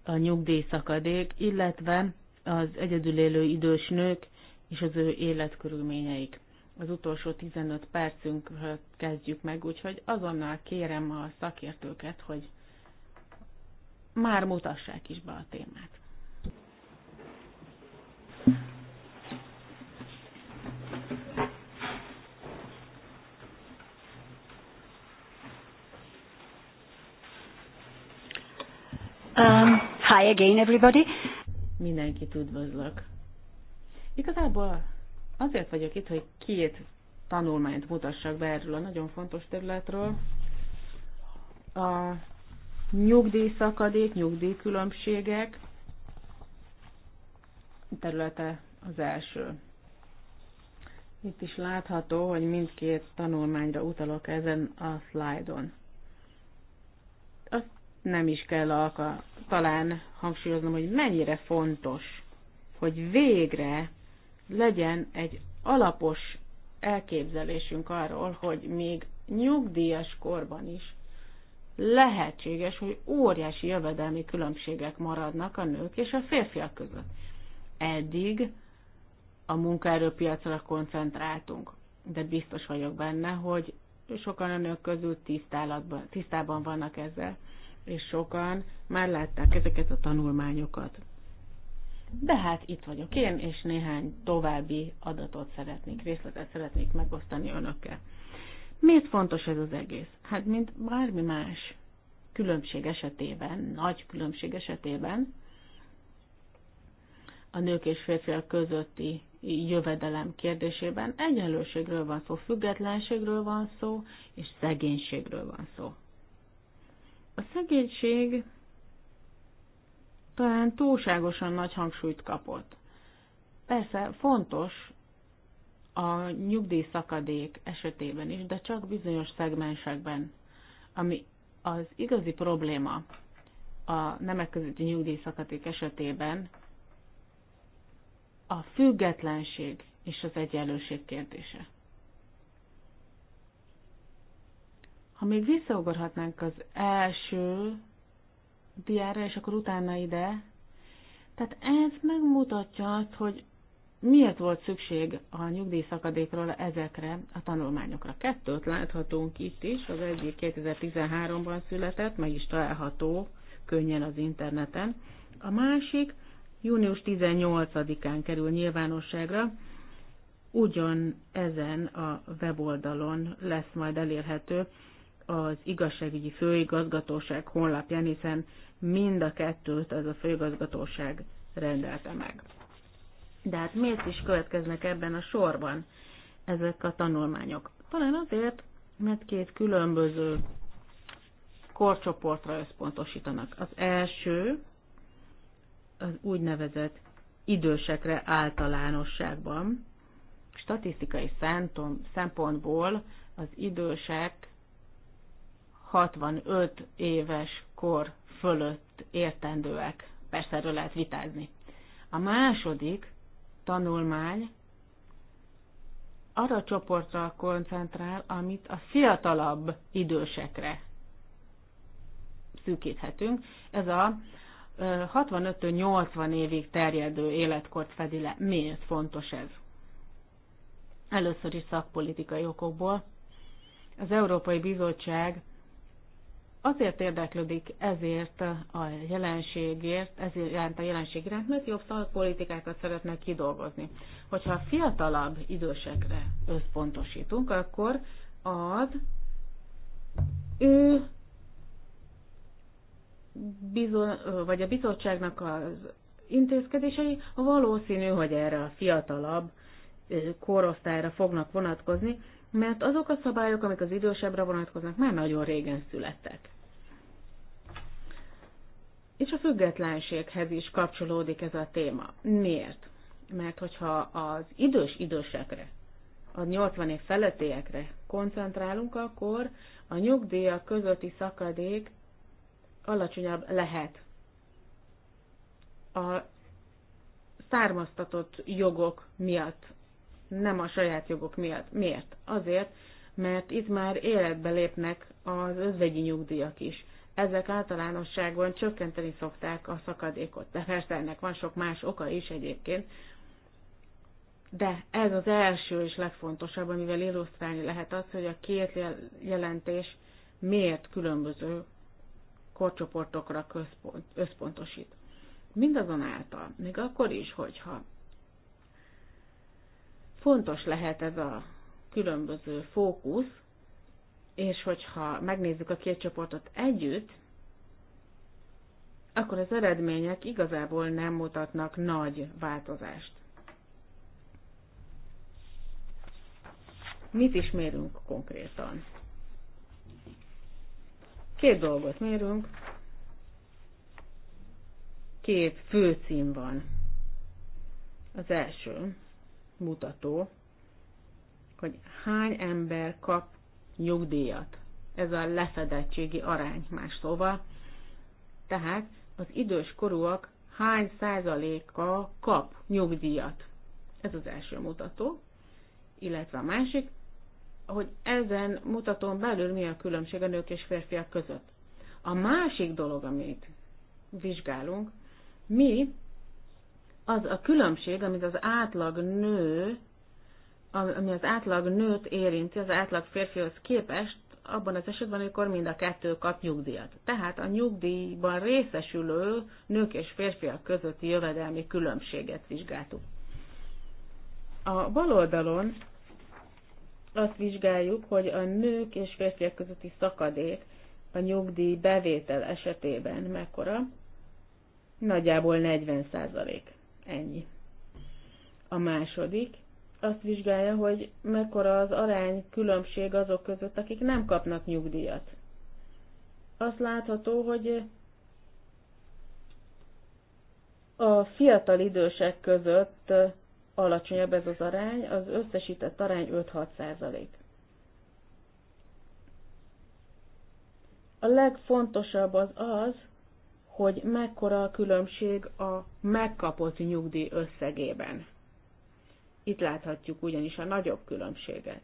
A nyugdíjszakadék, illetve az egyedülélő idős nők és az ő életkörülményeik az utolsó 15 percünk kezdjük meg, úgyhogy azonnal kérem a szakértőket, hogy már mutassák is be a témát.
Um, hi again, everybody.
Mindenkit üdvözlök. Igazából Azért vagyok itt, hogy két tanulmányt mutassak be erről a nagyon fontos területről. A nyugdíjszakadék, nyugdíjkülönbségek területe az első. Itt is látható, hogy mindkét tanulmányra utalok ezen a szlájdon. Azt nem is kell alka, talán hangsúlyoznom, hogy mennyire fontos, hogy végre legyen egy alapos elképzelésünk arról, hogy még nyugdíjas korban is lehetséges, hogy óriási jövedelmi különbségek maradnak a nők és a férfiak között. Eddig a munkaerőpiacra koncentráltunk, de biztos vagyok benne, hogy sokan a nők közül tisztában vannak ezzel, és sokan már látták ezeket a tanulmányokat. De hát itt vagyok én, és néhány további adatot szeretnék, részletet szeretnék megosztani önökkel. Miért fontos ez az egész? Hát, mint bármi más különbség esetében, nagy különbség esetében, a nők és férfiak közötti jövedelem kérdésében egyenlőségről van szó, függetlenségről van szó, és szegénységről van szó. A szegénység talán túlságosan nagy hangsúlyt kapott. Persze fontos a nyugdíjszakadék esetében is, de csak bizonyos szegmensekben, ami az igazi probléma a nemek közötti nyugdíjszakadék esetében a függetlenség és az egyenlőség kérdése. Ha még visszaugorhatnánk az első diára, és akkor utána ide. Tehát ez megmutatja azt, hogy miért volt szükség a nyugdíjszakadékról ezekre a tanulmányokra. Kettőt láthatunk itt is, az egyik 2013-ban született, meg is található könnyen az interneten. A másik június 18-án kerül nyilvánosságra, ugyan ezen a weboldalon lesz majd elérhető az igazságügyi főigazgatóság honlapján, hiszen mind a kettőt ez a főigazgatóság rendelte meg. De hát miért is következnek ebben a sorban ezek a tanulmányok? Talán azért, mert két különböző korcsoportra összpontosítanak. Az első az úgynevezett idősekre általánosságban. Statisztikai szempontból az idősek 65 éves kor fölött értendőek. Persze erről lehet vitázni. A második tanulmány arra csoportra koncentrál, amit a fiatalabb idősekre szűkíthetünk. Ez a 65-80 évig terjedő életkort fedi le. Miért fontos ez? Először is szakpolitikai okokból. Az Európai Bizottság azért érdeklődik ezért a jelenségért, ezért jelent a jelenség iránt, mert jobb szakpolitikákat szeretne kidolgozni. Hogyha a fiatalabb idősekre összpontosítunk, akkor az ő bizon, vagy a bizottságnak az intézkedései valószínű, hogy erre a fiatalabb korosztályra fognak vonatkozni, mert azok a szabályok, amik az idősebbre vonatkoznak, már nagyon régen születtek. És a függetlenséghez is kapcsolódik ez a téma. Miért? Mert hogyha az idős idősekre, a 80 év felettiekre koncentrálunk, akkor a nyugdíja közötti szakadék alacsonyabb lehet. A származtatott jogok miatt nem a saját jogok miatt. Miért? Azért, mert itt már életbe lépnek az özvegyi nyugdíjak is. Ezek általánosságban csökkenteni szokták a szakadékot. De persze ennek van sok más oka is egyébként. De ez az első és legfontosabb, amivel illusztrálni lehet az, hogy a két jelentés miért különböző korcsoportokra központ, összpontosít. Mindazonáltal, még akkor is, hogyha Fontos lehet ez a különböző fókusz, és hogyha megnézzük a két csoportot együtt, akkor az eredmények igazából nem mutatnak nagy változást. Mit is mérünk konkrétan? Két dolgot mérünk, két főcím van. Az első, mutató, hogy hány ember kap nyugdíjat. Ez a lefedettségi arány más szóval. Tehát az idős korúak hány százaléka kap nyugdíjat. Ez az első mutató. Illetve a másik, hogy ezen mutatón belül mi a különbség a nők és férfiak között. A másik dolog, amit vizsgálunk, mi az a különbség, amit az átlag nő, ami az átlag nőt érinti, az átlag férfihoz képest, abban az esetben, amikor mind a kettő kap nyugdíjat. Tehát a nyugdíjban részesülő nők és férfiak közötti jövedelmi különbséget vizsgáltuk. A bal oldalon azt vizsgáljuk, hogy a nők és férfiak közötti szakadék a nyugdíj bevétel esetében mekkora? Nagyjából 40 százalék. Ennyi. A második azt vizsgálja, hogy mekkora az arány különbség azok között, akik nem kapnak nyugdíjat. Azt látható, hogy a fiatal idősek között alacsonyabb ez az arány, az összesített arány 5-6 százalék. A legfontosabb az az, hogy mekkora a különbség a megkapott nyugdíj összegében. Itt láthatjuk ugyanis a nagyobb különbséget.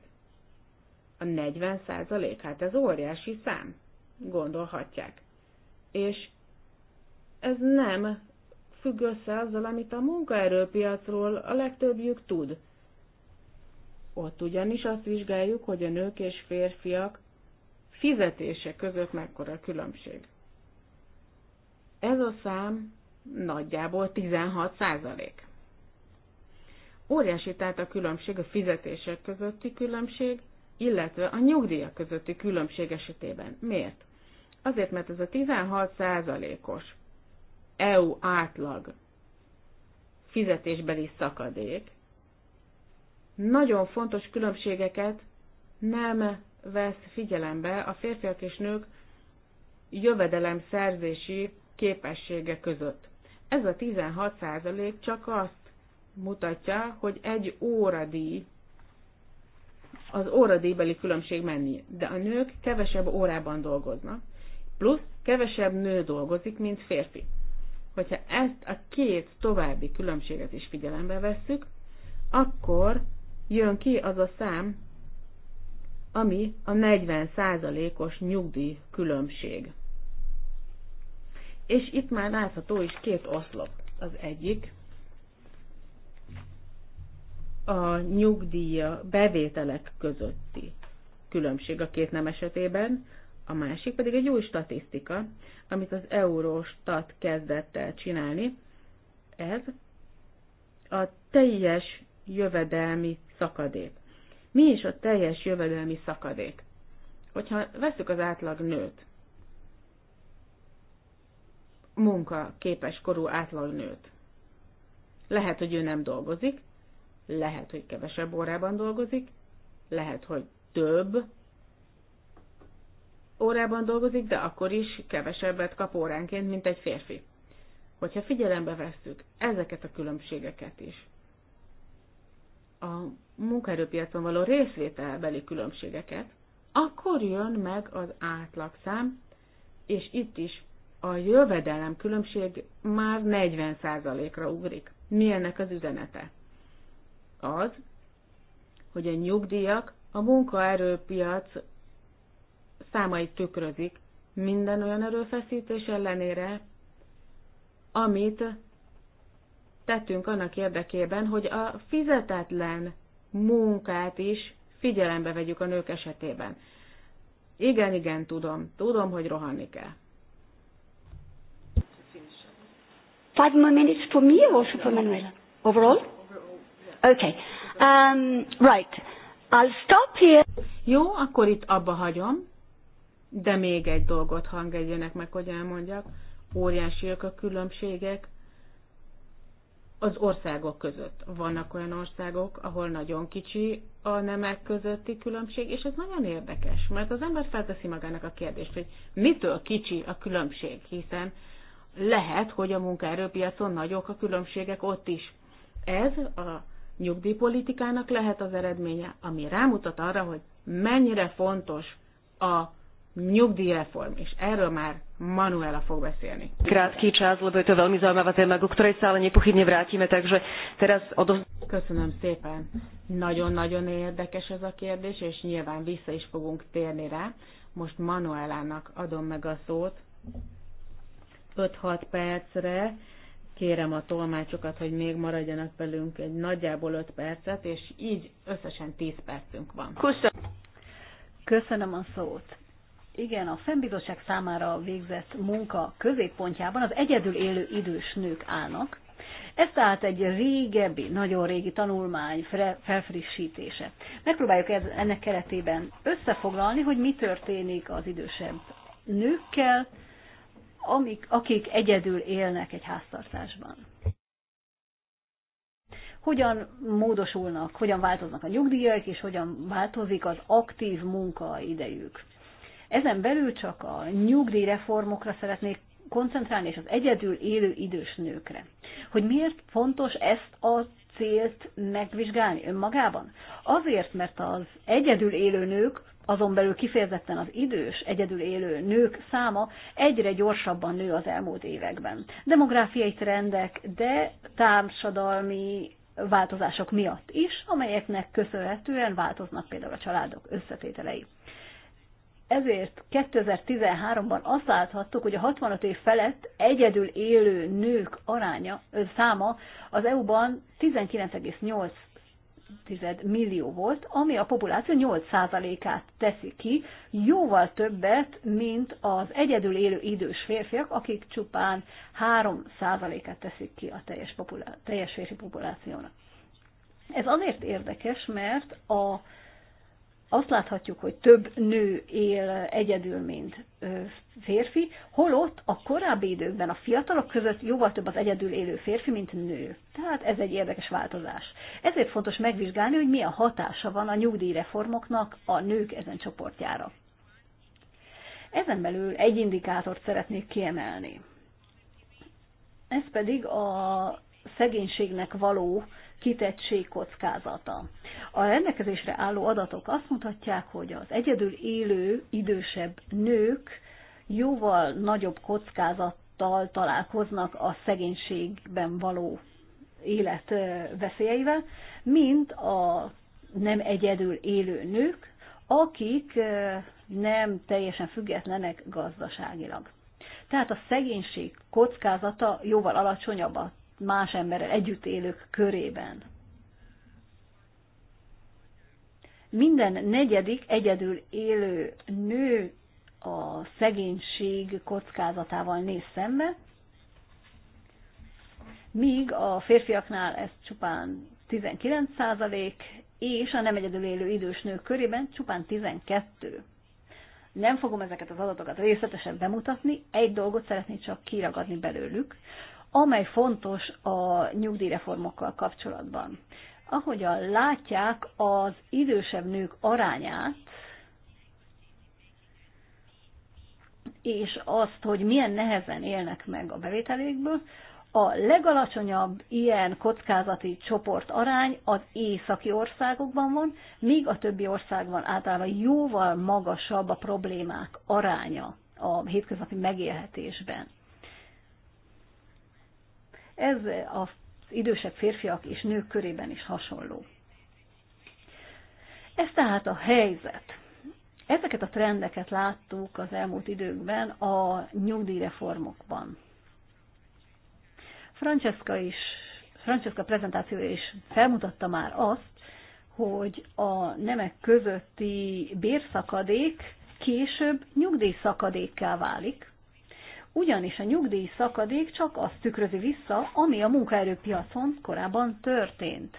A 40 százalék, hát ez óriási szám, gondolhatják. És ez nem függ össze azzal, amit a munkaerőpiacról a legtöbbjük tud. Ott ugyanis azt vizsgáljuk, hogy a nők és férfiak fizetése között mekkora különbség. Ez a szám nagyjából 16 százalék. Óriási tehát a különbség a fizetések közötti különbség, illetve a nyugdíjak közötti különbség esetében. Miért? Azért, mert ez a 16 százalékos EU átlag fizetésbeli szakadék nagyon fontos különbségeket nem vesz figyelembe a férfiak és nők jövedelem szerzési képessége között. Ez a 16% csak azt mutatja, hogy egy óradíj, az óradíjbeli különbség mennyi. De a nők kevesebb órában dolgoznak, plusz kevesebb nő dolgozik, mint férfi. Hogyha ezt a két további különbséget is figyelembe vesszük, akkor jön ki az a szám, ami a 40%-os nyugdíj különbség. És itt már látható is két oszlop. Az egyik a nyugdíja bevételek közötti különbség a két nem esetében, a másik pedig egy új statisztika, amit az Eurostat kezdett el csinálni. Ez a teljes jövedelmi szakadék. Mi is a teljes jövedelmi szakadék? Hogyha veszük az átlag nőt, munka képes korú nőt. Lehet, hogy ő nem dolgozik, lehet, hogy kevesebb órában dolgozik, lehet, hogy több órában dolgozik, de akkor is kevesebbet kap óránként, mint egy férfi. Hogyha figyelembe vesszük ezeket a különbségeket is, a munkaerőpiacon való részvételbeli különbségeket, akkor jön meg az átlagszám, és itt is a jövedelem különbség már 40%-ra ugrik. Mi ennek az üzenete? Az, hogy a nyugdíjak a munkaerőpiac számait tükrözik minden olyan erőfeszítés ellenére, amit tettünk annak érdekében, hogy a fizetetlen munkát is figyelembe vegyük a nők esetében. Igen, igen, tudom. Tudom, hogy rohanni kell.
Five more minutes for me or for Manuela? Overall? Okay. Um, right. I'll stop here. Jó, akkor itt abba hagyom,
de még egy dolgot hangedjenek meg, hogy elmondjak. Óriásiak a különbségek az országok között. Vannak olyan országok, ahol nagyon kicsi a nemek közötti különbség, és ez nagyon érdekes, mert az ember felteszi magának a kérdést, hogy mitől kicsi a különbség, hiszen lehet, hogy a munkaerőpiacon nagyok a különbségek ott is. Ez a nyugdíjpolitikának lehet az eredménye, ami rámutat arra, hogy mennyire fontos a nyugdíjreform, és erről már Manuela fog beszélni.
Krátký čas, lebo je to veľmi zaujímavá téma, ku ktorej sa ale nepochybne vrátime, takže teraz odoz... Köszönöm szépen.
Nagyon-nagyon érdekes ez a kérdés, és nyilván vissza is fogunk térni rá. Most Manuelának adom meg a szót, 5-6 percre. Kérem a tolmácsokat, hogy még maradjanak velünk egy nagyjából 5 percet, és így összesen 10 percünk van.
Köszönöm, Köszönöm a szót. Igen, a fennbizottság számára végzett munka középpontjában az egyedül élő idős nők állnak. Ez tehát egy régebbi, nagyon régi tanulmány felfrissítése. Megpróbáljuk ennek keretében összefoglalni, hogy mi történik az idősebb nőkkel, amik, akik egyedül élnek egy háztartásban. Hogyan módosulnak, hogyan változnak a nyugdíjak, és hogyan változik az aktív munka idejük. Ezen belül csak a nyugdíjreformokra szeretnék koncentrálni, és az egyedül élő idős nőkre. Hogy miért fontos ezt a célt megvizsgálni önmagában? Azért, mert az egyedül élő nők azon belül kifejezetten az idős, egyedül élő nők száma egyre gyorsabban nő az elmúlt években. Demográfiai trendek, de társadalmi változások miatt is, amelyeknek köszönhetően változnak például a családok összetételei. Ezért 2013-ban azt láthattuk, hogy a 65 év felett egyedül élő nők aránya, száma az EU-ban 19,8 millió volt, ami a populáció 8%-át teszi ki, jóval többet, mint az egyedül élő idős férfiak, akik csupán 3%-át teszik ki a teljes, populá- teljes férfi populációnak. Ez azért érdekes, mert a azt láthatjuk, hogy több nő él egyedül, mint férfi, holott a korábbi időkben a fiatalok között jóval több az egyedül élő férfi, mint nő. Tehát ez egy érdekes változás. Ezért fontos megvizsgálni, hogy milyen hatása van a nyugdíjreformoknak a nők ezen csoportjára. Ezen belül egy indikátort szeretnék kiemelni. Ez pedig a szegénységnek való kitettség kockázata. A rendelkezésre álló adatok azt mutatják, hogy az egyedül élő idősebb nők jóval nagyobb kockázattal találkoznak a szegénységben való élet veszélyeivel, mint a nem egyedül élő nők, akik nem teljesen függetlenek gazdaságilag. Tehát a szegénység kockázata jóval alacsonyabb a más emberrel együtt élők körében. Minden negyedik egyedül élő nő a szegénység kockázatával néz szembe, míg a férfiaknál ez csupán 19 és a nem egyedül élő idős nők körében csupán 12. Nem fogom ezeket az adatokat részletesen bemutatni, egy dolgot szeretnék csak kiragadni belőlük amely fontos a nyugdíjreformokkal kapcsolatban. Ahogyan látják az idősebb nők arányát, és azt, hogy milyen nehezen élnek meg a bevételékből, a legalacsonyabb ilyen kockázati csoport arány az északi országokban van, míg a többi országban általában jóval magasabb a problémák aránya a hétköznapi megélhetésben. Ez az idősebb férfiak és nők körében is hasonló. Ez tehát a helyzet. Ezeket a trendeket láttuk az elmúlt időkben a nyugdíjreformokban. Francesca is, Francesca prezentációja is felmutatta már azt, hogy a nemek közötti bérszakadék később nyugdíjszakadékká válik, ugyanis a nyugdíj szakadék csak azt tükrözi vissza, ami a munkaerőpiacon korábban történt.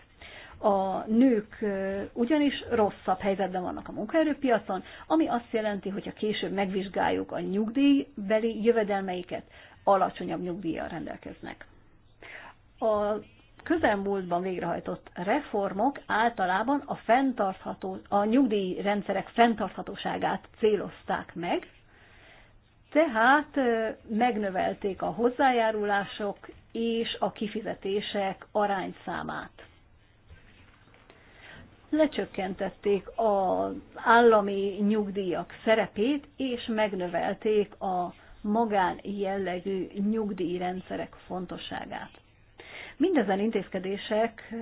A nők ugyanis rosszabb helyzetben vannak a munkaerőpiacon, ami azt jelenti, hogy ha később megvizsgáljuk a nyugdíjbeli jövedelmeiket, alacsonyabb nyugdíjjal rendelkeznek. A közelmúltban végrehajtott reformok általában a, fenntartható, a nyugdíjrendszerek fenntarthatóságát célozták meg, tehát megnövelték a hozzájárulások és a kifizetések arányszámát. Lecsökkentették az állami nyugdíjak szerepét, és megnövelték a magán jellegű nyugdíjrendszerek fontosságát. Mindezen intézkedések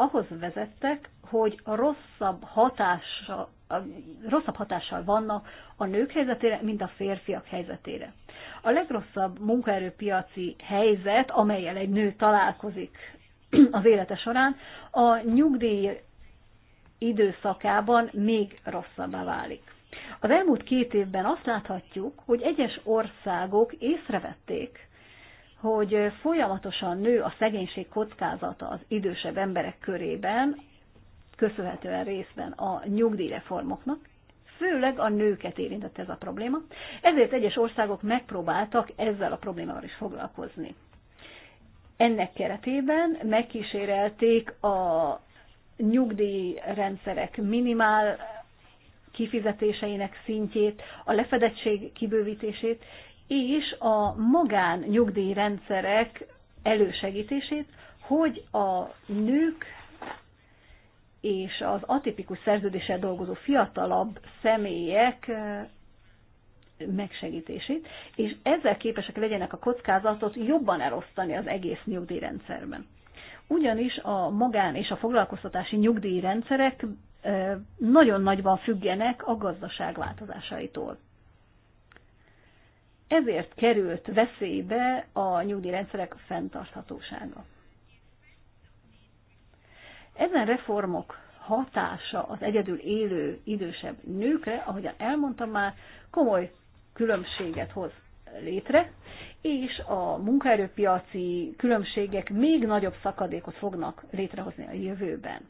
ahhoz vezettek, hogy a rosszabb hatása a rosszabb hatással vannak a nők helyzetére, mint a férfiak helyzetére. A legrosszabb munkaerőpiaci helyzet, amelyel egy nő találkozik az élete során, a nyugdíj időszakában még rosszabbá válik. Az elmúlt két évben azt láthatjuk, hogy egyes országok észrevették, hogy folyamatosan nő a szegénység kockázata az idősebb emberek körében, köszönhetően részben a nyugdíjreformoknak, főleg a nőket érintett ez a probléma, ezért egyes országok megpróbáltak ezzel a problémával is foglalkozni. Ennek keretében megkísérelték a nyugdíjrendszerek minimál kifizetéseinek szintjét, a lefedettség kibővítését, és a magán nyugdíjrendszerek elősegítését, hogy a nők és az atipikus szerződéssel dolgozó fiatalabb személyek megsegítését, és ezzel képesek legyenek a kockázatot jobban elosztani az egész nyugdíjrendszerben. Ugyanis a magán és a foglalkoztatási nyugdíjrendszerek nagyon nagyban függenek a gazdaság változásaitól ezért került veszélybe a nyugdíjrendszerek fenntarthatósága. Ezen reformok hatása az egyedül élő idősebb nőkre, ahogyan elmondtam már, komoly különbséget hoz létre, és a munkaerőpiaci különbségek még nagyobb szakadékot fognak létrehozni a jövőben.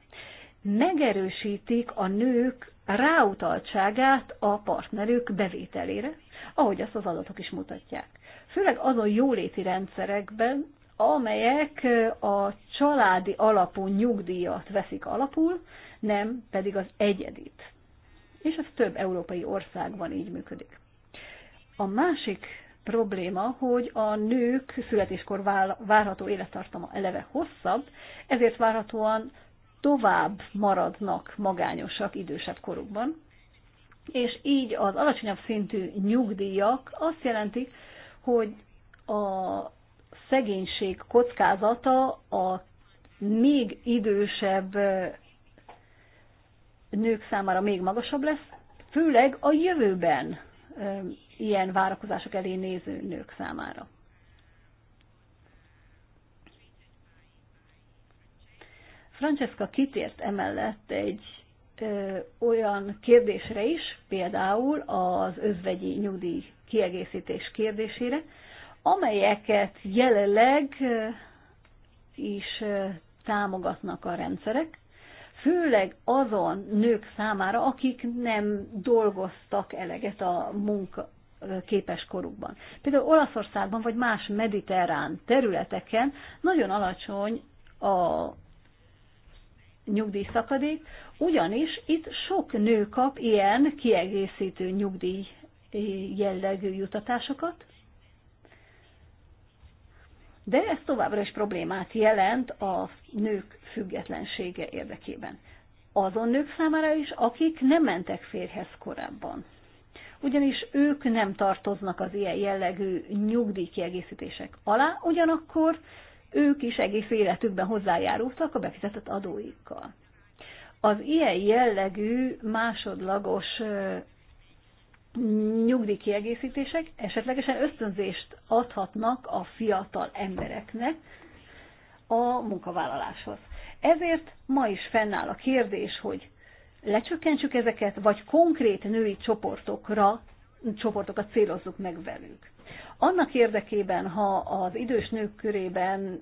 Megerősítik a nők ráutaltságát a partnerük bevételére, ahogy ezt az adatok is mutatják. Főleg azon jóléti rendszerekben, amelyek a családi alapú nyugdíjat veszik alapul, nem pedig az egyedit. És ez több európai országban így működik. A másik probléma, hogy a nők születéskor várható élettartama eleve hosszabb, ezért várhatóan tovább maradnak magányosak idősebb korukban, és így az alacsonyabb szintű nyugdíjak azt jelentik, hogy a szegénység kockázata a még idősebb nők számára még magasabb lesz, főleg a jövőben ilyen várakozások elé néző nők számára. Francesca kitért emellett egy olyan kérdésre is, például az özvegyi nyugdíj kiegészítés kérdésére, amelyeket jelenleg is támogatnak a rendszerek, főleg azon nők számára, akik nem dolgoztak eleget a munka képes korukban. Például Olaszországban vagy más mediterrán területeken nagyon alacsony a nyugdíjszakadék, ugyanis itt sok nő kap ilyen kiegészítő nyugdíj eh, jellegű jutatásokat, de ez továbbra is problémát jelent a nők függetlensége érdekében. Azon nők számára is, akik nem mentek férhez korábban. Ugyanis ők nem tartoznak az ilyen jellegű nyugdíjkiegészítések alá, ugyanakkor ők is egész életükben hozzájárultak a befizetett adóikkal. Az ilyen jellegű másodlagos nyugdíjkiegészítések esetlegesen ösztönzést adhatnak a fiatal embereknek a munkavállaláshoz. Ezért ma is fennáll a kérdés, hogy lecsökkentsük ezeket, vagy konkrét női csoportokra, csoportokat célozzuk meg velük. Annak érdekében, ha az idős nők körében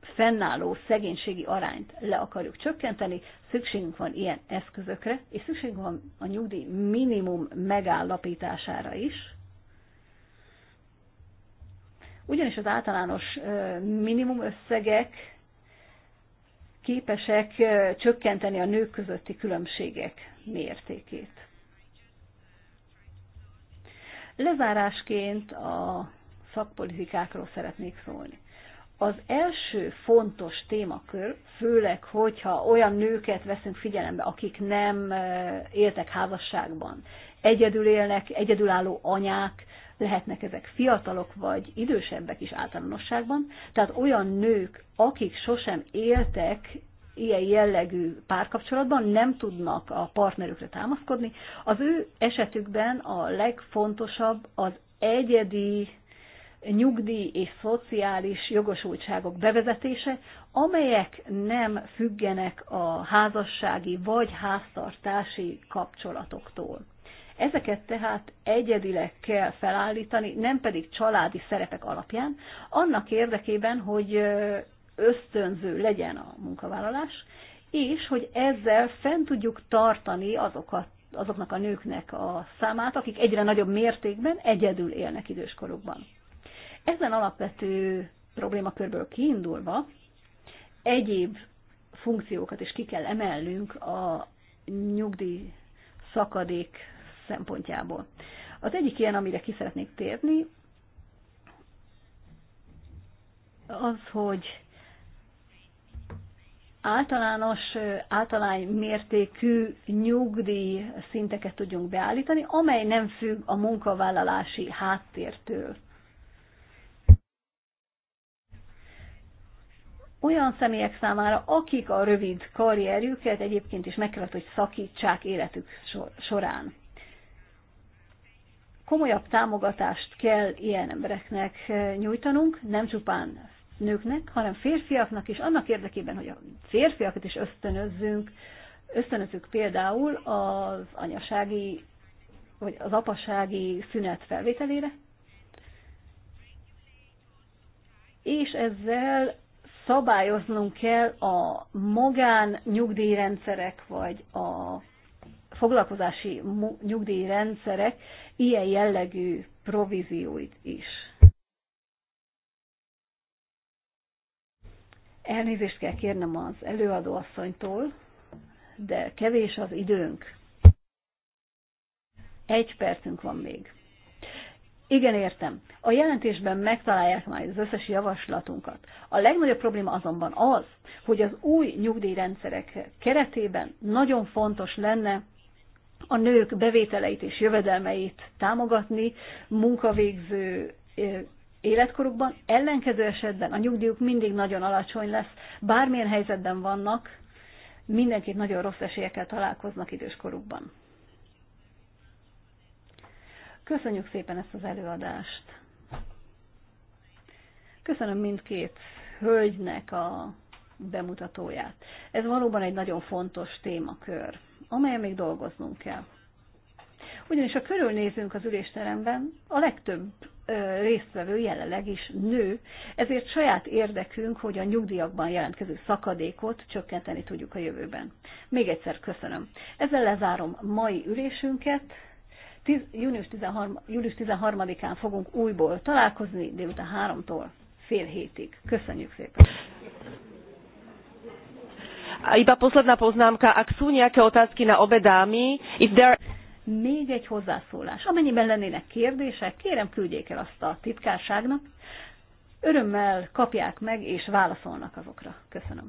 fennálló szegénységi arányt le akarjuk csökkenteni, szükségünk van ilyen eszközökre, és szükségünk van a nyugdíj minimum megállapítására is, ugyanis az általános minimum összegek képesek csökkenteni a nők közötti különbségek mértékét. Lezárásként a szakpolitikákról szeretnék szólni. Az első fontos témakör, főleg, hogyha olyan nőket veszünk figyelembe, akik nem éltek házasságban, egyedül élnek, egyedülálló anyák, lehetnek ezek fiatalok vagy idősebbek is általánosságban, tehát olyan nők, akik sosem éltek ilyen jellegű párkapcsolatban nem tudnak a partnerükre támaszkodni. Az ő esetükben a legfontosabb az egyedi nyugdíj és szociális jogosultságok bevezetése, amelyek nem függenek a házassági vagy háztartási kapcsolatoktól. Ezeket tehát egyedileg kell felállítani, nem pedig családi szerepek alapján, annak érdekében, hogy ösztönző legyen a munkavállalás, és hogy ezzel fent tudjuk tartani azokat, azoknak a nőknek a számát, akik egyre nagyobb mértékben egyedül élnek időskorukban. Ezen alapvető problémakörből kiindulva egyéb funkciókat is ki kell emelnünk a nyugdíj szakadék szempontjából. Az egyik ilyen, amire ki szeretnék térni, az, hogy általános, általány mértékű nyugdíj szinteket tudjunk beállítani, amely nem függ a munkavállalási háttértől. Olyan személyek számára, akik a rövid karrierjüket egyébként is meg kellett, hogy szakítsák életük során. Komolyabb támogatást kell ilyen embereknek nyújtanunk, nem csupán nőknek, hanem férfiaknak is, annak érdekében, hogy a férfiakat is ösztönözzünk, ösztönözzük például az anyasági, vagy az apasági szünet felvételére, és ezzel szabályoznunk kell a magán nyugdíjrendszerek, vagy a foglalkozási nyugdíjrendszerek ilyen jellegű provízióit is. Elnézést kell kérnem az előadóasszonytól, de kevés az időnk. Egy percünk van még. Igen, értem. A jelentésben megtalálják majd az összes javaslatunkat. A legnagyobb probléma azonban az, hogy az új nyugdíjrendszerek keretében nagyon fontos lenne a nők bevételeit és jövedelmeit támogatni, munkavégző eh, életkorukban, ellenkező esetben a nyugdíjuk mindig nagyon alacsony lesz, bármilyen helyzetben vannak, mindenképp nagyon rossz esélyekkel találkoznak időskorukban. Köszönjük szépen ezt az előadást. Köszönöm mindkét hölgynek a bemutatóját. Ez valóban egy nagyon fontos témakör, amelyen még dolgoznunk kell. Ugyanis ha körülnézünk az ülésteremben, a legtöbb résztvevő jelenleg is nő, ezért saját érdekünk, hogy a nyugdíjakban jelentkező szakadékot csökkenteni tudjuk a jövőben. Még egyszer köszönöm. Ezzel lezárom mai ülésünket. 10, június, 13, július 13-án fogunk újból találkozni délután 3-tól fél hétig. Köszönjük szépen!
Iba posledná
poznámka, ak sú nejaké otázky na obe dámy, if there még egy hozzászólás. Amennyiben lennének kérdések, kérem küldjék el azt a titkárságnak. Örömmel kapják meg és válaszolnak azokra. Köszönöm.